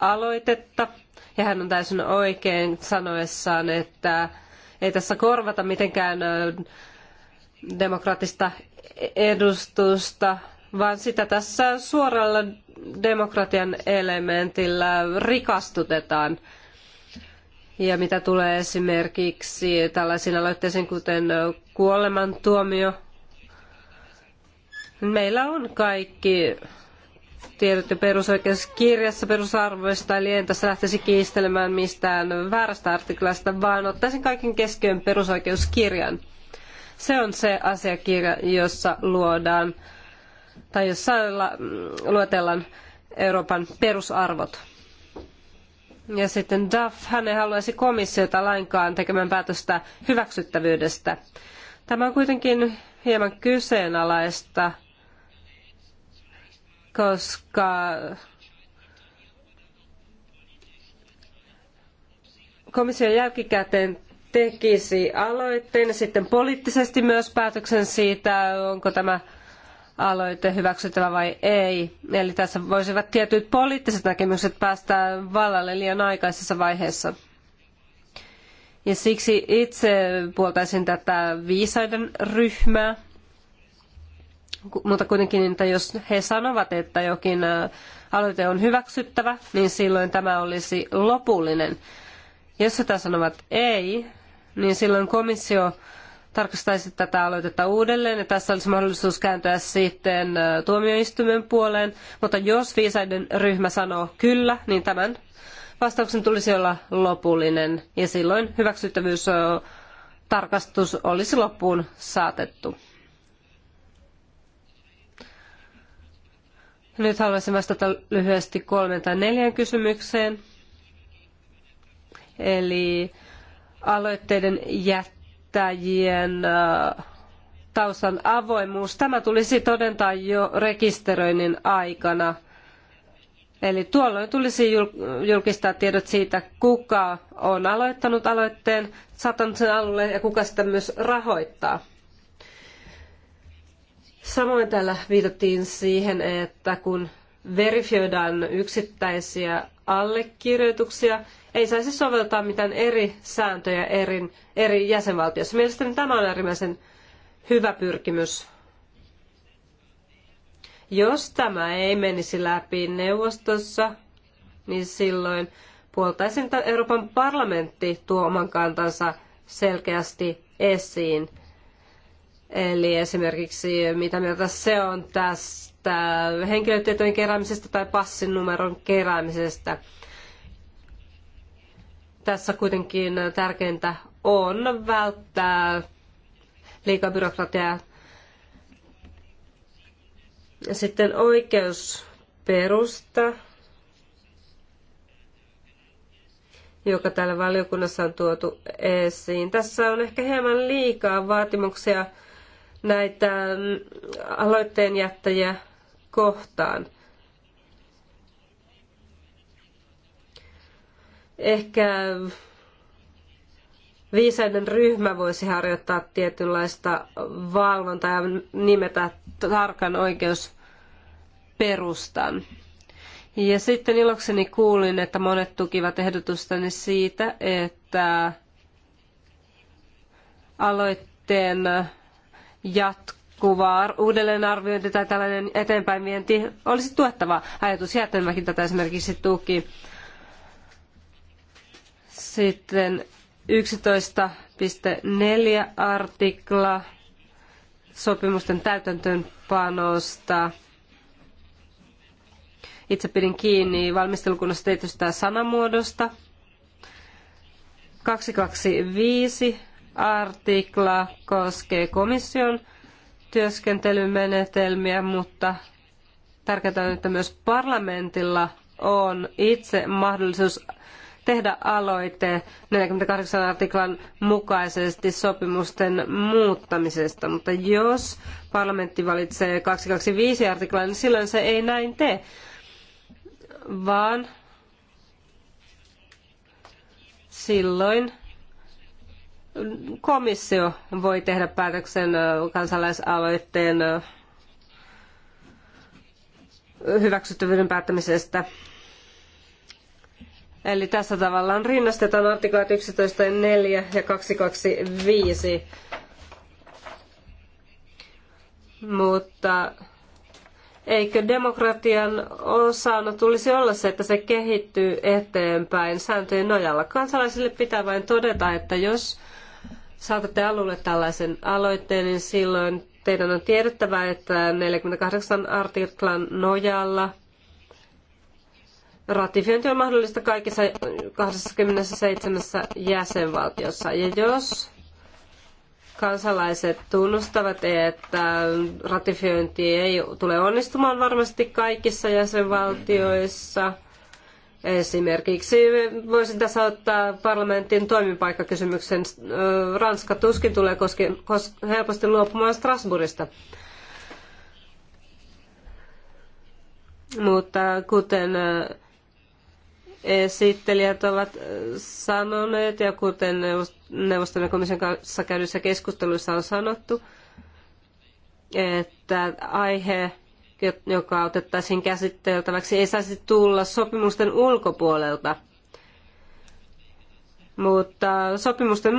aloitetta. Ja hän on täysin oikein sanoessaan, että ei tässä korvata mitenkään demokraattista edustusta, vaan sitä tässä suoralla demokratian elementillä rikastutetaan. Ja mitä tulee esimerkiksi tällaisiin aloitteisiin, kuten kuolemantuomio. Meillä on kaikki tiedot ja perusoikeuskirjassa perusarvoista, eli en tässä lähtisi kiistelemään mistään väärästä artiklasta, vaan ottaisin kaiken keskiön perusoikeuskirjan. Se on se asiakirja, jossa luodaan tai jossa luetellaan Euroopan perusarvot. Ja sitten Duff, hän ei haluaisi komissiota lainkaan tekemään päätöstä hyväksyttävyydestä. Tämä on kuitenkin hieman kyseenalaista, koska komissio jälkikäteen tekisi aloitteen ja sitten poliittisesti myös päätöksen siitä, onko tämä aloite hyväksyttävä vai ei. Eli tässä voisivat tietyt poliittiset näkemykset päästä vallalle liian aikaisessa vaiheessa. Ja siksi itse puoltaisin tätä viisaiden ryhmää, mutta kuitenkin, että jos he sanovat, että jokin aloite on hyväksyttävä, niin silloin tämä olisi lopullinen. Jos sitä sanovat ei, niin silloin komissio tarkastaisi tätä aloitetta uudelleen ja tässä olisi mahdollisuus kääntyä sitten tuomioistuimen puoleen. Mutta jos viisaiden ryhmä sanoo kyllä, niin tämän vastauksen tulisi olla lopullinen ja silloin hyväksyttävyystarkastus olisi loppuun saatettu. Nyt haluaisin vastata lyhyesti kolmen tai neljän kysymykseen. Eli aloitteiden jättäjien äh, taustan avoimuus. Tämä tulisi todentaa jo rekisteröinnin aikana Eli tuolloin tulisi julkistaa tiedot siitä, kuka on aloittanut aloitteen, saattanut sen alulle ja kuka sitä myös rahoittaa. Samoin täällä viitattiin siihen, että kun verifioidaan yksittäisiä allekirjoituksia, ei saisi soveltaa mitään eri sääntöjä eri, eri jäsenvaltioissa. Mielestäni tämä on äärimmäisen hyvä pyrkimys jos tämä ei menisi läpi neuvostossa, niin silloin puoltaisin, että Euroopan parlamentti tuo oman kantansa selkeästi esiin. Eli esimerkiksi mitä mieltä se on tästä henkilötietojen keräämisestä tai passin numeron keräämisestä. Tässä kuitenkin tärkeintä on välttää liikaa byrokratiaa sitten oikeusperusta, joka täällä valiokunnassa on tuotu esiin. Tässä on ehkä hieman liikaa vaatimuksia näitä mm, aloitteen jättäjiä kohtaan. Ehkä viisaiden ryhmä voisi harjoittaa tietynlaista valvontaa ja nimetä tarkan oikeusperustan. Ja sitten ilokseni kuulin, että monet tukivat ehdotustani siitä, että aloitteen jatkuva uudelleenarviointi tai tällainen eteenpäin vienti olisi tuettava ajatus. Jätenmäkin tätä esimerkiksi tuki. Sitten 11.4 artikla sopimusten täytäntöönpanosta. Itse pidin kiinni valmistelukunnassa tietystä sanamuodosta. 225 artikla koskee komission työskentelymenetelmiä, mutta tärkeintä on, että myös parlamentilla on itse mahdollisuus tehdä aloite 48 artiklan mukaisesti sopimusten muuttamisesta, mutta jos parlamentti valitsee 225 artiklan, niin silloin se ei näin tee, vaan silloin komissio voi tehdä päätöksen kansalaisaloitteen hyväksyttävyyden päättämisestä Eli tässä tavallaan rinnastetaan artiklat 11, 4 ja 225. Mutta eikö demokratian osana tulisi olla se, että se kehittyy eteenpäin sääntöjen nojalla? Kansalaisille pitää vain todeta, että jos saatatte alulle tällaisen aloitteen, niin silloin teidän on tiedettävä, että 48 artiklan nojalla – ratifiointi on mahdollista kaikissa 27 jäsenvaltiossa. Ja jos kansalaiset tunnustavat, että ratifiointi ei tule onnistumaan varmasti kaikissa jäsenvaltioissa, Esimerkiksi voisin tässä ottaa parlamentin toimipaikkakysymyksen. Ranska tuskin tulee koske, kos, helposti luopumaan Strasbourgista. Mutta kuten esittelijät ovat sanoneet ja kuten neuvoston ja komission kanssa käydyissä keskusteluissa on sanottu, että aihe, joka otettaisiin käsiteltäväksi, ei saisi tulla sopimusten ulkopuolelta. Mutta sopimusten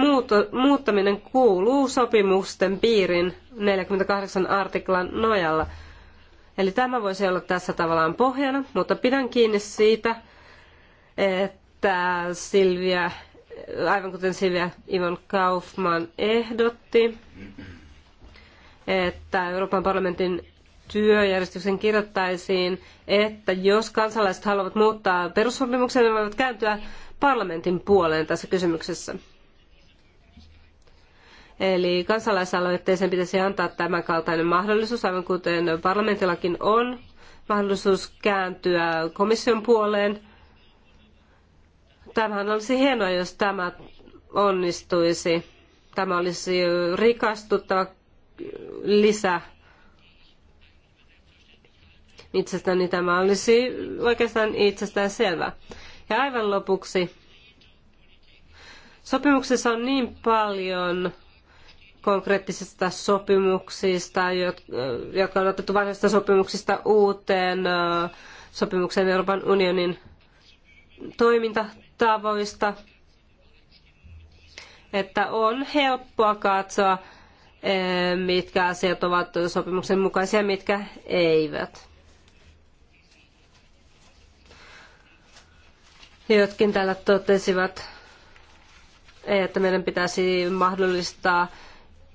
muuttaminen kuuluu sopimusten piirin 48 artiklan nojalla. Eli tämä voisi olla tässä tavallaan pohjana, mutta pidän kiinni siitä, että Silvia, aivan kuten Silvia Ivan Kaufman ehdotti, että Euroopan parlamentin työjärjestyksen kirjoittaisiin, että jos kansalaiset haluavat muuttaa perussopimuksen, ne voivat kääntyä parlamentin puoleen tässä kysymyksessä. Eli kansalaisaloitteeseen pitäisi antaa tämän mahdollisuus, aivan kuten parlamentillakin on mahdollisuus kääntyä komission puoleen. Tämähän olisi hienoa, jos tämä onnistuisi. Tämä olisi rikastuttava lisä. Itsestäni tämä olisi oikeastaan itsestään selvä. Ja aivan lopuksi. Sopimuksessa on niin paljon konkreettisista sopimuksista, jotka on otettu vanhoista sopimuksista uuteen sopimukseen Euroopan unionin toiminta tavoista, että on helppoa katsoa, eh, mitkä asiat ovat sopimuksen mukaisia ja mitkä eivät. Jotkin täällä totesivat, että meidän pitäisi mahdollistaa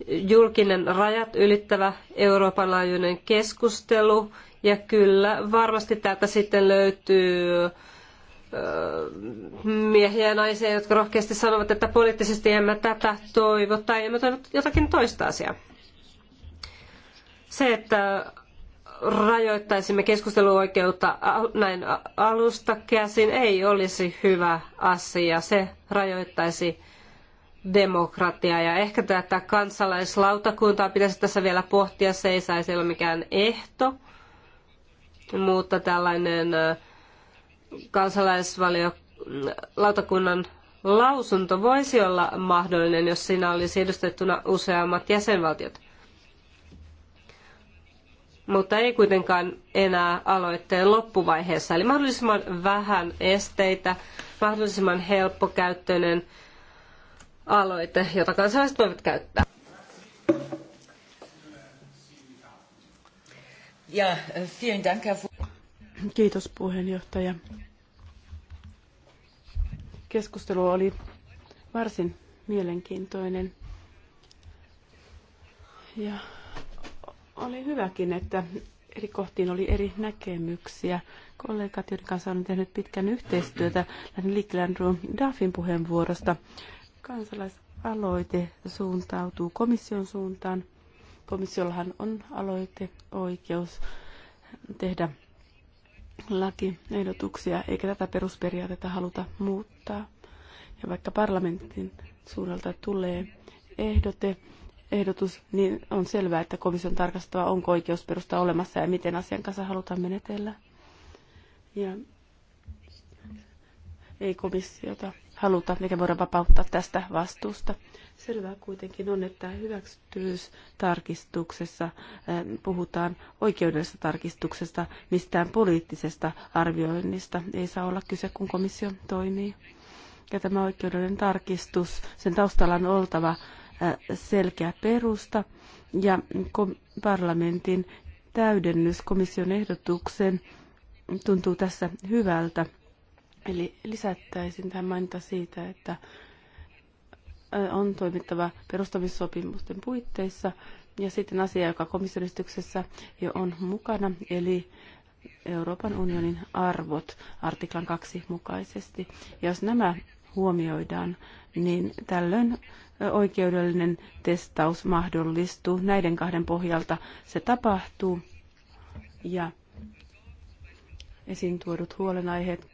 julkinen rajat ylittävä Euroopan laajuinen keskustelu. Ja kyllä, varmasti täältä sitten löytyy miehiä ja naisia, jotka rohkeasti sanovat, että poliittisesti emme tätä toivo tai emme toivo jotakin toista asiaa. Se, että rajoittaisimme keskusteluoikeutta näin alusta käsin, ei olisi hyvä asia. Se rajoittaisi demokratiaa ja ehkä tätä kansalaislautakuntaa pitäisi tässä vielä pohtia. Se ei saisi olla mikään ehto, mutta tällainen äh, kansalaisvaliokunnan lausunto voisi olla mahdollinen, jos siinä olisi edustettuna useammat jäsenvaltiot. Mutta ei kuitenkaan enää aloitteen loppuvaiheessa. Eli mahdollisimman vähän esteitä, mahdollisimman helppokäyttöinen aloite, jota kansalaiset voivat käyttää. Ja, eh, vielen Dank, Herr Kiitos puheenjohtaja. Keskustelu oli varsin mielenkiintoinen. Ja oli hyväkin, että eri kohtiin oli eri näkemyksiä. Kollegat, joiden kanssa olen tehnyt pitkän yhteistyötä, lähdin liikkeelle Andrew Duffin puheenvuorosta. Kansalaisaloite suuntautuu komission suuntaan. Komissiollahan on aloiteoikeus tehdä lakiehdotuksia, eikä tätä perusperiaatetta haluta muuttaa. Ja vaikka parlamentin suunnalta tulee ehdote, ehdotus, niin on selvää, että komission tarkastava onko oikeusperusta olemassa ja miten asian kanssa halutaan menetellä. Ja ei komissiota haluta, eikä voida vapauttaa tästä vastuusta. Selvää kuitenkin on, että hyväksytyystarkistuksessa eh, puhutaan oikeudellisesta tarkistuksesta, mistään poliittisesta arvioinnista. Ei saa olla kyse, kun komissio toimii. Ja tämä oikeudellinen tarkistus, sen taustalla on oltava eh, selkeä perusta ja parlamentin täydennys komission ehdotuksen tuntuu tässä hyvältä. Eli lisättäisin tähän maininta siitä, että on toimittava perustamissopimusten puitteissa. Ja sitten asia, joka esityksessä jo on mukana, eli Euroopan unionin arvot artiklan 2 mukaisesti. Ja jos nämä huomioidaan, niin tällöin oikeudellinen testaus mahdollistuu. Näiden kahden pohjalta se tapahtuu ja esiin tuodut huolenaiheet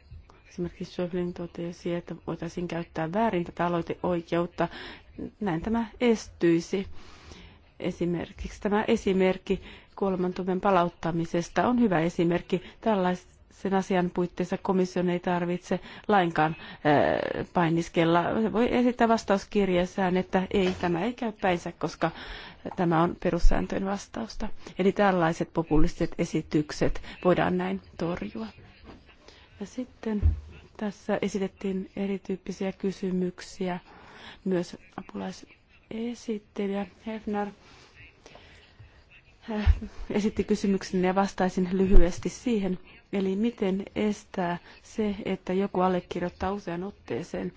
Esimerkiksi Schöflin totesi, että voitaisiin käyttää väärin tätä aloiteoikeutta. Näin tämä estyisi. Esimerkiksi tämä esimerkki kuolemantuomion palauttamisesta on hyvä esimerkki. Tällaisen asian puitteissa komission ei tarvitse lainkaan painiskella. Se voi esittää vastauskirjeessään, että ei, tämä ei käy päinsä, koska tämä on perussääntöjen vastausta. Eli tällaiset populistiset esitykset voidaan näin torjua. Ja sitten tässä esitettiin erityyppisiä kysymyksiä myös apulaisesittelijä Hefner äh, esitti kysymyksen ja vastaisin lyhyesti siihen. Eli miten estää se, että joku allekirjoittaa usean otteeseen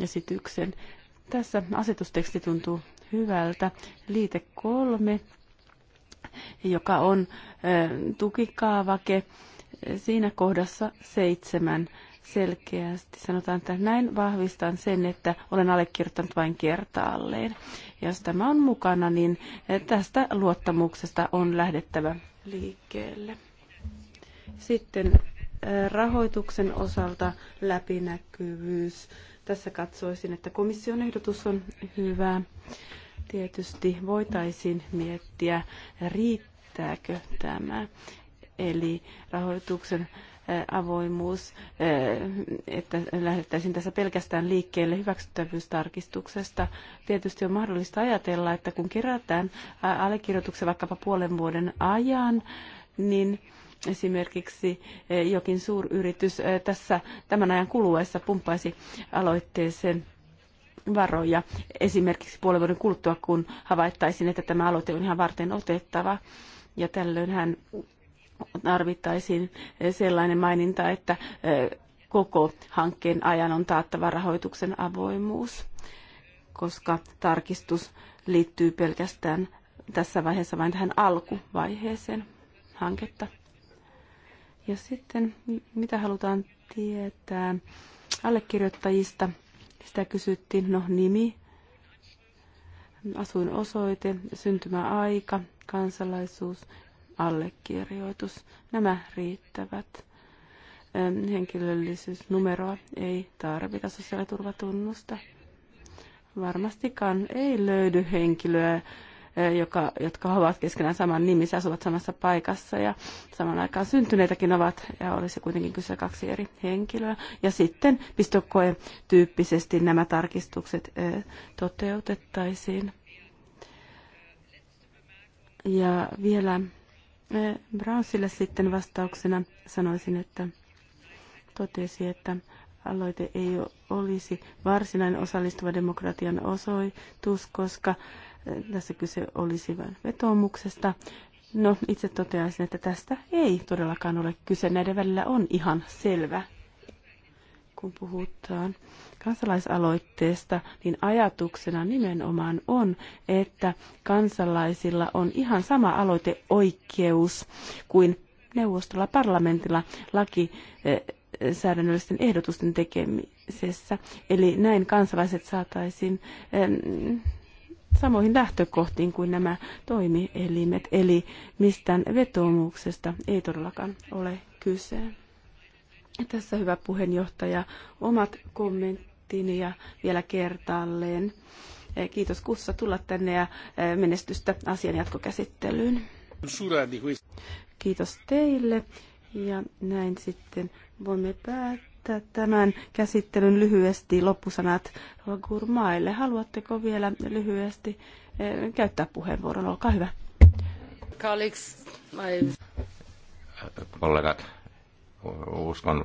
esityksen. Tässä asetusteksti tuntuu hyvältä. Liite kolme, joka on äh, tukikaavake, siinä kohdassa seitsemän selkeästi sanotaan, että näin vahvistan sen, että olen allekirjoittanut vain kertaalleen. Ja jos tämä on mukana, niin tästä luottamuksesta on lähdettävä liikkeelle. Sitten äh, rahoituksen osalta läpinäkyvyys. Tässä katsoisin, että komission ehdotus on hyvä. Tietysti voitaisiin miettiä, riittääkö tämä eli rahoituksen avoimuus, että lähdettäisiin tässä pelkästään liikkeelle hyväksyttävyystarkistuksesta. Tietysti on mahdollista ajatella, että kun kerätään allekirjoituksen vaikkapa puolen vuoden ajan, niin esimerkiksi jokin suuryritys tässä tämän ajan kuluessa pumppaisi aloitteeseen varoja esimerkiksi puolen vuoden kuluttua, kun havaittaisiin, että tämä aloite on ihan varten otettava. Ja tällöin hän tarvittaisiin sellainen maininta, että koko hankkeen ajan on taattava rahoituksen avoimuus, koska tarkistus liittyy pelkästään tässä vaiheessa vain tähän alkuvaiheeseen hanketta. Ja sitten, mitä halutaan tietää allekirjoittajista? Sitä kysyttiin, no nimi, asuinosoite, syntymäaika, kansalaisuus allekirjoitus. Nämä riittävät. Henkilöllisyysnumeroa ei tarvita sosiaaliturvatunnusta. Varmastikaan ei löydy henkilöä, e, joka, jotka ovat keskenään saman nimissä, asuvat samassa paikassa ja saman aikaan syntyneitäkin ovat ja olisi kuitenkin kyse kaksi eri henkilöä. Ja sitten pistokoe tyyppisesti nämä tarkistukset e, toteutettaisiin. Ja vielä Brownsille sitten vastauksena sanoisin, että totesi, että aloite ei olisi varsinainen osallistuva demokratian osoitus, koska tässä kyse olisi vain vetoomuksesta. No, itse toteaisin, että tästä ei todellakaan ole kyse. Näiden välillä on ihan selvä kun puhutaan kansalaisaloitteesta, niin ajatuksena nimenomaan on, että kansalaisilla on ihan sama aloiteoikeus kuin neuvostolla parlamentilla laki säädännöllisten ehdotusten tekemisessä. Eli näin kansalaiset saataisiin samoihin lähtökohtiin kuin nämä toimielimet, eli mistään vetoomuksesta ei todellakaan ole kyse. Tässä hyvä puheenjohtaja, omat kommenttini ja vielä kertaalleen. Eh, kiitos Kussa tulla tänne ja eh, menestystä asian jatkokäsittelyyn. Kiitos teille ja näin sitten voimme päättää tämän käsittelyn lyhyesti loppusanat Gurmaille. Haluatteko vielä lyhyesti eh, käyttää puheenvuoron? Olkaa hyvä. Colleagues, my... Kollegat, uskon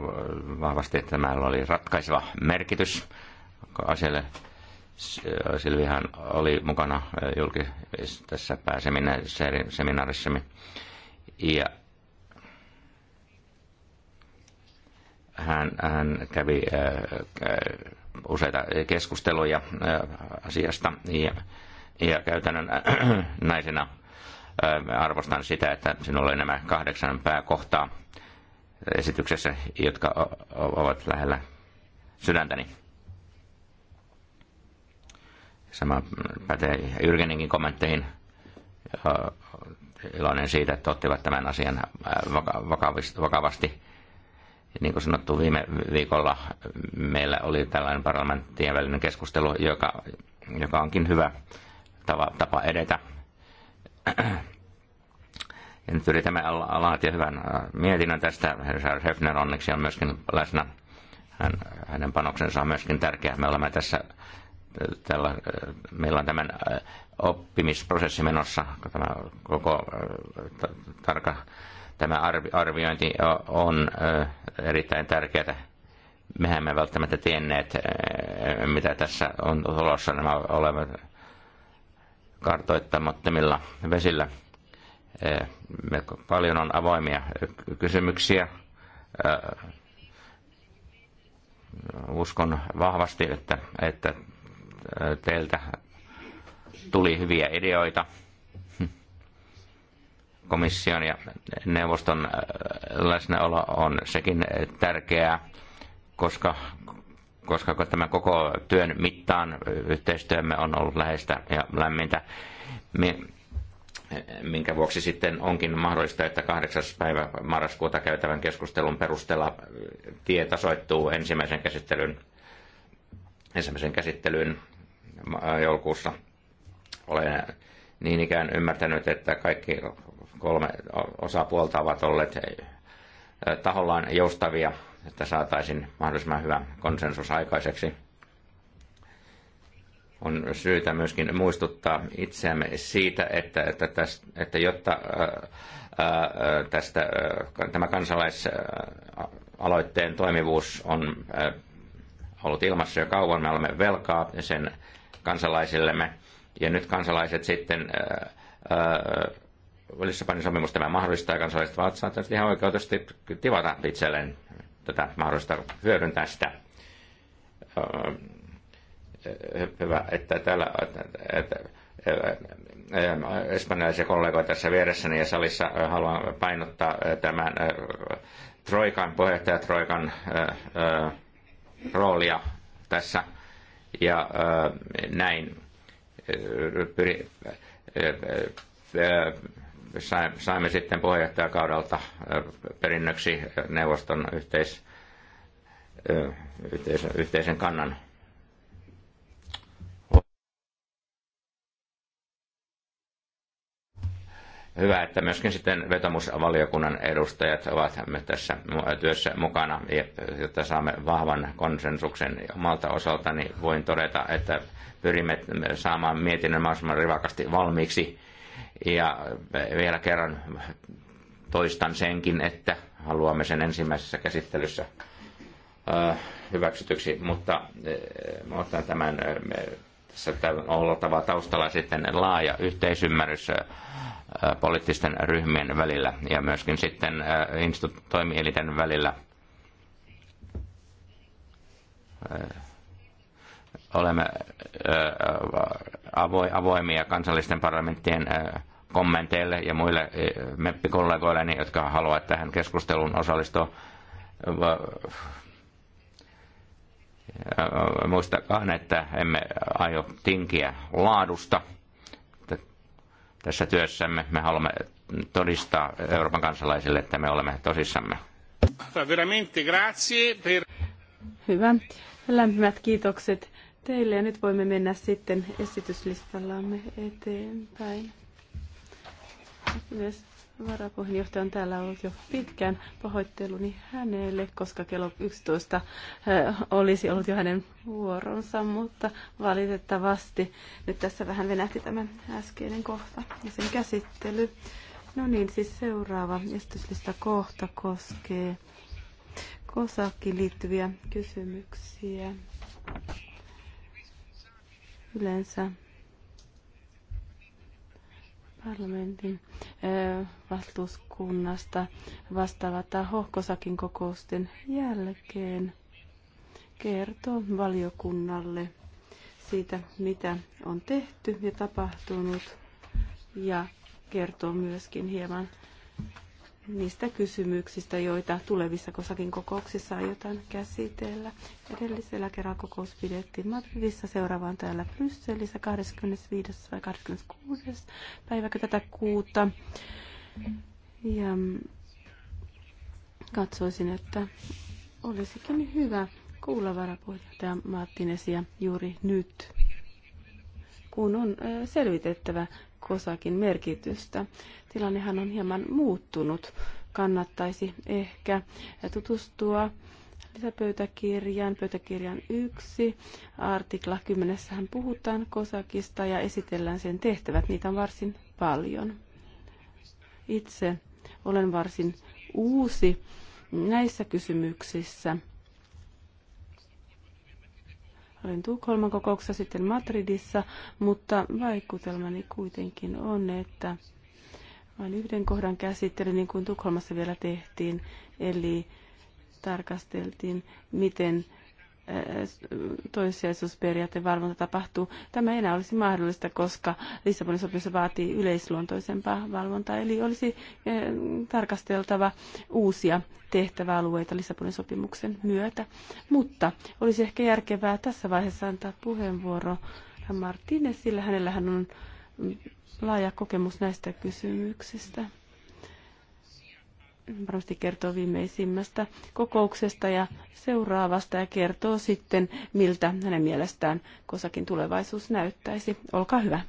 vahvasti, että tämä oli ratkaiseva merkitys asialle. Silvihan oli mukana julkisessa pääseminaarissamme. Ja hän, hän kävi äh, useita keskusteluja äh, asiasta ja, ja käytännön äh, naisena äh, arvostan sitä, että sinulla oli nämä kahdeksan pääkohtaa esityksessä, jotka ovat lähellä sydäntäni. Sama pätee Jyrgeninkin kommentteihin. Iloinen siitä, että ottivat tämän asian vakavasti. Niin kuin sanottu, viime viikolla meillä oli tällainen parlamenttien välinen keskustelu, joka, joka onkin hyvä tapa edetä nyt yritämme laatia hyvän äh, mietinnän tästä. Herr Hefner onneksi on myöskin läsnä. Hän, hänen panoksensa on myöskin tärkeä. Me olemme tässä äh, tällä, äh, meillä on tämän oppimisprosessi menossa, tämä koko tarka tämä arviointi on erittäin tärkeää. Mehän me välttämättä tienneet, mitä tässä on tulossa. Nämä olemme kartoittamattomilla vesillä. Eh, me paljon on avoimia kysymyksiä. Eh, uskon vahvasti, että, että eh, teiltä tuli hyviä ideoita komission ja neuvoston läsnäolo on sekin tärkeää, koska, koska tämän koko työn mittaan yhteistyömme on ollut läheistä ja lämmintä. Me minkä vuoksi sitten onkin mahdollista, että 8. päivä marraskuuta käytävän keskustelun perusteella äh, tie tasoittuu ensimmäisen käsittelyn, ensimmäisen käsittelyn äh, joulukuussa. Olen niin ikään ymmärtänyt, että kaikki kolme osapuolta ovat olleet äh, tahollaan joustavia, että saataisiin mahdollisimman hyvä konsensus aikaiseksi on syytä myöskin muistuttaa itseämme siitä, että, että, tästä, että jotta ää, tästä, ää, tämä kansalaisaloitteen toimivuus on ää, ollut ilmassa jo kauan, me olemme velkaa sen kansalaisillemme, ja nyt kansalaiset sitten Lissabonin sopimus tämä mahdollistaa, kansalaiset ovat saattaneet ihan oikeutusti tivata itselleen tätä mahdollista hyödyntää sitä Eh, hyvä, että täällä että, eh, eh, espanjalaisia kollegoita tässä vieressäni ja salissa haluan painottaa tämän Troikan, puheenjohtaja Troikan roolia tässä ja näin saimme sitten puheenjohtajakaudelta perinnöksi neuvoston yhteis, yhteisen kannan hyvä, että myöskin sitten vetomusvaliokunnan edustajat ovat tässä työssä mukana, jotta saamme vahvan konsensuksen omalta osaltani. Niin voin todeta, että pyrimme saamaan mietinnön mahdollisimman rivakasti valmiiksi. Ja vielä kerran toistan senkin, että haluamme sen ensimmäisessä käsittelyssä hyväksytyksi, mutta otan tämän tässä on oltava taustalla sitten laaja yhteisymmärrys äh, poliittisten ryhmien välillä ja myöskin sitten äh, toimielinten välillä. Äh, olemme avoimia kansallisten parlamenttien kommenteille ja muille meppikollegoilleni, jotka haluavat tähän keskusteluun osallistua muistakaan, että emme aio tinkiä laadusta tässä työssämme. Me haluamme todistaa Euroopan kansalaisille, että me olemme tosissamme. Hyvä. Lämpimät kiitokset teille ja nyt voimme mennä sitten esityslistallamme eteenpäin. Yes varapuheenjohtaja on täällä ollut jo pitkään. Pahoitteluni hänelle, koska kello 11 eh, olisi ollut jo hänen vuoronsa, mutta valitettavasti nyt tässä vähän venähti tämä äskeinen kohta ja sen käsittely. No niin, siis seuraava estyslista kohta koskee Kosakkiin liittyviä kysymyksiä. Yleensä parlamentin valtuuskunnasta vastaava taho Kosakin kokousten jälkeen kertoo valiokunnalle siitä, mitä on tehty ja tapahtunut ja kertoo myöskin hieman niistä kysymyksistä, joita tulevissa kosakin kokouksissa aiotaan käsitellä. Edellisellä kerralla kokous pidettiin Madridissa, seuraavaan täällä Brysselissä 25. vai 26. päiväkö tätä kuuta. Ja katsoisin, että olisikin hyvä kuulla varapuheenjohtaja Martinesia juuri nyt, kun on selvitettävä kosakin merkitystä. Tilannehan on hieman muuttunut. Kannattaisi ehkä tutustua lisäpöytäkirjan, pöytäkirjan yksi artikla kymmenessähän puhutaan kosakista ja esitellään sen tehtävät. Niitä on varsin paljon. Itse olen varsin uusi näissä kysymyksissä. Olin Tukholman kokouksessa sitten Madridissa, mutta vaikutelmani kuitenkin on, että vain yhden kohdan käsittely, niin kuin Tukholmassa vielä tehtiin, eli tarkasteltiin, miten valvonta tapahtuu. Tämä ei enää olisi mahdollista, koska Lissabonin sopimus vaatii yleisluontoisempaa valvontaa, eli olisi tarkasteltava uusia tehtäväalueita Lissabonin sopimuksen myötä. Mutta olisi ehkä järkevää tässä vaiheessa antaa puheenvuoro Martinezille, hänellähän on laaja kokemus näistä kysymyksistä varmasti kertoo viimeisimmästä kokouksesta ja seuraavasta ja kertoo sitten, miltä hänen mielestään kosakin tulevaisuus näyttäisi. Olkaa hyvä.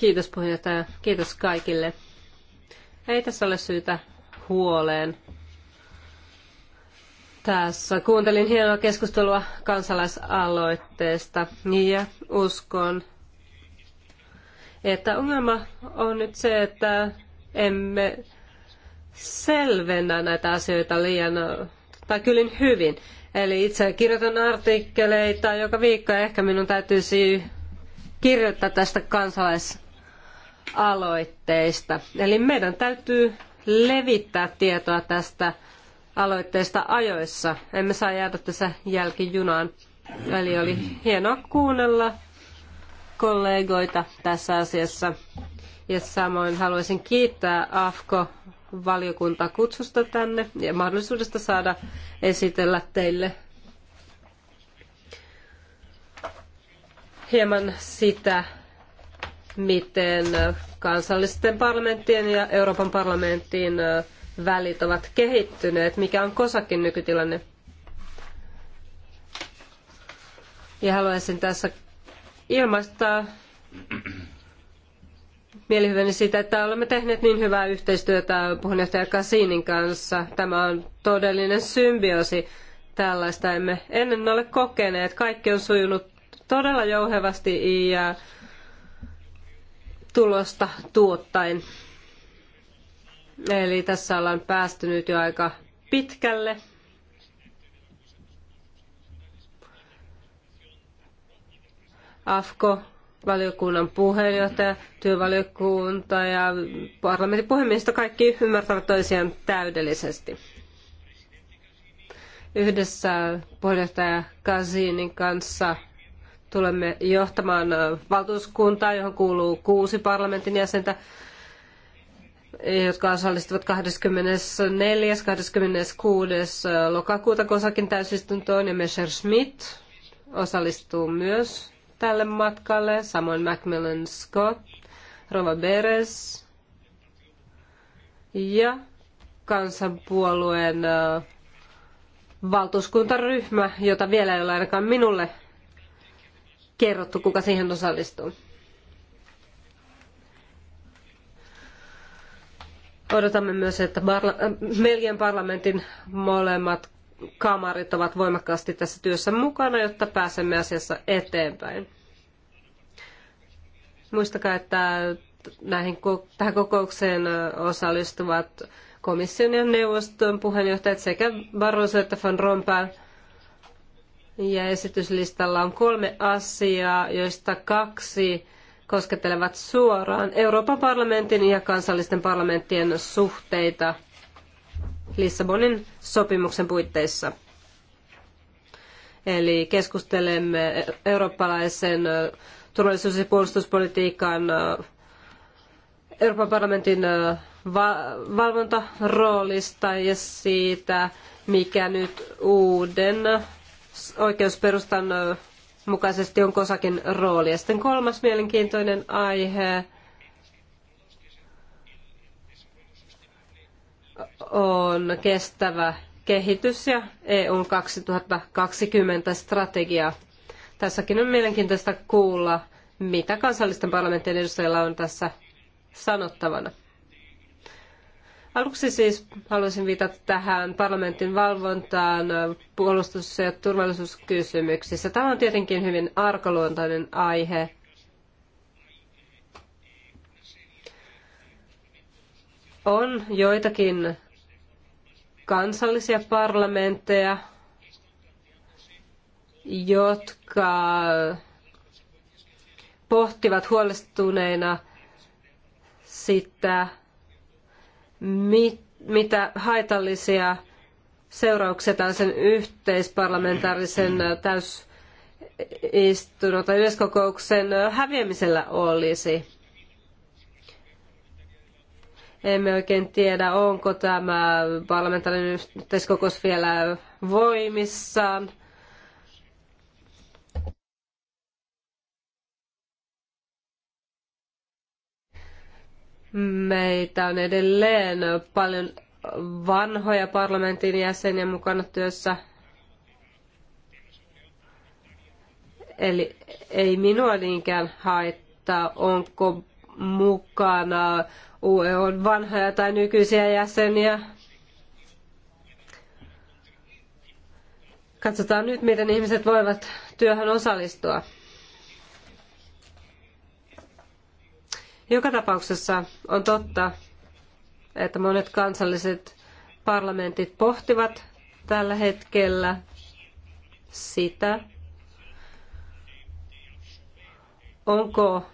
Kiitos puheenjohtaja. Kiitos kaikille. Ei tässä ole syytä huoleen. Tässä kuuntelin hienoa keskustelua kansalaisaloitteesta ja uskon, että ongelma on nyt se, että emme selvennä näitä asioita liian tai kyllin hyvin. Eli itse kirjoitan artikkeleita joka viikko ja ehkä minun täytyisi kirjoittaa tästä kansalaisaloitteista. Eli meidän täytyy levittää tietoa tästä aloitteesta ajoissa. Emme saa jäädä tässä jälkijunaan. Eli oli hienoa kuunnella kollegoita tässä asiassa. Ja samoin haluaisin kiittää AFKO valiokuntaa kutsusta tänne ja mahdollisuudesta saada esitellä teille hieman sitä, miten kansallisten parlamenttien ja Euroopan parlamentin välit ovat kehittyneet, mikä on kosakin nykytilanne. Ja haluaisin tässä ilmaista mielihyväni siitä, että olemme tehneet niin hyvää yhteistyötä puheenjohtaja Kasinin kanssa. Tämä on todellinen symbioosi. Tällaista emme ennen ole kokeneet. Kaikki on sujunut todella jouhevasti ja tulosta tuottaen. Eli tässä ollaan päästy nyt jo aika pitkälle. AFKO valiokunnan puheenjohtaja, työvaliokunta ja parlamentin puhemiehistö kaikki ymmärtävät toisiaan täydellisesti. Yhdessä puheenjohtaja Kasinin kanssa tulemme johtamaan valtuuskuntaa, johon kuuluu kuusi parlamentin jäsentä, jotka osallistuvat 24. 26. lokakuuta kosakin täysistuntoon ja Messer Schmidt osallistuu myös tälle matkalle, samoin Macmillan Scott, Rova Beres ja kansanpuolueen äh, valtuuskuntaryhmä, jota vielä ei ole ainakaan minulle kerrottu, kuka siihen osallistuu. Odotamme myös, että Melgian äh, parlamentin molemmat kamarit ovat voimakkaasti tässä työssä mukana, jotta pääsemme asiassa eteenpäin. Muistakaa, että näihin, tähän kokoukseen osallistuvat komission ja neuvoston puheenjohtajat sekä Barroso että Van Rompuy. Ja esityslistalla on kolme asiaa, joista kaksi koskettelevat suoraan Euroopan parlamentin ja kansallisten parlamenttien suhteita – Lissabonin sopimuksen puitteissa. Eli keskustelemme eurooppalaisen turvallisuus- ja puolustuspolitiikan Euroopan parlamentin valvontaroolista ja siitä, mikä nyt uuden oikeusperustan mukaisesti on kosakin rooli. Ja sitten kolmas mielenkiintoinen aihe on kestävä kehitys ja EUn 2020 strategia. Tässäkin on mielenkiintoista kuulla, mitä kansallisten parlamenttien edustajilla on tässä sanottavana. Aluksi siis haluaisin viitata tähän parlamentin valvontaan puolustus- ja turvallisuuskysymyksissä. Tämä on tietenkin hyvin arkaluontoinen aihe. On joitakin kansallisia parlamentteja, jotka pohtivat huolestuneina sitä, mitä haitallisia seurauksia tällaisen yhteisparlamentaarisen täysistunnon tai yleiskokouksen häviämisellä olisi emme oikein tiedä, onko tämä parlamentaarinen yhteiskokous vielä voimissaan. Meitä on edelleen paljon vanhoja parlamentin jäseniä mukana työssä. Eli ei minua niinkään haittaa, onko mukana. on vanhoja tai nykyisiä jäseniä. Katsotaan nyt, miten ihmiset voivat työhön osallistua. Joka tapauksessa on totta, että monet kansalliset parlamentit pohtivat tällä hetkellä sitä, onko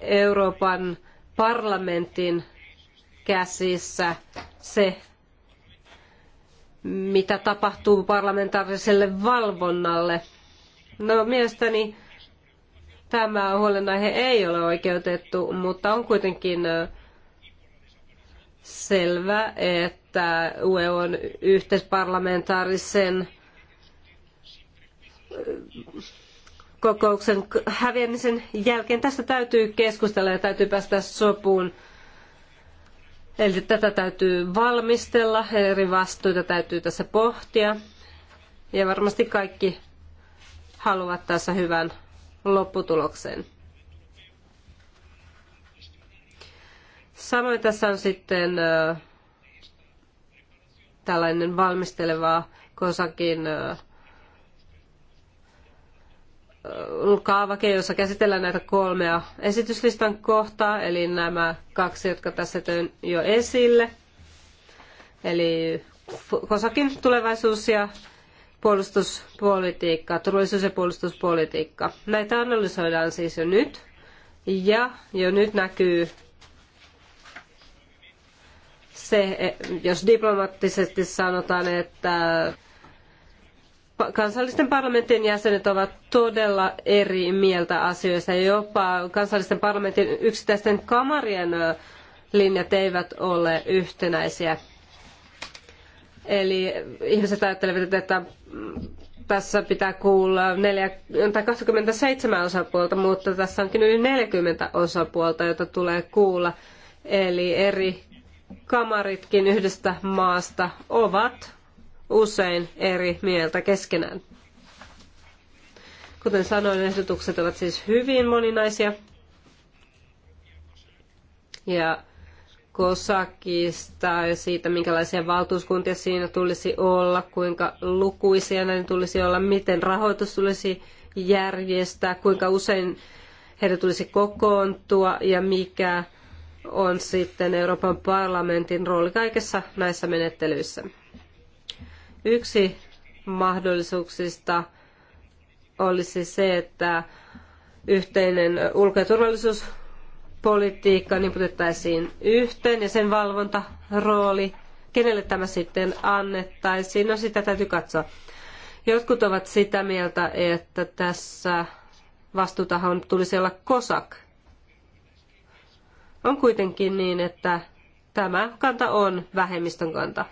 Euroopan parlamentin käsissä se, mitä tapahtuu parlamentaariselle valvonnalle. No mielestäni tämä huolenaihe ei ole oikeutettu, mutta on kuitenkin selvä, että UE on yhteisparlamentaarisen kokouksen häviämisen jälkeen. Tästä täytyy keskustella ja täytyy päästä sopuun. Eli tätä täytyy valmistella, eri vastuita täytyy tässä pohtia. Ja varmasti kaikki haluavat tässä hyvän lopputuloksen. Samoin tässä on sitten tällainen valmistelevaa kosakin kaavake, jossa käsitellään näitä kolmea esityslistan kohtaa, eli nämä kaksi, jotka tässä töin jo esille. Eli kosakin tulevaisuus ja puolustuspolitiikka, turvallisuus- ja puolustuspolitiikka. Näitä analysoidaan siis jo nyt, ja jo nyt näkyy se, eh, jos diplomaattisesti sanotaan, että kansallisten parlamenttien jäsenet ovat todella eri mieltä asioista. Jopa kansallisten parlamentin yksittäisten kamarien linjat eivät ole yhtenäisiä. Eli ihmiset ajattelevat, että tässä pitää kuulla neljä, 27 osapuolta, mutta tässä onkin yli 40 osapuolta, jota tulee kuulla. Eli eri kamaritkin yhdestä maasta ovat usein eri mieltä keskenään. Kuten sanoin, ehdotukset ovat siis hyvin moninaisia. Ja kosakista ja siitä, minkälaisia valtuuskuntia siinä tulisi olla, kuinka lukuisia näin tulisi olla, miten rahoitus tulisi järjestää, kuinka usein heidän tulisi kokoontua ja mikä on sitten Euroopan parlamentin rooli kaikissa näissä menettelyissä. Yksi mahdollisuuksista olisi se, että yhteinen ulko- ja turvallisuuspolitiikka niputettaisiin yhteen ja sen valvontarooli, kenelle tämä sitten annettaisiin, no sitä täytyy katsoa. Jotkut ovat sitä mieltä, että tässä vastuutahon tulisi olla kosak. On kuitenkin niin, että tämä kanta on vähemmistön kanta.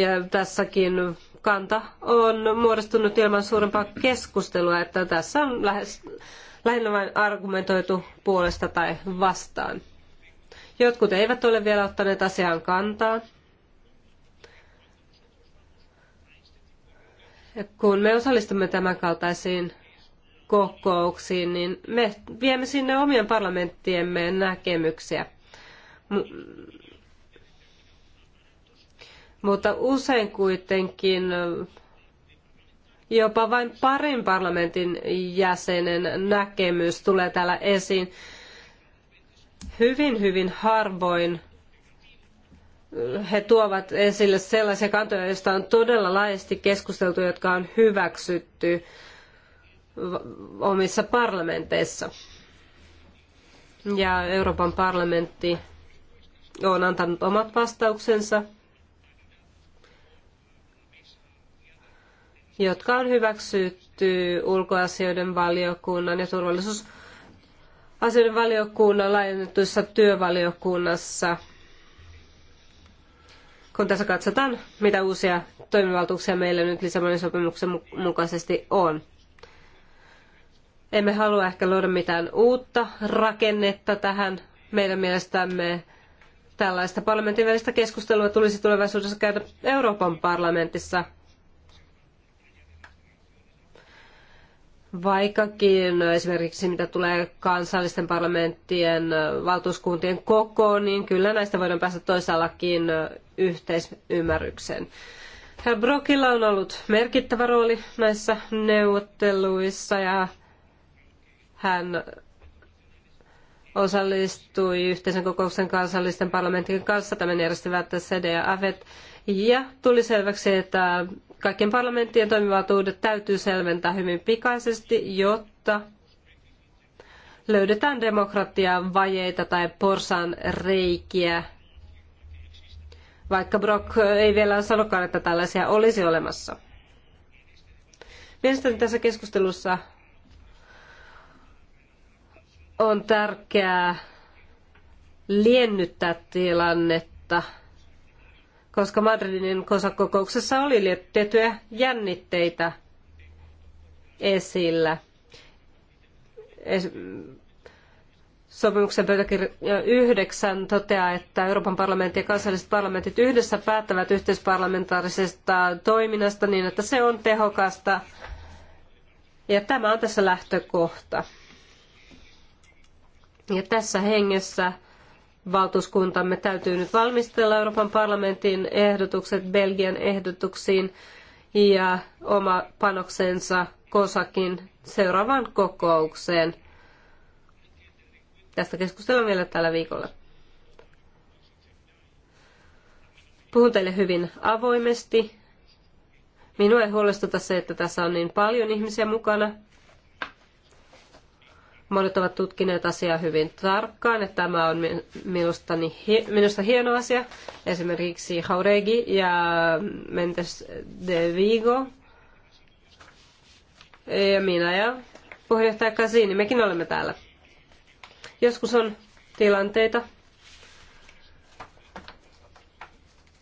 Ja tässäkin kanta on muodostunut ilman suurempaa keskustelua, että tässä on lähes, lähinnä vain argumentoitu puolesta tai vastaan. Jotkut eivät ole vielä ottaneet asiaan kantaa. Kun me osallistumme tämän kaltaisiin kokouksiin, niin me viemme sinne omien parlamenttiemme näkemyksiä mutta usein kuitenkin jopa vain parin parlamentin jäsenen näkemys tulee täällä esiin. Hyvin, hyvin harvoin he tuovat esille sellaisia kantoja, joista on todella laajasti keskusteltu, jotka on hyväksytty omissa parlamenteissa. Ja Euroopan parlamentti on antanut omat vastauksensa jotka on hyväksytty ulkoasioiden valiokunnan ja turvallisuusasioiden valiokunnan laajennetussa työvaliokunnassa, kun tässä katsotaan, mitä uusia toimivaltuuksia meillä nyt Lissabonin sopimuksen mukaisesti on. Emme halua ehkä luoda mitään uutta rakennetta tähän. Meidän mielestämme tällaista parlamentin välistä keskustelua tulisi tulevaisuudessa käydä Euroopan parlamentissa – Vaikkakin esimerkiksi mitä tulee kansallisten parlamenttien äh, valtuuskuntien kokoon, niin kyllä näistä voidaan päästä toisaallakin äh, yhteisymmärrykseen. Herra Brokilla on ollut merkittävä rooli näissä neuvotteluissa ja hän osallistui yhteisen kokouksen kansallisten parlamenttien kanssa, tämän järjestivät CD ja AFET, ja tuli selväksi, että Kaikkien parlamenttien toimivaltuudet täytyy selventää hyvin pikaisesti, jotta löydetään demokratian vajeita tai porsan reikiä. Vaikka Brock ei vielä sanokaan, että tällaisia olisi olemassa. Mielestäni tässä keskustelussa on tärkeää liennyttää tilannetta – koska Madridin kosakokouksessa oli tiettyjä jännitteitä esillä. Sopimuksen pöytäkirja 9 toteaa, että Euroopan parlamentti ja kansalliset parlamentit yhdessä päättävät yhteisparlamentaarisesta toiminnasta niin, että se on tehokasta. Ja tämä on tässä lähtökohta. Ja tässä hengessä valtuuskuntamme täytyy nyt valmistella Euroopan parlamentin ehdotukset Belgian ehdotuksiin ja oma panoksensa Kosakin seuraavaan kokoukseen. Tästä keskustellaan vielä tällä viikolla. Puhun teille hyvin avoimesti. Minua ei huolestuta se, että tässä on niin paljon ihmisiä mukana. Monet ovat tutkineet asiaa hyvin tarkkaan, että tämä on minusta, minusta hieno asia. Esimerkiksi Jauregi ja Mentes de Vigo ja minä ja puheenjohtaja Kasini, mekin olemme täällä. Joskus on tilanteita,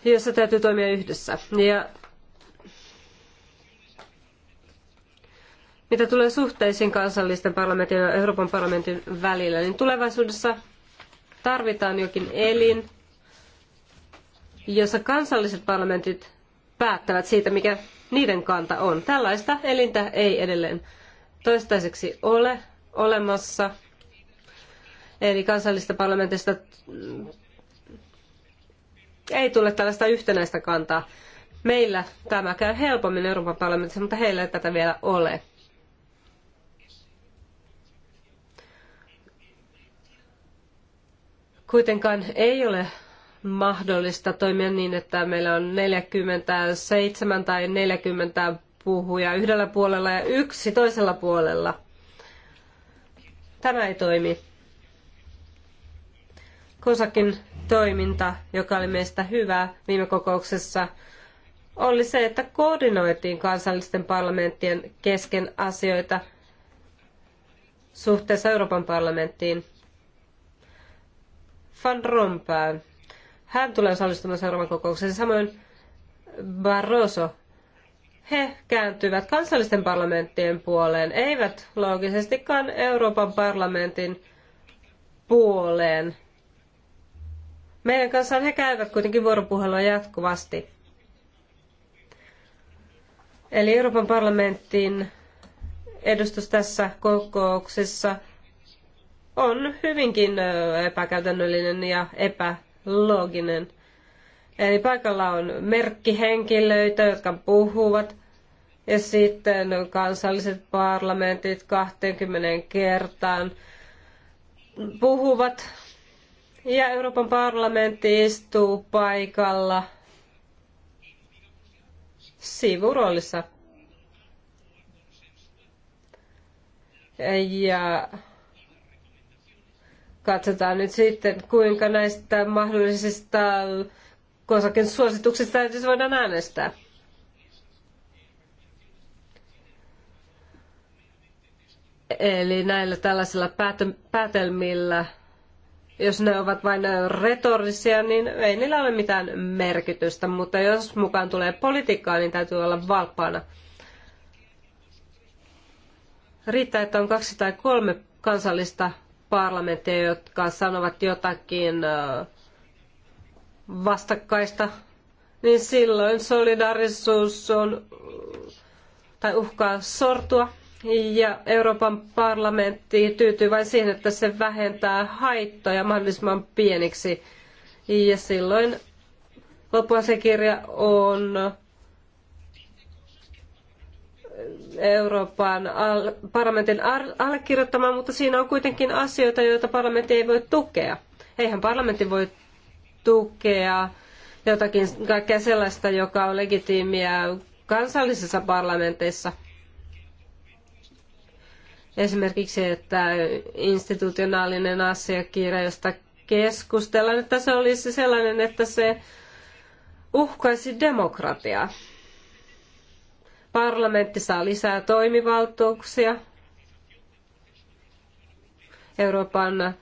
joissa täytyy toimia yhdessä. Ja Mitä tulee suhteisiin kansallisten parlamentin ja Euroopan parlamentin välillä, niin tulevaisuudessa tarvitaan jokin elin, jossa kansalliset parlamentit päättävät siitä, mikä niiden kanta on. Tällaista elintä ei edelleen toistaiseksi ole olemassa. Eli kansallisista parlamentista ei tule tällaista yhtenäistä kantaa. Meillä tämä käy helpommin Euroopan parlamentissa, mutta heillä ei tätä vielä ole. Kuitenkaan ei ole mahdollista toimia niin, että meillä on 47 tai 40 puhuja yhdellä puolella ja yksi toisella puolella. Tämä ei toimi. Kosakin toiminta, joka oli meistä hyvä viime kokouksessa, oli se, että koordinoitiin kansallisten parlamenttien kesken asioita suhteessa Euroopan parlamenttiin. Van Rompään. Hän tulee osallistumaan seuraavan kokoukseen. Samoin Barroso. He kääntyvät kansallisten parlamenttien puoleen, eivät loogisestikaan Euroopan parlamentin puoleen. Meidän kanssaan he käyvät kuitenkin vuoropuhelua jatkuvasti. Eli Euroopan parlamentin edustus tässä kokouksessa – on hyvinkin epäkäytännöllinen ja epälooginen. Eli paikalla on merkkihenkilöitä, jotka puhuvat, ja sitten kansalliset parlamentit 20 kertaan puhuvat, ja Euroopan parlamentti istuu paikalla sivuroolissa. Ja Katsotaan nyt sitten, kuinka näistä mahdollisista kosakin suosituksista täytyisi voidaan äänestää. Eli näillä tällaisilla päätelmillä, jos ne ovat vain retorisia, niin ei niillä ole mitään merkitystä, mutta jos mukaan tulee politiikkaa, niin täytyy olla valppaana. Riittää, että on kaksi tai kolme kansallista parlamentteja, jotka sanovat jotakin vastakkaista, niin silloin solidaarisuus on tai uhkaa sortua. Ja Euroopan parlamentti tyytyy vain siihen, että se vähentää haittoja mahdollisimman pieniksi. Ja silloin loppuasekirja on Euroopan parlamentin allekirjoittama, mutta siinä on kuitenkin asioita, joita parlamentti ei voi tukea. Eihän parlamentti voi tukea jotakin kaikkea sellaista, joka on legitiimiä kansallisissa parlamenteissa. Esimerkiksi, että institutionaalinen asiakirja, josta keskustellaan, että se olisi sellainen, että se uhkaisi demokratiaa. Parlamentti saa lisää toimivaltuuksia Euroopan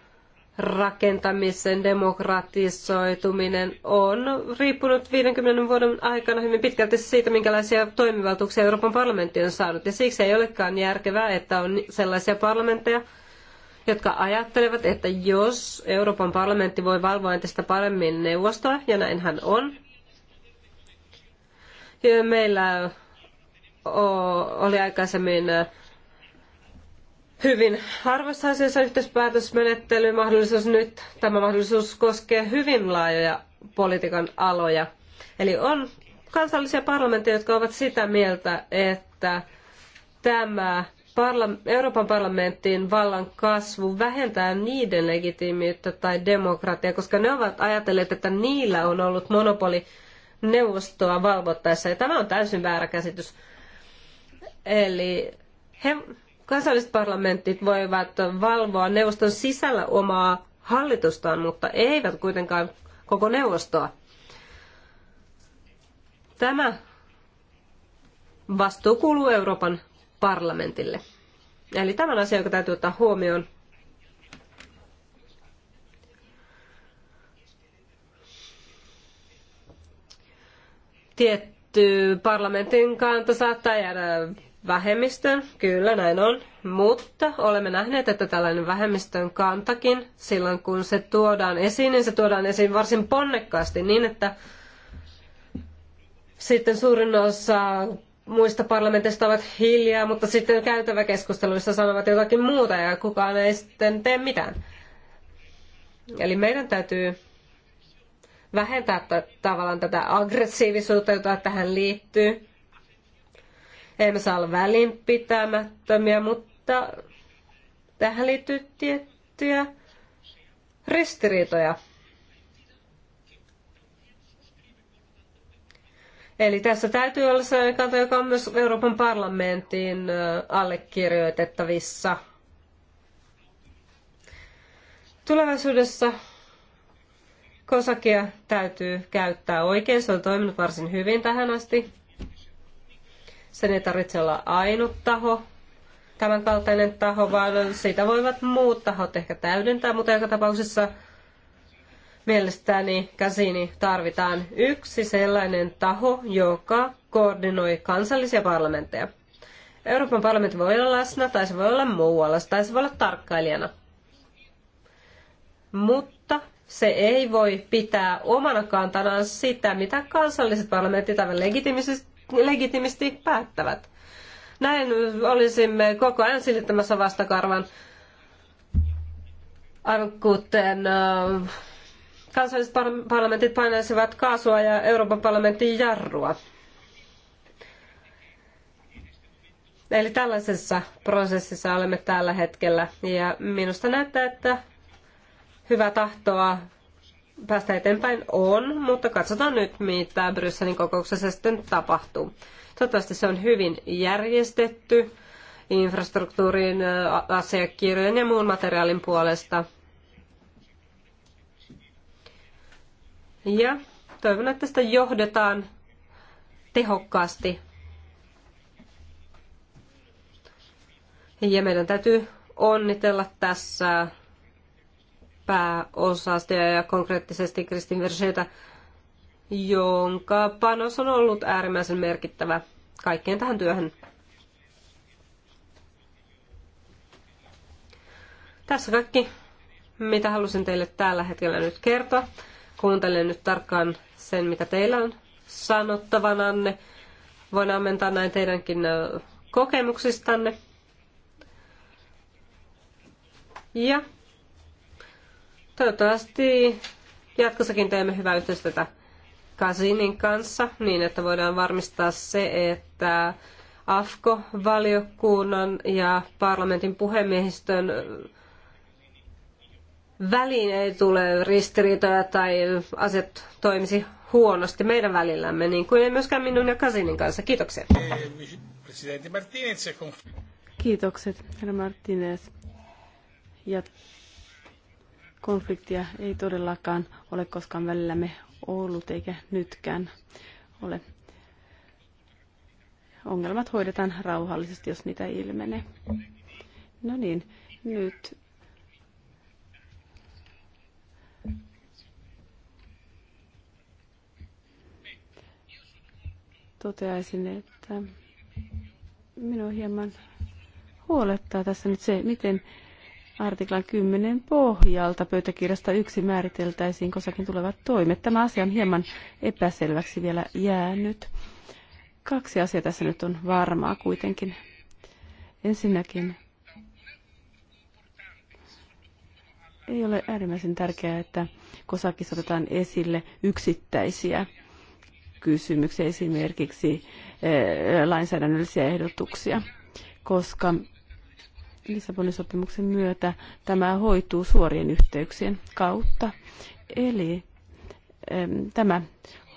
rakentamisen demokratisoituminen on riippunut 50 vuoden aikana hyvin pitkälti siitä, minkälaisia toimivaltuuksia Euroopan parlamentti on saanut. Ja siksi ei olekaan järkevää, että on sellaisia parlamentteja, jotka ajattelevat, että jos Euroopan parlamentti voi valvoa entistä paremmin neuvostoa, ja näinhän on, ja meillä oli aikaisemmin hyvin harvassa asiassa Mahdollisuus Nyt tämä mahdollisuus koskee hyvin laajoja politiikan aloja. Eli on kansallisia parlamentteja, jotka ovat sitä mieltä, että tämä Euroopan parlamenttiin vallan kasvu vähentää niiden legitiimiyttä tai demokratiaa, koska ne ovat ajatelleet, että niillä on ollut monopoli neuvostoa valvottaessa. Ja tämä on täysin väärä käsitys. Eli he, kansalliset parlamentit voivat valvoa neuvoston sisällä omaa hallitustaan, mutta eivät kuitenkaan koko neuvostoa. Tämä vastuu kuuluu Euroopan parlamentille. Eli tämä on asia, joka täytyy ottaa huomioon. Tietty parlamentin kanta saattaa jäädä vähemmistön, kyllä näin on, mutta olemme nähneet, että tällainen vähemmistön kantakin, silloin kun se tuodaan esiin, niin se tuodaan esiin varsin ponnekkaasti niin, että sitten suurin osa muista parlamentista ovat hiljaa, mutta sitten käytäväkeskusteluissa sanovat jotakin muuta ja kukaan ei sitten tee mitään. Eli meidän täytyy vähentää tavallaan tätä aggressiivisuutta, jota tähän liittyy emme saa olla välinpitämättömiä, mutta tähän liittyy tiettyjä ristiriitoja. Eli tässä täytyy olla sellainen kanta, joka on myös Euroopan parlamentin allekirjoitettavissa. Tulevaisuudessa kosakia täytyy käyttää oikein. Se on toiminut varsin hyvin tähän asti. Sen ei tarvitse olla ainut taho, tämänkaltainen taho, vaan siitä voivat muut tahot ehkä täydentää, mutta joka tapauksessa mielestäni käsiini tarvitaan yksi sellainen taho, joka koordinoi kansallisia parlamentteja. Euroopan parlamentti voi olla läsnä, tai se voi olla muualla, tai se voi olla tarkkailijana. Mutta se ei voi pitää omana kantanaan sitä, mitä kansalliset parlamentit aivan legitiimisesti legitimisti päättävät. Näin olisimme koko ajan silittämässä vastakarvan, aivan kansalliset parlamentit painaisivat kaasua ja Euroopan parlamentin jarrua. Eli tällaisessa prosessissa olemme tällä hetkellä ja minusta näyttää, että hyvää tahtoa päästä eteenpäin on, mutta katsotaan nyt, mitä Brysselin kokouksessa sitten tapahtuu. Toivottavasti se on hyvin järjestetty infrastruktuurin, asiakirjojen ja muun materiaalin puolesta. Ja toivon, että sitä johdetaan tehokkaasti. Ja meidän täytyy onnitella tässä pääosasta ja konkreettisesti Kristin Versetä, jonka panos on ollut äärimmäisen merkittävä kaikkeen tähän työhön. Tässä kaikki, mitä halusin teille tällä hetkellä nyt kertoa. Kuuntelen nyt tarkkaan sen, mitä teillä on sanottavananne. Voin ammentaa näin teidänkin kokemuksistanne. Ja Toivottavasti jatkossakin teemme hyvää yhteistyötä Kasinin kanssa niin, että voidaan varmistaa se, että AFKO-valiokunnan ja parlamentin puhemiehistön väliin ei tule ristiriitoja tai asiat toimisi huonosti meidän välillämme, niin kuin ei myöskään minun ja Kasinin kanssa. Kiitoksia. Kiitokset, herra Martinez. Ja konfliktia ei todellakaan ole koskaan välillämme ollut eikä nytkään ole. Ongelmat hoidetaan rauhallisesti, jos niitä ilmenee. No niin, nyt toteaisin, että minua hieman huolettaa tässä nyt se, miten artiklan 10 pohjalta pöytäkirjasta yksi määriteltäisiin kosakin tulevat toimet. Tämä asia on hieman epäselväksi vielä jäänyt. Kaksi asiaa tässä nyt on varmaa kuitenkin. Ensinnäkin ei ole äärimmäisen tärkeää, että kosakissa otetaan esille yksittäisiä kysymyksiä, esimerkiksi eh, lainsäädännöllisiä ehdotuksia, koska Lissabonin sopimuksen myötä tämä hoituu suorien yhteyksien kautta. Eli tämä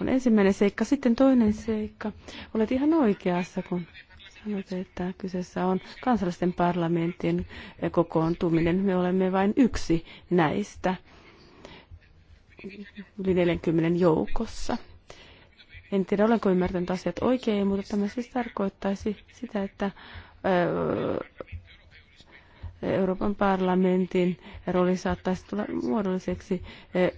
on ensimmäinen seikka. Sitten toinen seikka. Olet ihan oikeassa, kun sanoit, että kyseessä on kansallisten parlamenttien kokoontuminen. Me olemme vain yksi näistä yli 40 joukossa. En tiedä, olenko ymmärtänyt asiat oikein, mutta tämä siis tarkoittaisi sitä, että Euroopan parlamentin rooli saattaisi tulla muodolliseksi, eh,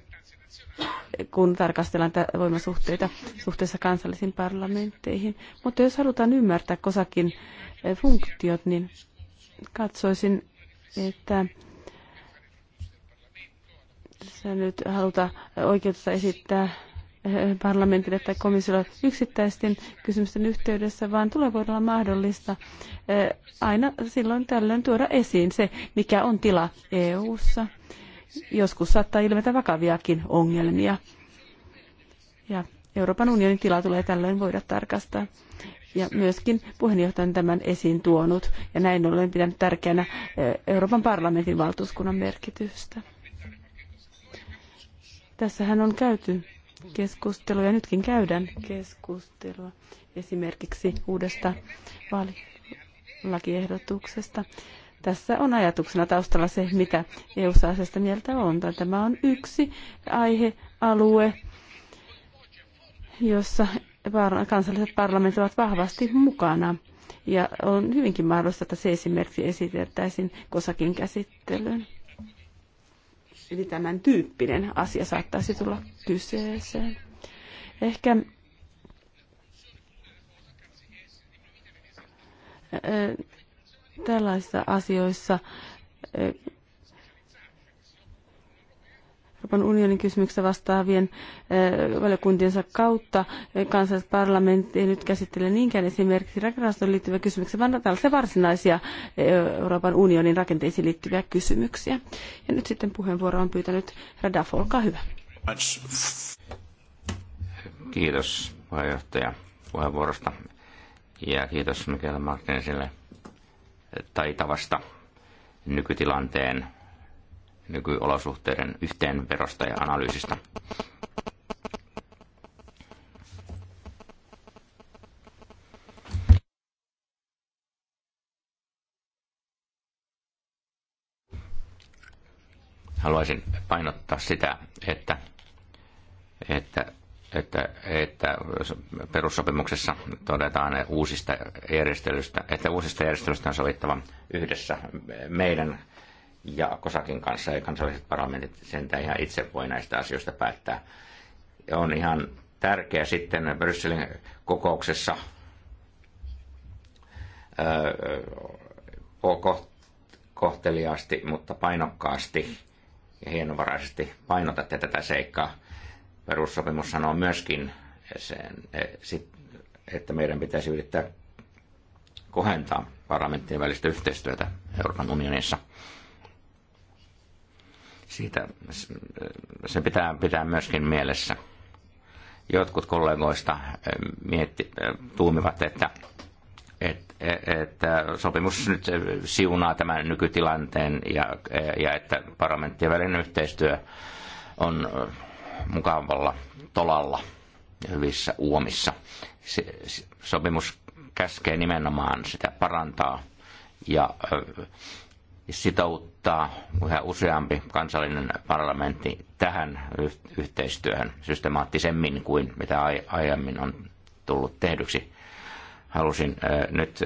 kun tarkastellaan voimasuhteita suhteessa kansallisiin parlamentteihin. Mutta jos halutaan ymmärtää kosakin eh, funktiot, niin katsoisin, että tässä nyt haluta oikeutta esittää Eh, parlamentille tai komissiolle yksittäisten kysymysten yhteydessä, vaan tulee voida olla mahdollista eh, aina silloin tällöin tuoda esiin se, mikä on tila EU-ssa. Joskus saattaa ilmetä vakaviakin ongelmia. Ja Euroopan unionin tila tulee tällöin voida tarkastaa. Ja myöskin puheenjohtajan tämän esiin tuonut ja näin ollen pitänyt tärkeänä eh, Euroopan parlamentin valtuuskunnan merkitystä. Tässähän on käyty keskustelua ja nytkin käydään keskustelua esimerkiksi uudesta vaalilakiehdotuksesta. Tässä on ajatuksena taustalla se, mitä eu saasesta mieltä on. Tämä on yksi aihealue, jossa kansalliset parlamentit ovat vahvasti mukana. Ja on hyvinkin mahdollista, että se esimerkiksi esiteltäisiin kosakin käsittelyyn. Eli tämän tyyppinen asia saattaisi tulla kyseeseen. Ehkä tällaisissa asioissa Euroopan unionin kysymyksistä vastaavien eh, valiokuntiensa kautta eh, kansalliset ei nyt käsittele niinkään esimerkiksi rakennerahastoon liittyviä kysymyksiä, vaan tällaisia varsinaisia eh, Euroopan unionin rakenteisiin liittyviä kysymyksiä. Ja nyt sitten puheenvuoro on pyytänyt Radaf, olkaa hyvä. Kiitos puheenjohtaja puheenvuorosta ja kiitos Mikael Martinsille taitavasta nykytilanteen nykyolosuhteiden yhteenverosta ja analyysistä. Haluaisin painottaa sitä, että, että että, että perussopimuksessa todetaan uusista järjestelyistä, että uusista järjestelyistä on sovittava yhdessä meidän ja Kosakin kanssa, ja kansalliset parlamentit sentään ihan itse voi näistä asioista päättää. Ja on ihan tärkeää sitten Brysselin kokouksessa kohteliaasti, mutta painokkaasti ja hienovaraisesti painotatte tätä seikkaa. Perussopimus sanoo myöskin sen, e, että meidän pitäisi yrittää kohentaa parlamenttien välistä yhteistyötä Euroopan unionissa. Siitä se pitää pitää myöskin mielessä. Jotkut kollegoista eh, mietti, eh, tuumivat, että, että, että sopimus nyt eh, siunaa tämän nykytilanteen ja, ja että parlamenttien välinen yhteistyö on mukavalla tolalla hyvissä uomissa. Se, sopimus käskee nimenomaan sitä parantaa ja sitouttaa yhä useampi kansallinen parlamentti tähän yhteistyöhön systemaattisemmin kuin mitä aiemmin on tullut tehdyksi. Halusin nyt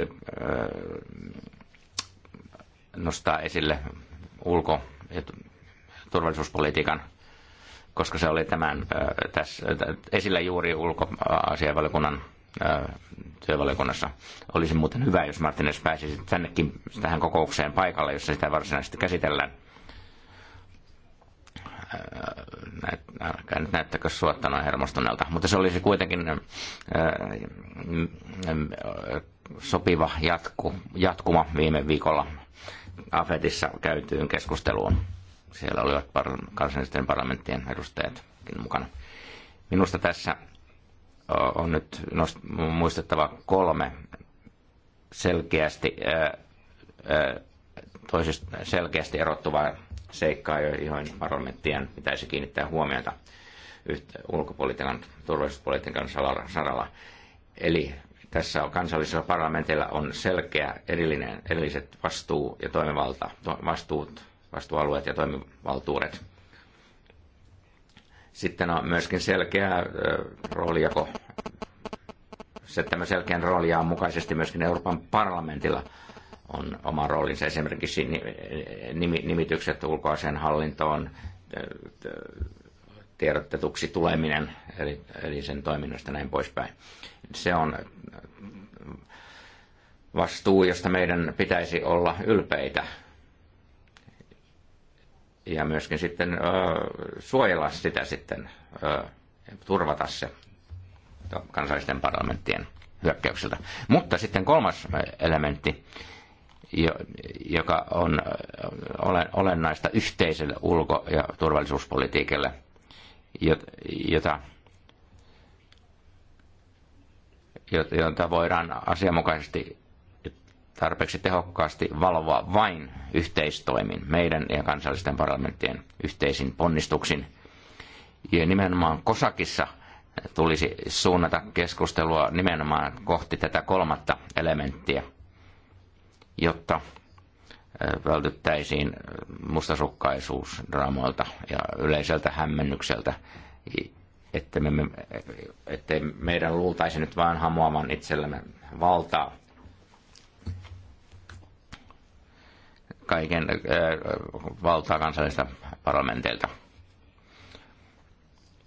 nostaa esille ulko- ja turvallisuuspolitiikan, koska se oli tämän, tässä, esillä juuri ulkoasianvaliokunnan työvaliokunnassa. Olisi muuten hyvä, jos Martines pääsisi tännekin tähän kokoukseen paikalle, jossa sitä varsinaisesti käsitellään. Näyt, älkää nyt näyttäkö suotta noin hermostuneelta, mutta se olisi kuitenkin sopiva jatku, jatkuma viime viikolla Afetissa käytyyn keskusteluun. Siellä olivat kansallisten parlamenttien edustajatkin mukana. Minusta tässä on nyt nost- muistettava kolme selkeästi, toisista selkeästi erottuvaa seikkaa, joihin parlamenttien pitäisi kiinnittää huomiota yhtä ulkopolitiikan, turvallisuuspolitiikan saralla. Eli tässä on kansallisella parlamentilla on selkeä erillinen, erilliset vastuu ja toimivalta, to, vastuut, vastuualueet ja toimivaltuudet. Sitten on myöskin selkeä roolijako se tämä selkeän ja on mukaisesti myöskin Euroopan parlamentilla on oma roolinsa. Esimerkiksi nimitykset ulkoiseen hallintoon, tiedotetuksi tuleminen, eli, eli sen toiminnasta näin poispäin. Se on vastuu, josta meidän pitäisi olla ylpeitä. Ja myöskin sitten ö, suojella sitä sitten, ö, turvata se kansallisten parlamenttien hyökkäyksiltä. Mutta sitten kolmas elementti, joka on olennaista yhteiselle ulko- ja turvallisuuspolitiikalle, jota, jota voidaan asianmukaisesti tarpeeksi tehokkaasti valvoa vain yhteistoimin, meidän ja kansallisten parlamenttien yhteisin ponnistuksin. Ja nimenomaan Kosakissa tulisi suunnata keskustelua nimenomaan kohti tätä kolmatta elementtiä, jotta vältyttäisiin mustasukkaisuusdraamoilta ja yleiseltä hämmennykseltä, että me, ettei meidän luultaisi nyt vain hamuamaan itsellemme valtaa. Kaiken äh, valtaa kansallisista parlamenteilta.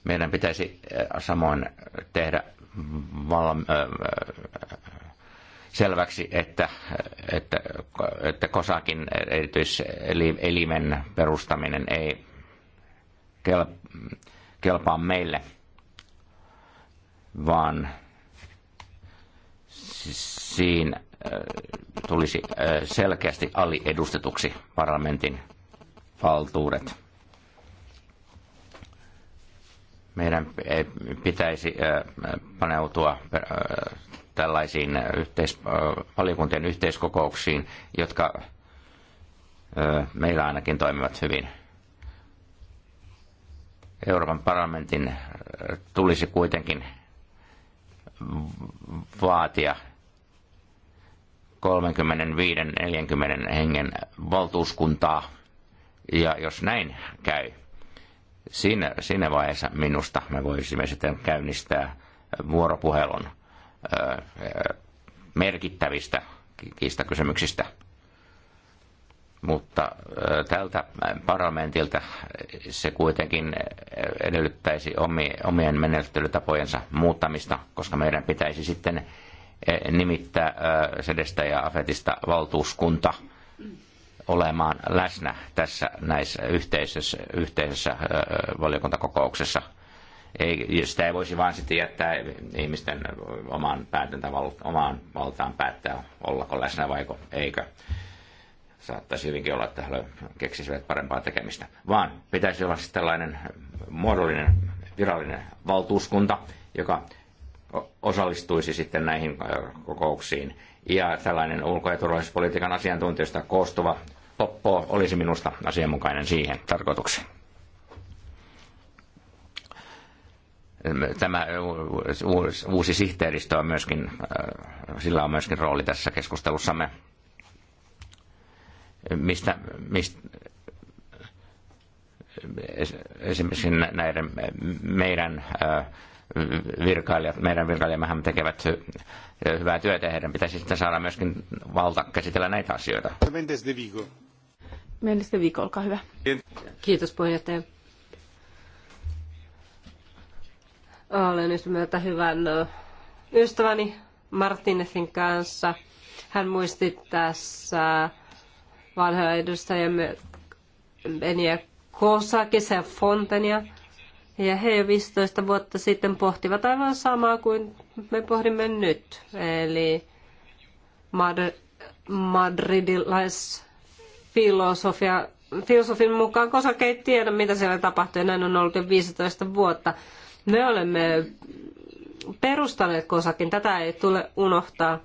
Meidän pitäisi eh, samoin tehdä eh, selväksi, että, että, että kosakin erityiselimen perustaminen ei kelpaa meille, vaan siinä eh, tulisi selkeästi aliedustetuksi parlamentin valtuudet meidän ei pitäisi paneutua tällaisiin yhteis- valiokuntien yhteiskokouksiin, jotka meillä ainakin toimivat hyvin. Euroopan parlamentin tulisi kuitenkin vaatia 35-40 hengen valtuuskuntaa, ja jos näin käy, Siinä, siinä vaiheessa minusta me voisimme sitten käynnistää vuoropuhelun äh, merkittävistä kiistakysymyksistä. Mutta äh, tältä parlamentilta se kuitenkin edellyttäisi omien menettelytapojensa muuttamista, koska meidän pitäisi sitten äh, nimittää Sedestä ja Afetista valtuuskunta – olemaan läsnä tässä näissä yhteisessä, yhteisessä valiokuntakokouksessa. Ei, sitä ei voisi vain sitten jättää ihmisten omaan, val, omaan valtaan päättää, ollako läsnä vai eikö. Saattaisi hyvinkin olla, että keksisivät parempaa tekemistä. Vaan pitäisi olla sitten tällainen muodollinen, virallinen valtuuskunta, joka osallistuisi sitten näihin kokouksiin. Ja tällainen ulko- ja turvallisuuspolitiikan asiantuntijoista koostuva poppo olisi minusta asianmukainen siihen tarkoitukseen. Tämä uusi sihteeristö on myöskin, äh, sillä on myöskin rooli tässä keskustelussamme. Mistä, mistä esimerkiksi näiden meidän äh, virkailijat, meidän virkailijamme tekevät hyvää työtä ja heidän pitäisi sitten saada myöskin valta käsitellä näitä asioita. Mielestäni viikko, olkaa hyvä. Kiitos puheenjohtaja. Olen yhtä hyvän ystäväni Martinezin kanssa. Hän muisti tässä vanhoja edustajamme Benia Kosakis ja Fontenia. Ja he jo 15 vuotta sitten pohtivat aivan samaa kuin me pohdimme nyt. Eli madridilais filosofia, filosofin mukaan Kosake ei tiedä, mitä siellä tapahtuu, ja näin on ollut jo 15 vuotta. Me olemme perustaneet Kosakin, tätä ei tule unohtaa.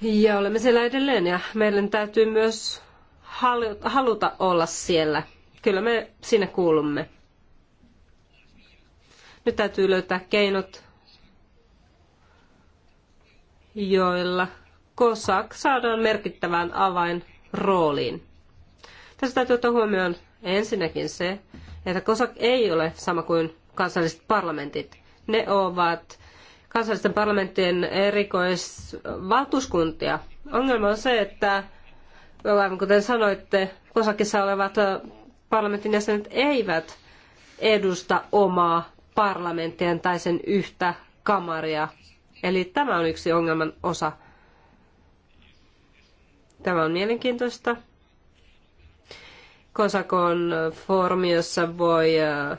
Ja olemme siellä edelleen, ja meidän täytyy myös haluta olla siellä. Kyllä me sinne kuulumme. Nyt täytyy löytää keinot, joilla COSAC saadaan merkittävään avainrooliin. Tässä täytyy ottaa huomioon ensinnäkin se, että COSAC ei ole sama kuin kansalliset parlamentit. Ne ovat kansallisten parlamenttien erikoisvaltuuskuntia. Ongelma on se, että aivan kuten sanoitte, COSACissa olevat parlamentin jäsenet eivät edusta omaa parlamenttien tai sen yhtä kamaria. Eli tämä on yksi ongelman osa Tämä on mielenkiintoista. Kosakon formiossa voi äh,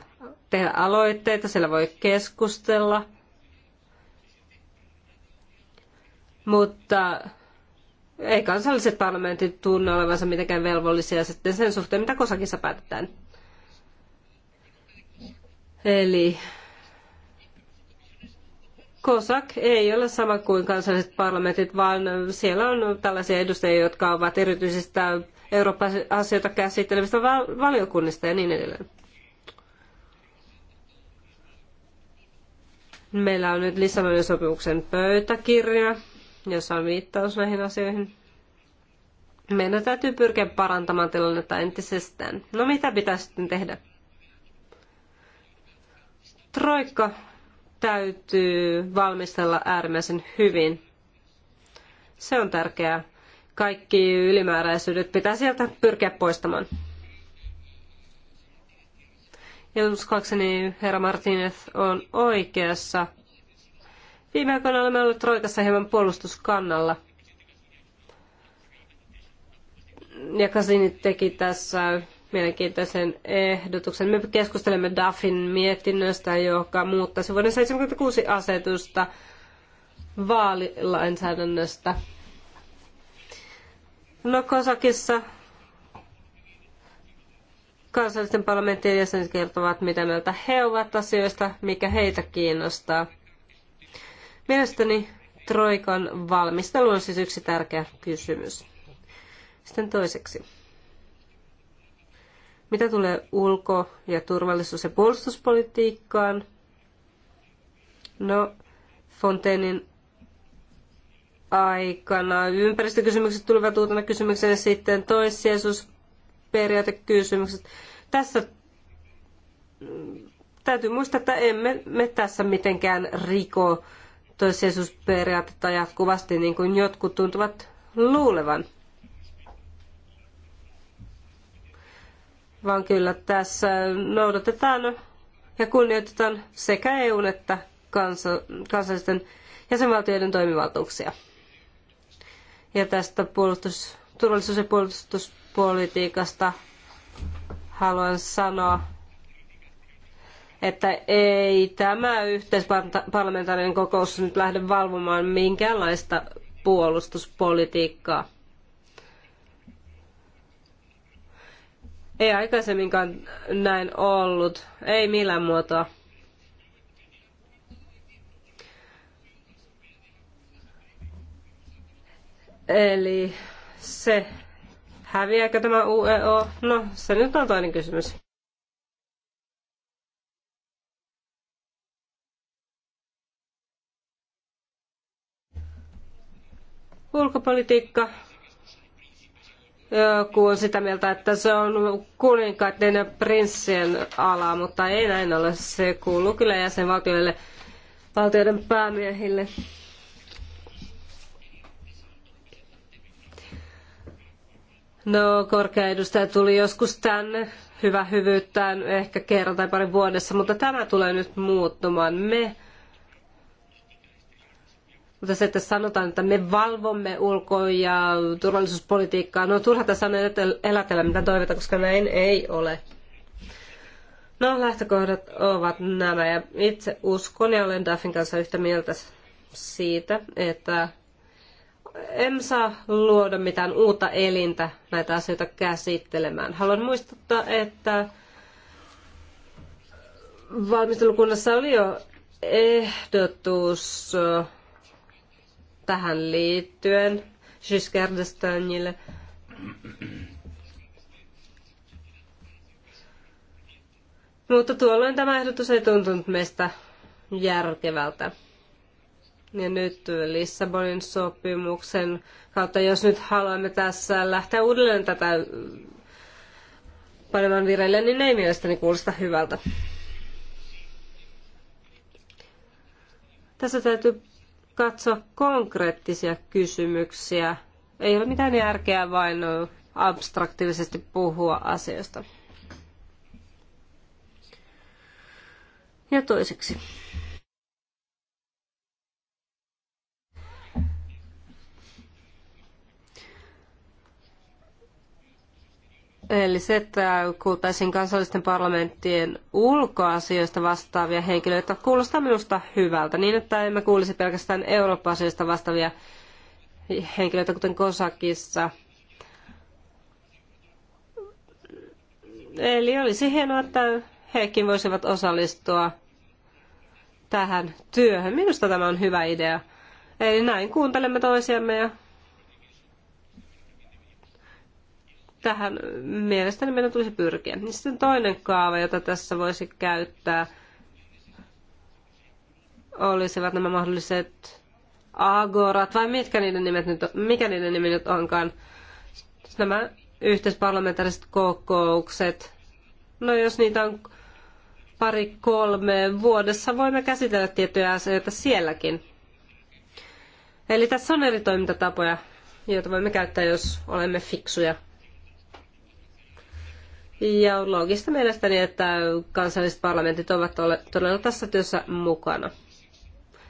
tehdä aloitteita, siellä voi keskustella. Mutta ei kansalliset parlamentit tunne olevansa mitenkään velvollisia sitten sen suhteen, mitä kosakissa päätetään. Eli COSAC ei ole sama kuin kansalliset parlamentit, vaan siellä on tällaisia edustajia, jotka ovat erityisistä Euroopan asioita käsittelevistä valiokunnista ja niin edelleen. Meillä on nyt Lissabonin sopimuksen pöytäkirja, jossa on viittaus näihin asioihin. Meidän täytyy pyrkiä parantamaan tilannetta entisestään. No mitä pitää sitten tehdä? Troikka täytyy valmistella äärimmäisen hyvin. Se on tärkeää. Kaikki ylimääräisyydet pitää sieltä pyrkiä poistamaan. Ja uskoakseni herra Martinez on oikeassa. Viime aikoina olemme olleet Roikassa hieman puolustuskannalla. Ja Kasini teki tässä mielenkiintoisen ehdotuksen. Me keskustelemme DAFin mietinnöstä, joka muuttaisi vuoden 1976 asetusta vaalilainsäädännöstä. No Kosakissa kansallisten parlamenttien jäsenet kertovat, mitä mieltä he ovat asioista, mikä heitä kiinnostaa. Mielestäni Troikan valmistelu on siis yksi tärkeä kysymys. Sitten toiseksi. Mitä tulee ulko- ja turvallisuus- ja puolustuspolitiikkaan? No, Fontenin aikana ympäristökysymykset tulivat uutena ja sitten toissijaisuusperiaatekysymykset. Tässä mm, täytyy muistaa, että emme me tässä mitenkään riko toissijaisuusperiaatetta jatkuvasti, niin kuin jotkut tuntuvat luulevan. vaan kyllä tässä noudatetaan ja kunnioitetaan sekä EUn että kansa, kansallisten jäsenvaltioiden toimivaltuuksia. Ja tästä puolustus, turvallisuus- ja puolustuspolitiikasta haluan sanoa, että ei tämä yhteisparlamentaarinen kokous nyt lähde valvomaan minkäänlaista puolustuspolitiikkaa. Ei aikaisemminkaan näin ollut, ei millään muotoa. Eli se, häviääkö tämä UEO? No, se nyt on toinen kysymys. Ulkopolitiikka kun on sitä mieltä, että se on kuninkaiden ja prinssien ala, mutta ei näin ole. Se kuuluu kyllä jäsenvaltioille, valtioiden päämiehille. No, korkea edustaja tuli joskus tänne hyvä hyvyyttään ehkä kerran tai pari vuodessa, mutta tämä tulee nyt muuttumaan. Me mutta se, että sanotaan, että me valvomme ulko- ja turvallisuuspolitiikkaa, no turha tässä on elätellä mitä toiveita, koska näin ei ole. No, lähtökohdat ovat nämä ja itse uskon ja olen Daffin kanssa yhtä mieltä siitä, että en saa luoda mitään uutta elintä näitä asioita käsittelemään. Haluan muistuttaa, että valmistelukunnassa oli jo ehdotus tähän liittyen Giscard Mutta tuolloin tämä ehdotus ei tuntunut meistä järkevältä. Ja nyt Lissabonin sopimuksen kautta, jos nyt haluamme tässä lähteä uudelleen tätä panemaan vireille, niin ei mielestäni kuulosta hyvältä. Tässä täytyy katsoa konkreettisia kysymyksiä. Ei ole mitään järkeä vain abstraktiivisesti puhua asioista. Ja toiseksi. Eli se, että kuultaisiin kansallisten parlamenttien ulkoasioista vastaavia henkilöitä, kuulostaa minusta hyvältä, niin että emme kuulisi pelkästään Eurooppa-asioista vastaavia henkilöitä, kuten Kosakissa. Eli olisi hienoa, että hekin voisivat osallistua tähän työhön. Minusta tämä on hyvä idea. Eli näin kuuntelemme toisiamme ja tähän mielestäni meidän tulisi pyrkiä. Niin sitten toinen kaava, jota tässä voisi käyttää, olisivat nämä mahdolliset agorat, vai mitkä niiden nimet nyt, mikä niiden nimi nyt onkaan. nämä yhteisparlamentaariset kokoukset. No jos niitä on pari kolme vuodessa, voimme käsitellä tiettyjä asioita sielläkin. Eli tässä on eri toimintatapoja, joita voimme käyttää, jos olemme fiksuja. Ja on loogista mielestäni, että kansalliset parlamentit ovat todella tässä työssä mukana.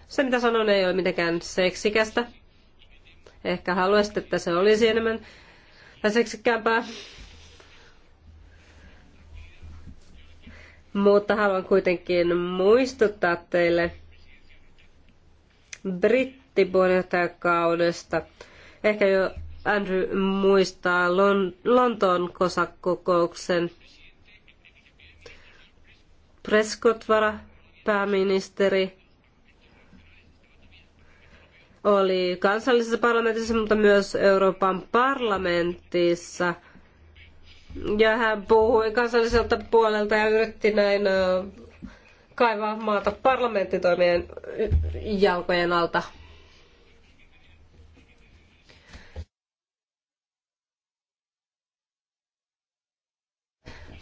Se, mitä sanon, ei ole mitenkään seksikästä. Ehkä haluaisit, että se olisi enemmän seksikkäämpää. Mutta haluan kuitenkin muistuttaa teille brittipuolelta Ehkä jo Andrew muistaa Lon- Lontoon kosakokouksen. Prescott vara pääministeri oli kansallisessa parlamentissa, mutta myös Euroopan parlamentissa. Ja hän puhui kansalliselta puolelta ja yritti näin kaivaa maata parlamenttitoimien jalkojen alta.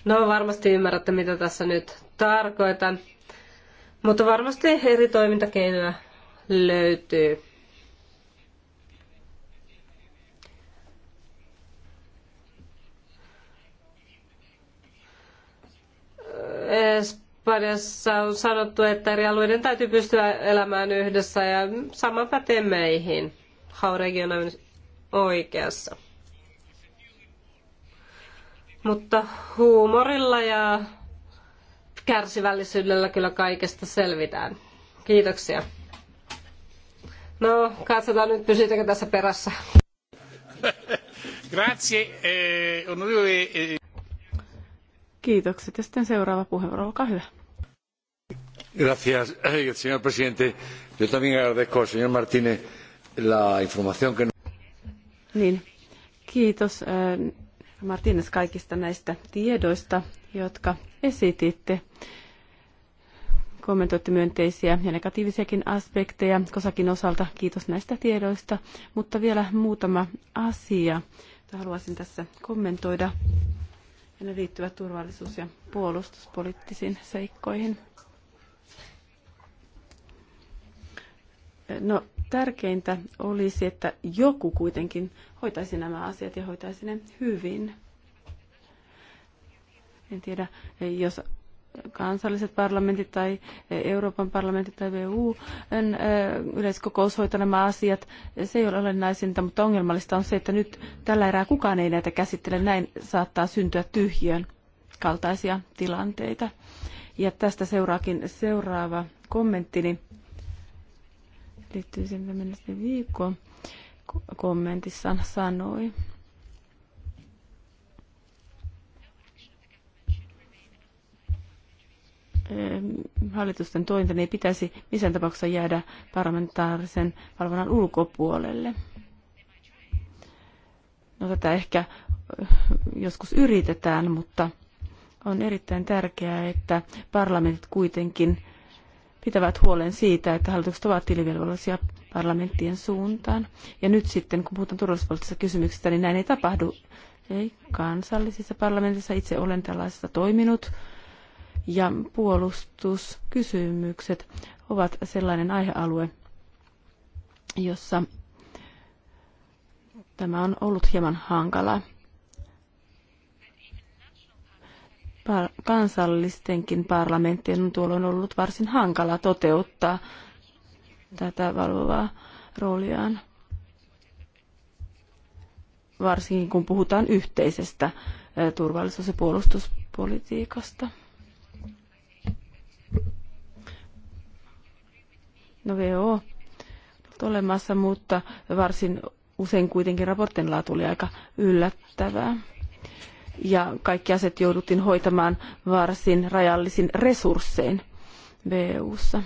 No varmasti ymmärrätte, mitä tässä nyt tarkoitan. Mutta varmasti eri toimintakeinoja löytyy. Espanjassa on sanottu, että eri alueiden täytyy pystyä elämään yhdessä ja sama pätee meihin. Hauregion on oikeassa. Mutta huumorilla ja kärsivällisyydellä kyllä kaikesta selvitään. Kiitoksia. No, katsotaan nyt, pysytäänkö tässä perässä. Grazie, eh, eh, Kiitokset. Ja sitten seuraava puheenvuoro, olkaa hyvä. Gracias, señor presidente. Yo también agradezco al señor Martínez la información que... Niin, kiitos eh, Martínez kaikista näistä tiedoista, jotka esititte. Kommentoitte myönteisiä ja negatiivisiakin aspekteja kosakin osalta. Kiitos näistä tiedoista. Mutta vielä muutama asia, jota haluaisin tässä kommentoida. Ja ne liittyvät turvallisuus- ja puolustuspoliittisiin seikkoihin. No, tärkeintä olisi, että joku kuitenkin hoitaisi nämä asiat ja hoitaisi ne hyvin. En tiedä, jos kansalliset parlamentit tai Euroopan parlamentit tai EU yleiskokous hoitaa nämä asiat. Se ei ole olennaisinta, mutta ongelmallista on se, että nyt tällä erää kukaan ei näitä käsittele. Näin saattaa syntyä tyhjön kaltaisia tilanteita. Ja tästä seuraakin seuraava kommenttini liittyy siihen, mitä ministeri Viikko kommentissa sanoi. Hallitusten toiminta ei pitäisi missään tapauksessa jäädä parlamentaarisen valvonnan ulkopuolelle. No tätä ehkä eh, joskus yritetään, mutta on erittäin tärkeää, että parlamentit kuitenkin pitävät huolen siitä, että hallitukset ovat tilivelvollisia parlamenttien suuntaan. Ja nyt sitten, kun puhutaan turvallisuuspoliittisista kysymyksistä, niin näin ei tapahdu. Ei kansallisissa parlamentissa itse olen tällaisessa toiminut. Ja puolustuskysymykset ovat sellainen aihealue, jossa tämä on ollut hieman hankalaa. kansallistenkin parlamenttien on tuolloin ollut varsin hankala toteuttaa tätä valvovaa rooliaan. Varsinkin kun puhutaan yhteisestä turvallisuus- ja puolustuspolitiikasta. No VO on olemassa, mutta varsin usein kuitenkin raportin laatu oli aika yllättävää ja kaikki asiat jouduttiin hoitamaan varsin rajallisin resurssein VUssa.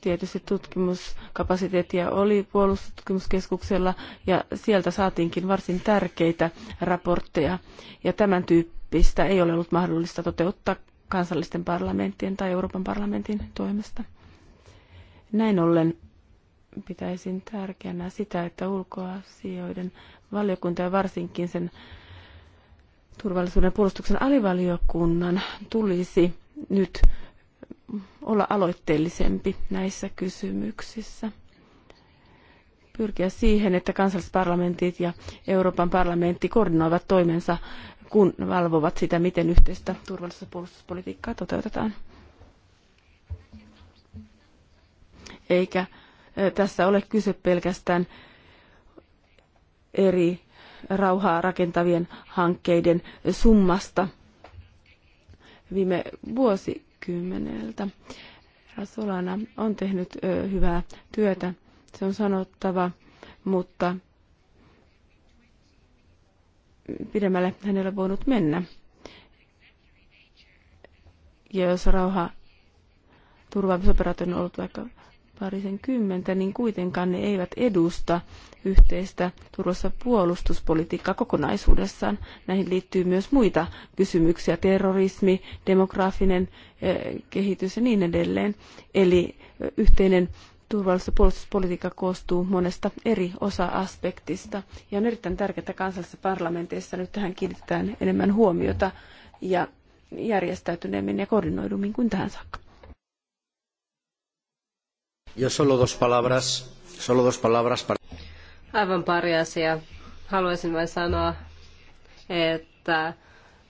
tietysti tutkimuskapasiteettia oli puolustutkimuskeskuksella ja sieltä saatiinkin varsin tärkeitä raportteja. Ja tämän tyyppistä ei ole ollut mahdollista toteuttaa kansallisten parlamenttien tai Euroopan parlamentin toimesta. Näin ollen pitäisin tärkeänä sitä, että ulkoasioiden valiokunta ja varsinkin sen turvallisuuden ja puolustuksen alivaliokunnan tulisi nyt olla aloitteellisempi näissä kysymyksissä. Pyrkiä siihen, että kansallisparlamentit ja Euroopan parlamentti koordinoivat toimensa, kun valvovat sitä, miten yhteistä turvallisuus- ja puolustuspolitiikkaa toteutetaan. Eikä tässä ole kyse pelkästään eri rauhaa rakentavien hankkeiden summasta viime vuosikymmeneltä. Rasolana on tehnyt hyvää työtä, se on sanottava, mutta pidemmälle hänellä voinut mennä. Ja jos rauha turvaamisoperaatio on ollut vaikka parisen kymmentä, niin kuitenkaan ne eivät edusta yhteistä turvassa puolustuspolitiikkaa kokonaisuudessaan. Näihin liittyy myös muita kysymyksiä, terrorismi, demografinen eh, kehitys ja niin edelleen. Eli eh, yhteinen turvallisuus- ja puolustuspolitiikka koostuu monesta eri osa-aspektista. Ja on erittäin tärkeää, että kansallisissa parlamenteissa nyt tähän kiinnitetään enemmän huomiota ja järjestäytyneemmin ja koordinoidummin kuin tähän saakka solo dos palabras, solo dos palabras para... Aivan pari asiaa. Haluaisin vain sanoa, että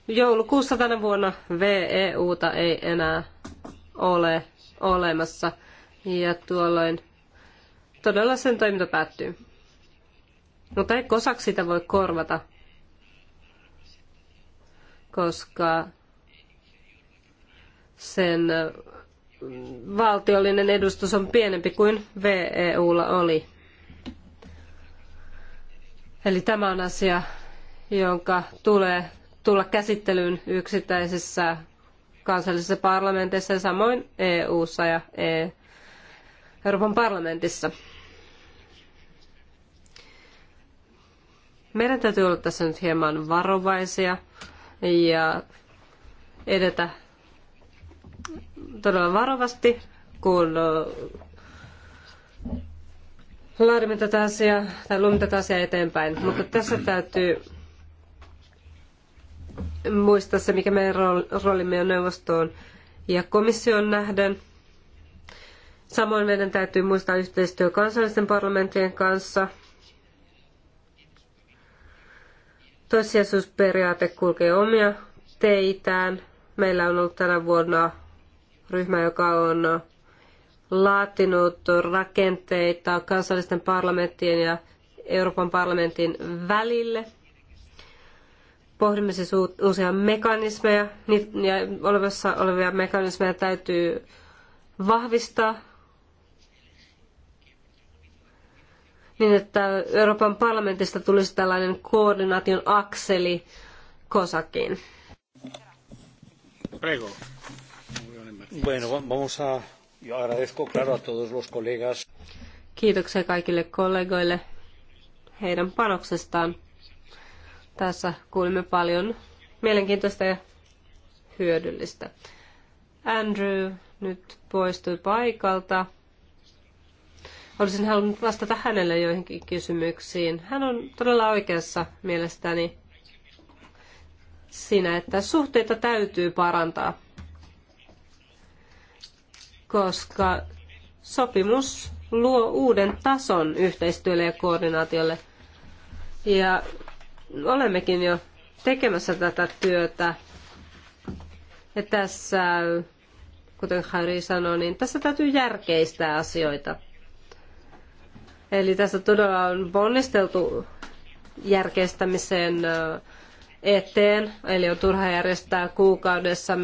joulukuussa tänä vuonna VEUta ei enää ole olemassa. Ja tuolloin todella sen toiminta päättyy. Mutta ei kosak sitä voi korvata, koska sen valtiollinen edustus on pienempi kuin VEUlla oli. Eli tämä on asia, jonka tulee tulla käsittelyyn yksittäisissä kansallisissa parlamenteissa ja samoin EU:ssa ja e Euroopan parlamentissa. Meidän täytyy olla tässä nyt hieman varovaisia ja edetä todella varovasti, kun laadimme tätä asiaa tai luomme tätä asiaa eteenpäin. Mutta tässä täytyy muistaa se, mikä meidän roolimme on neuvostoon ja komission nähden. Samoin meidän täytyy muistaa yhteistyö kansallisten parlamenttien kanssa. Toissijaisuusperiaate kulkee omia teitään. Meillä on ollut tänä vuonna ryhmä, joka on laatinut rakenteita kansallisten parlamenttien ja Euroopan parlamentin välille. Pohdimme siis uusia mekanismeja ja olevassa olevia mekanismeja täytyy vahvistaa niin, että Euroopan parlamentista tulisi tällainen koordinaation akseli kosakin. Prego. Bueno, vamos a... Yo agradezco, claro, a todos los colegas. Kiitoksia kaikille kollegoille heidän panoksestaan. Tässä kuulimme paljon mielenkiintoista ja hyödyllistä. Andrew nyt poistui paikalta. Olisin halunnut vastata hänelle joihinkin kysymyksiin. Hän on todella oikeassa mielestäni siinä, että suhteita täytyy parantaa koska sopimus luo uuden tason yhteistyölle ja koordinaatiolle. Ja olemmekin jo tekemässä tätä työtä. Ja tässä, kuten Harry sanoi, niin tässä täytyy järkeistää asioita. Eli tässä todella on ponnisteltu järkeistämisen eteen, eli on turha järjestää kuukaudessa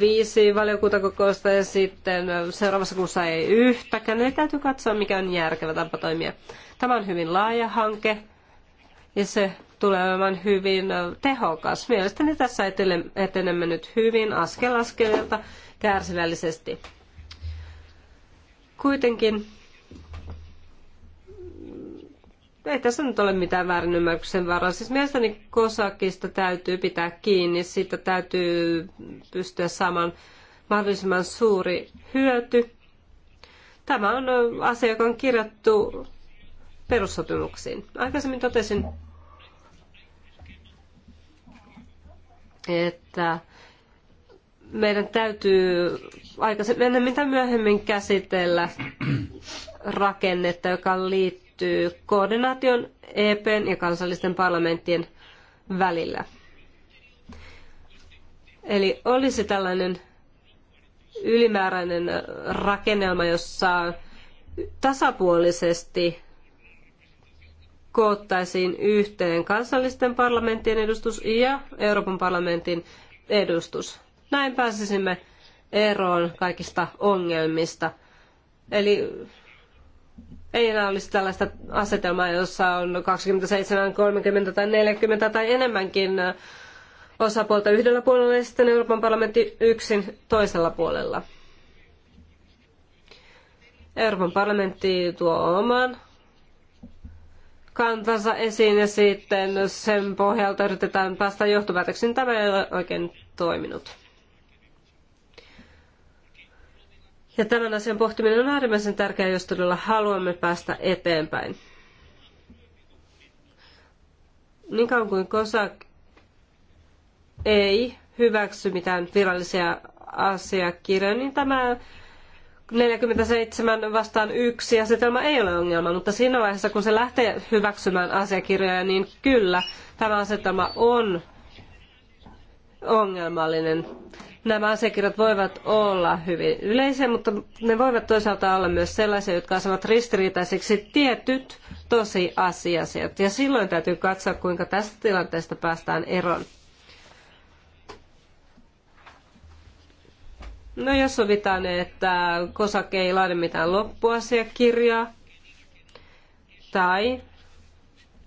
viisi valiokuntakokousta ja sitten seuraavassa kuussa ei yhtäkään, eli täytyy katsoa mikä on järkevä tapa toimia. Tämä on hyvin laaja hanke ja se tulee olemaan hyvin tehokas. Mielestäni tässä etenemme nyt hyvin askel askeleelta kärsivällisesti. Kuitenkin ei tässä nyt ole mitään väärinymmärryksen varaa. Siis mielestäni kosakista täytyy pitää kiinni, siitä täytyy pystyä saamaan mahdollisimman suuri hyöty. Tämä on asia, joka on kirjattu perussopimuksiin. Aikaisemmin totesin, että meidän täytyy aikaisemmin, ennen mitä myöhemmin käsitellä rakennetta, joka liittyy liittyy koordinaation EPn ja kansallisten parlamenttien välillä. Eli olisi tällainen ylimääräinen rakennelma, jossa tasapuolisesti koottaisiin yhteen kansallisten parlamenttien edustus ja Euroopan parlamentin edustus. Näin pääsisimme eroon kaikista ongelmista. Eli ei enää olisi tällaista asetelmaa, jossa on 27, 30 tai 40 tai enemmänkin osapuolta yhdellä puolella ja sitten Euroopan parlamentti yksin toisella puolella. Euroopan parlamentti tuo oman kantansa esiin ja sitten sen pohjalta yritetään päästä johtopäätöksiin. Tämä ei ole oikein toiminut. Ja tämän asian pohtiminen on äärimmäisen tärkeää, jos todella haluamme päästä eteenpäin. Niin kauan kuin COSAC ei hyväksy mitään virallisia asiakirjoja, niin tämä 47 vastaan yksi asetelma ei ole ongelma, mutta siinä vaiheessa, kun se lähtee hyväksymään asiakirjoja, niin kyllä tämä asetelma on ongelmallinen. Nämä asiakirjat voivat olla hyvin yleisiä, mutta ne voivat toisaalta olla myös sellaisia, jotka asevat ristiriitaisiksi tietyt tosiasiat. Ja silloin täytyy katsoa, kuinka tästä tilanteesta päästään eroon. No jos sovitaan, että kosake ei laadi mitään loppuasiakirjaa, tai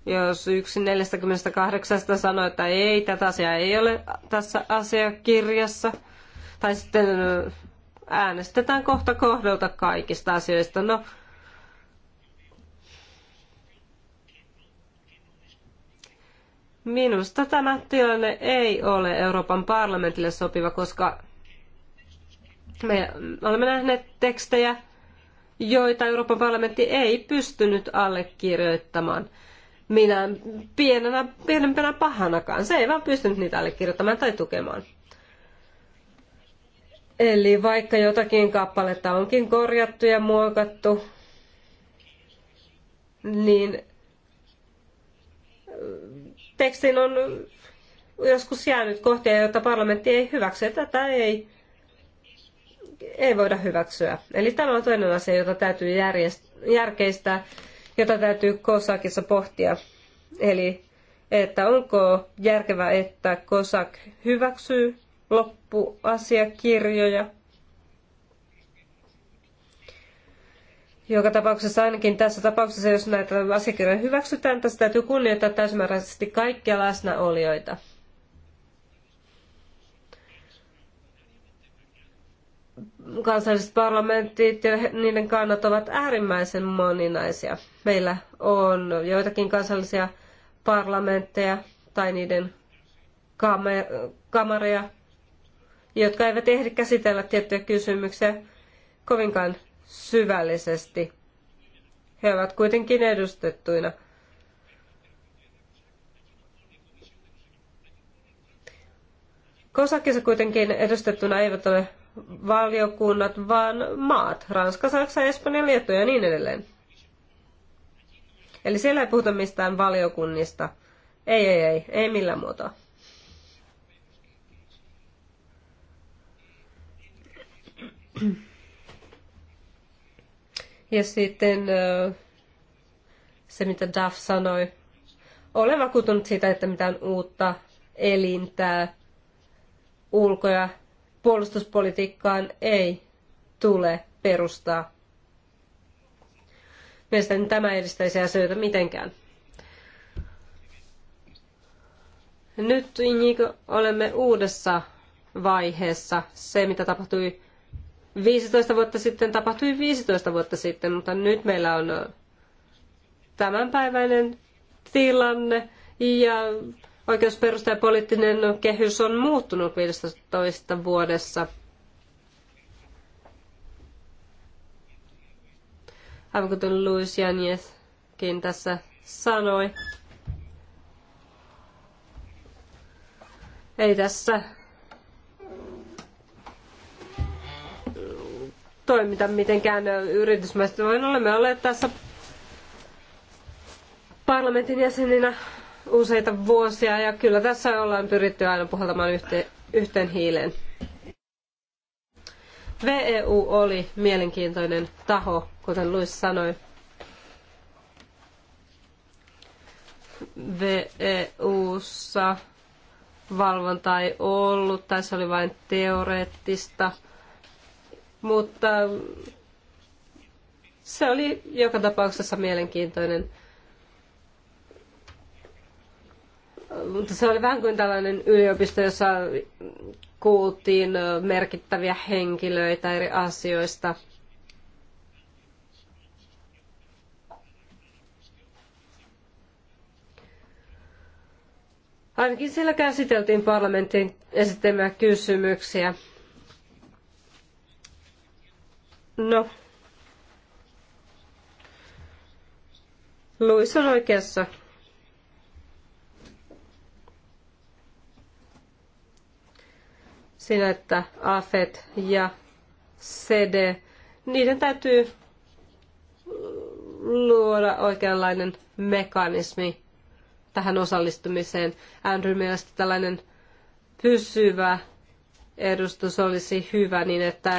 jos yksi 48 sanoo, että ei, tätä asiaa ei ole tässä asiakirjassa, tai sitten äänestetään kohta kohdalta kaikista asioista. No, Minusta tämä tilanne ei ole Euroopan parlamentille sopiva, koska me olemme nähneet tekstejä, joita Euroopan parlamentti ei pystynyt allekirjoittamaan. Minä pienenä, pienempänä pahanakaan. Se ei vaan pystynyt niitä allekirjoittamaan tai tukemaan. Eli vaikka jotakin kappaletta onkin korjattu ja muokattu, niin äh, tekstin on joskus jäänyt kohtia, joita parlamentti ei hyväksy. Tätä ei, ei voida hyväksyä. Eli tämä on toinen asia, jota täytyy järkeistää, jota täytyy Kosakissa pohtia. Eli että onko järkevä, että Kosak hyväksyy loppuasiakirjoja. Joka tapauksessa, ainakin tässä tapauksessa, jos näitä asiakirjoja hyväksytään, tässä täytyy kunnioittaa täysimääräisesti kaikkia läsnäolijoita. kansalliset parlamentit ja niiden kannat ovat äärimmäisen moninaisia. Meillä on joitakin kansallisia parlamentteja tai niiden kamer- kamareja, jotka eivät ehdi käsitellä tiettyjä kysymyksiä kovinkaan syvällisesti. He ovat kuitenkin edustettuina. Kosakissa kuitenkin edustettuna eivät ole valiokunnat, vaan maat. Ranska, Saksa, Espanja, Liettua ja niin edelleen. Eli siellä ei puhuta mistään valiokunnista. Ei, ei, ei, ei millään muotoa. Ja sitten se, mitä Duff sanoi. Olen vakuutunut siitä, että mitään uutta elintää ulko- ja puolustuspolitiikkaan ei tule perustaa. Mielestäni tämä edistäisi asioita mitenkään. Nyt Iniko, olemme uudessa vaiheessa. Se, mitä tapahtui 15 vuotta sitten tapahtui 15 vuotta sitten, mutta nyt meillä on tämänpäiväinen tilanne ja oikeusperusta ja poliittinen kehys on muuttunut 15 vuodessa. Aivan kuten Louis Janjeskin tässä sanoi. Ei tässä toimita mitenkään yritysmäisesti, vaan olemme olleet tässä parlamentin jäseninä useita vuosia ja kyllä tässä ollaan pyritty aina puhaltamaan yhteen, yhteen hiileen. VEU oli mielenkiintoinen taho, kuten Luis sanoi. VEUssa valvonta ei ollut, tai se oli vain teoreettista – mutta se oli joka tapauksessa mielenkiintoinen. Mutta se oli vähän kuin tällainen yliopisto, jossa kuultiin merkittäviä henkilöitä eri asioista. Ainakin siellä käsiteltiin parlamentin esittämiä kysymyksiä. No, Luis on oikeassa. Siinä, että AFET ja CD, niiden täytyy luoda oikeanlainen mekanismi tähän osallistumiseen. Andrew mielestä tällainen pysyvä edustus olisi hyvä niin, että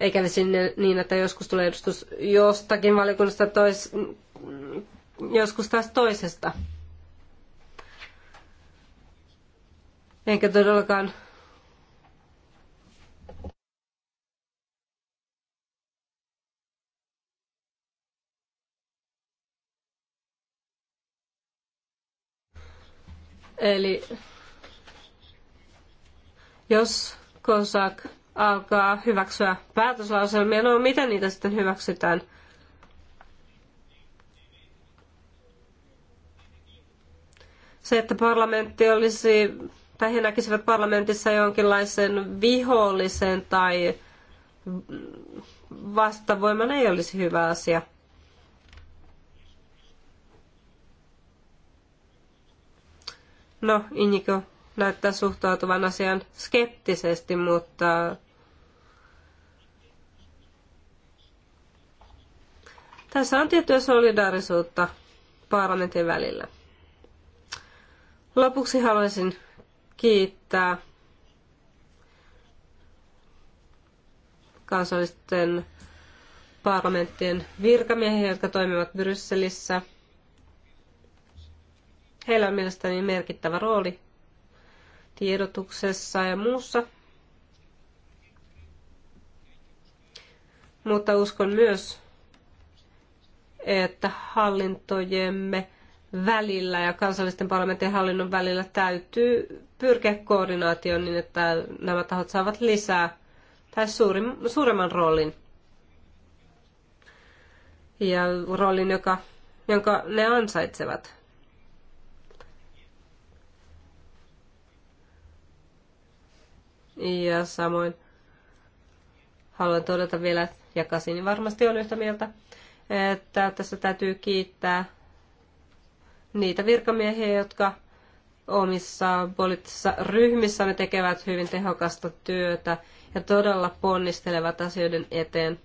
ei kävisi niin, että joskus tulee edustus jostakin valiokunnasta tois, joskus taas toisesta. Enkä todellakaan Eli jos Kosak alkaa hyväksyä päätöslauselmia. No, miten niitä sitten hyväksytään? Se, että parlamentti olisi, tai he näkisivät parlamentissa jonkinlaisen vihollisen tai vastavoiman ei olisi hyvä asia. No, Inigo näyttää suhtautuvan asiaan skeptisesti, mutta tässä on tiettyä solidaarisuutta parlamentin välillä. Lopuksi haluaisin kiittää kansallisten parlamenttien virkamiehiä, jotka toimivat Brysselissä. Heillä on mielestäni merkittävä rooli tiedotuksessa ja muussa. Mutta uskon myös, että hallintojemme välillä ja kansallisten parlamentin hallinnon välillä täytyy pyrkiä koordinaatioon niin, että nämä tahot saavat lisää tai suurin, suuremman roolin. Ja roolin, joka, jonka ne ansaitsevat. Ja samoin haluan todeta vielä, ja Kasini varmasti on yhtä mieltä, että tässä täytyy kiittää niitä virkamiehiä, jotka omissa poliittisissa ryhmissä ne tekevät hyvin tehokasta työtä ja todella ponnistelevat asioiden eteen.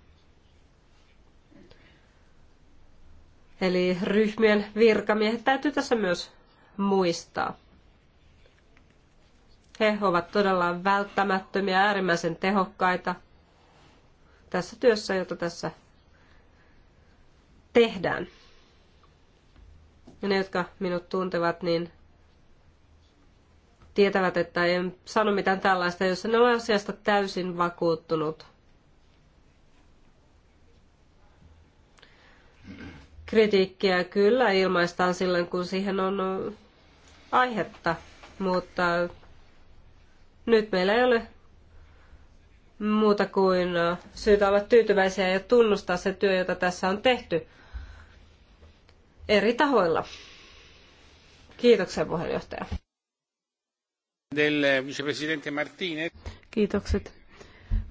Eli ryhmien virkamiehet täytyy tässä myös muistaa. He ovat todella välttämättömiä, äärimmäisen tehokkaita tässä työssä, jota tässä tehdään. Ja ne, jotka minut tuntevat, niin tietävät, että en sano mitään tällaista, jos en ole asiasta täysin vakuuttunut. Kritiikkiä kyllä ilmaistaan silloin, kun siihen on aihetta, mutta nyt meillä ei ole muuta kuin syytä olla tyytyväisiä ja tunnustaa se työ, jota tässä on tehty eri tahoilla. Kiitoksia puheenjohtaja. Del vicepresidente Martinez. Kiitokset.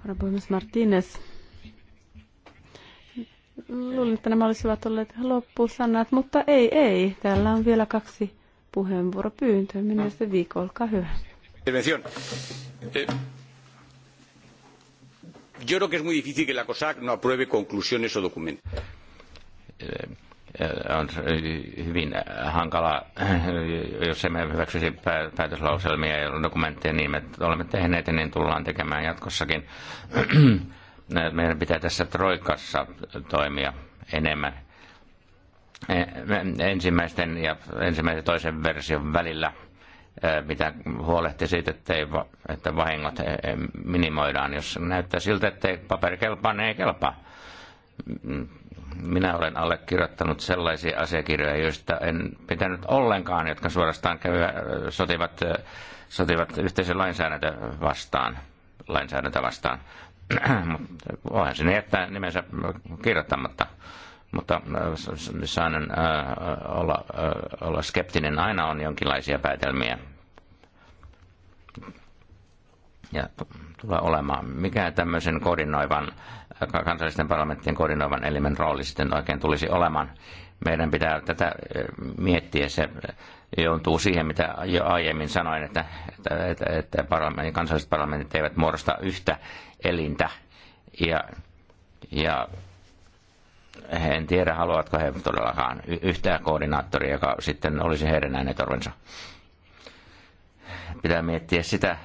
Varapuhemies Martinez. Luulin, että nämä olisivat olleet loppusanat, mutta ei, ei. Täällä on vielä kaksi puheenvuoropyyntöä. Minä se viikko, olkaa hyvä. Intervención. Eh, yo creo que es muy difícil que la COSAC no apruebe conclusiones o documentos. On eh, eh, hyvin hankala, jos emme hyväksyisi päätöslauselmia ja dokumentteja niin me olemme tehneet ja niin tullaan tekemään jatkossakin. Meidän pitää tässä troikassa toimia enemmän ensimmäisten ja ensimmäisen ja toisen version välillä – mitä huolehtii siitä, ettei, että vahingot minimoidaan. Jos näyttää siltä, että paperi kelpaa, niin ei kelpaa. Mm, minä olen allekirjoittanut sellaisia asiakirjoja, joista en pitänyt ollenkaan, jotka suorastaan kävivät, sotivat, sotivat yhteisen lainsäädäntö vastaan. Lainsäädäntö vastaan. Voihan sinne jättää nimensä kirjoittamatta mutta äh, saan äh, äh, olla, olla skeptinen. Aina on jonkinlaisia päätelmiä ja tulee olemaan. Mikä tämmöisen koordinoivan, kansallisten parlamenttien koordinoivan elimen rooli sitten oikein tulisi olemaan? Meidän pitää tätä miettiä. Se joutuu siihen, mitä jo aiemmin sanoin, että, että, että, että parlamentit, kansalliset parlamentit eivät muodosta yhtä elintä. Ja, ja en tiedä, haluavatko he todellakaan yhtään koordinaattoria, joka sitten olisi heidän äänetorvensa. Pitää miettiä sitä,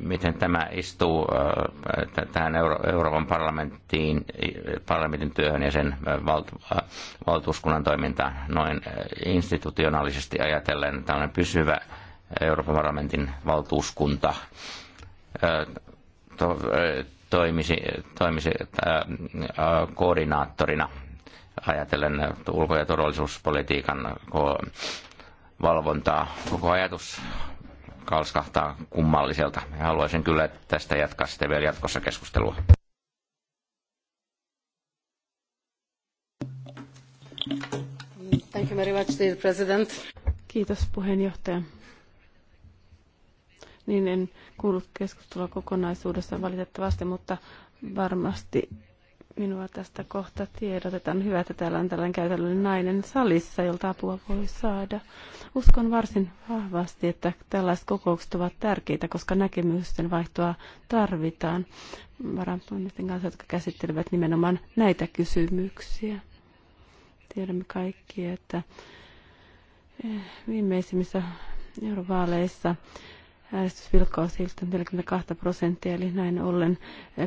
miten tämä istuu tähän Euroopan parlamenttiin, parlamentin työhön ja sen valtuuskunnan toimintaan noin institutionaalisesti ajatellen. Tällainen pysyvä Euroopan parlamentin valtuuskunta toimisi, toimisi ää, koordinaattorina ajatellen ulko- ja turvallisuuspolitiikan valvontaa. Koko ajatus kalskahtaa kummalliselta. Haluaisin kyllä tästä jatkaa sitten vielä jatkossa keskustelua. Thank you very much, dear President. Kiitos puheenjohtaja niin en kuullut keskustelua kokonaisuudessaan valitettavasti, mutta varmasti minua tästä kohta tiedotetaan. Hyvä, että täällä on tällainen käytännön nainen salissa, jolta apua voi saada. Uskon varsin vahvasti, että tällaiset kokoukset ovat tärkeitä, koska näkemysten vaihtoa tarvitaan varanpuolisten kanssa, jotka käsittelevät nimenomaan näitä kysymyksiä. Tiedämme kaikki, että eh, viimeisimmissä eurovaaleissa äänestysvilkkaus ei 42 prosenttia, eli näin ollen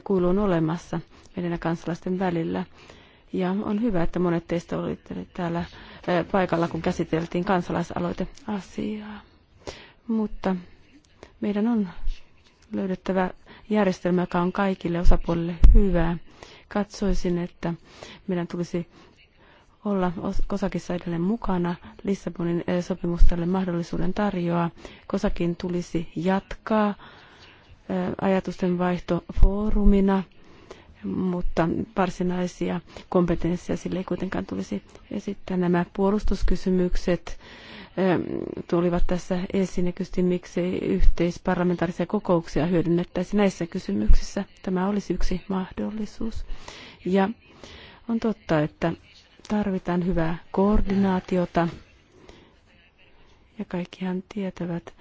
kuilu on olemassa meidän ja kansalaisten välillä. Ja on hyvä, että monet teistä olitte täällä paikalla, kun käsiteltiin kansalaisaloiteasiaa. Mutta meidän on löydettävä järjestelmä, joka on kaikille osapuolille hyvää. Katsoisin, että meidän tulisi olla Kosakissa edelleen mukana. Lissabonin eh, sopimus tälle mahdollisuuden tarjoaa. Kosakin tulisi jatkaa eh, ajatusten vaihto foorumina, mutta varsinaisia kompetensseja sille ei kuitenkaan tulisi esittää. Nämä puolustuskysymykset eh, tulivat tässä esiin ja kysyttiin, miksi yhteisparlamentaarisia kokouksia hyödynnettäisi näissä kysymyksissä. Tämä olisi yksi mahdollisuus. Ja on totta, että tarvitaan hyvää koordinaatiota. Ja kaikkihan tietävät,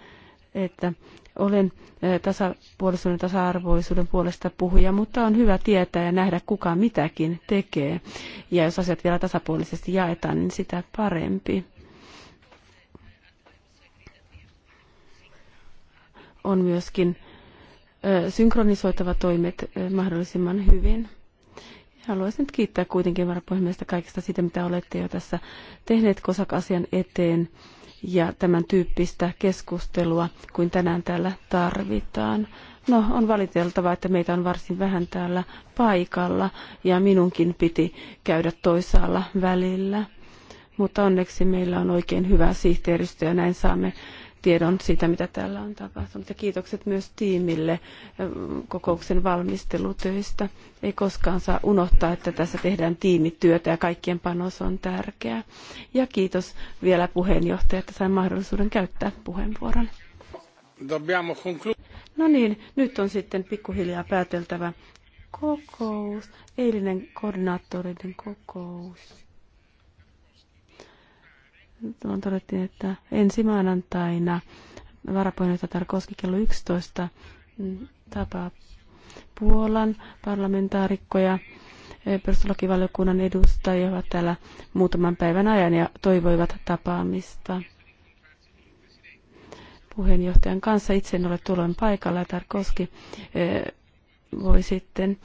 että olen eh, tasapuolisuuden tasa-arvoisuuden puolesta puhuja, mutta on hyvä tietää ja nähdä, kuka mitäkin tekee. Ja jos asiat vielä tasapuolisesti jaetaan, niin sitä parempi. On myöskin eh, synkronisoitava toimet eh, mahdollisimman hyvin. Haluaisin nyt kiittää kuitenkin varapuhemiestä kaikesta siitä, mitä olette jo tässä tehneet kosakasian eteen ja tämän tyyppistä keskustelua kuin tänään täällä tarvitaan. No, on valiteltava, että meitä on varsin vähän täällä paikalla ja minunkin piti käydä toisaalla välillä. Mutta onneksi meillä on oikein hyvä sihteeristö ja näin saamme tiedon siitä, mitä täällä on tapahtunut. Ja kiitokset myös tiimille eh, kokouksen valmistelutöistä. Ei koskaan saa unohtaa, että tässä tehdään tiimityötä ja kaikkien panos on tärkeää. Ja kiitos vielä puheenjohtaja, että sain mahdollisuuden käyttää puheenvuoron. No niin, nyt on sitten pikkuhiljaa pääteltävä kokous, eilinen koordinaattoreiden kokous Tuon todettiin, että ensi maanantaina varapuheenjohtaja Tarkoski kello 11 mm, tapaa Puolan parlamentaarikkoja, perustuslakivaliokunnan edustajia ovat täällä muutaman päivän ajan ja toivoivat tapaamista puheenjohtajan kanssa. Itse en ole tuolloin paikalla ja Tarkoski eh, voi sitten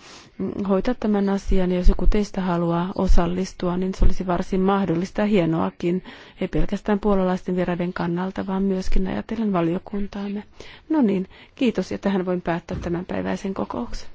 hoitaa tämän asian. Ja jos joku teistä haluaa osallistua, niin se olisi varsin mahdollista ja hienoakin, ei pelkästään puolalaisten vieraiden kannalta, vaan myöskin ajatellen valiokuntaamme. No niin, kiitos ja tähän voin päättää tämän päiväisen kokouksen.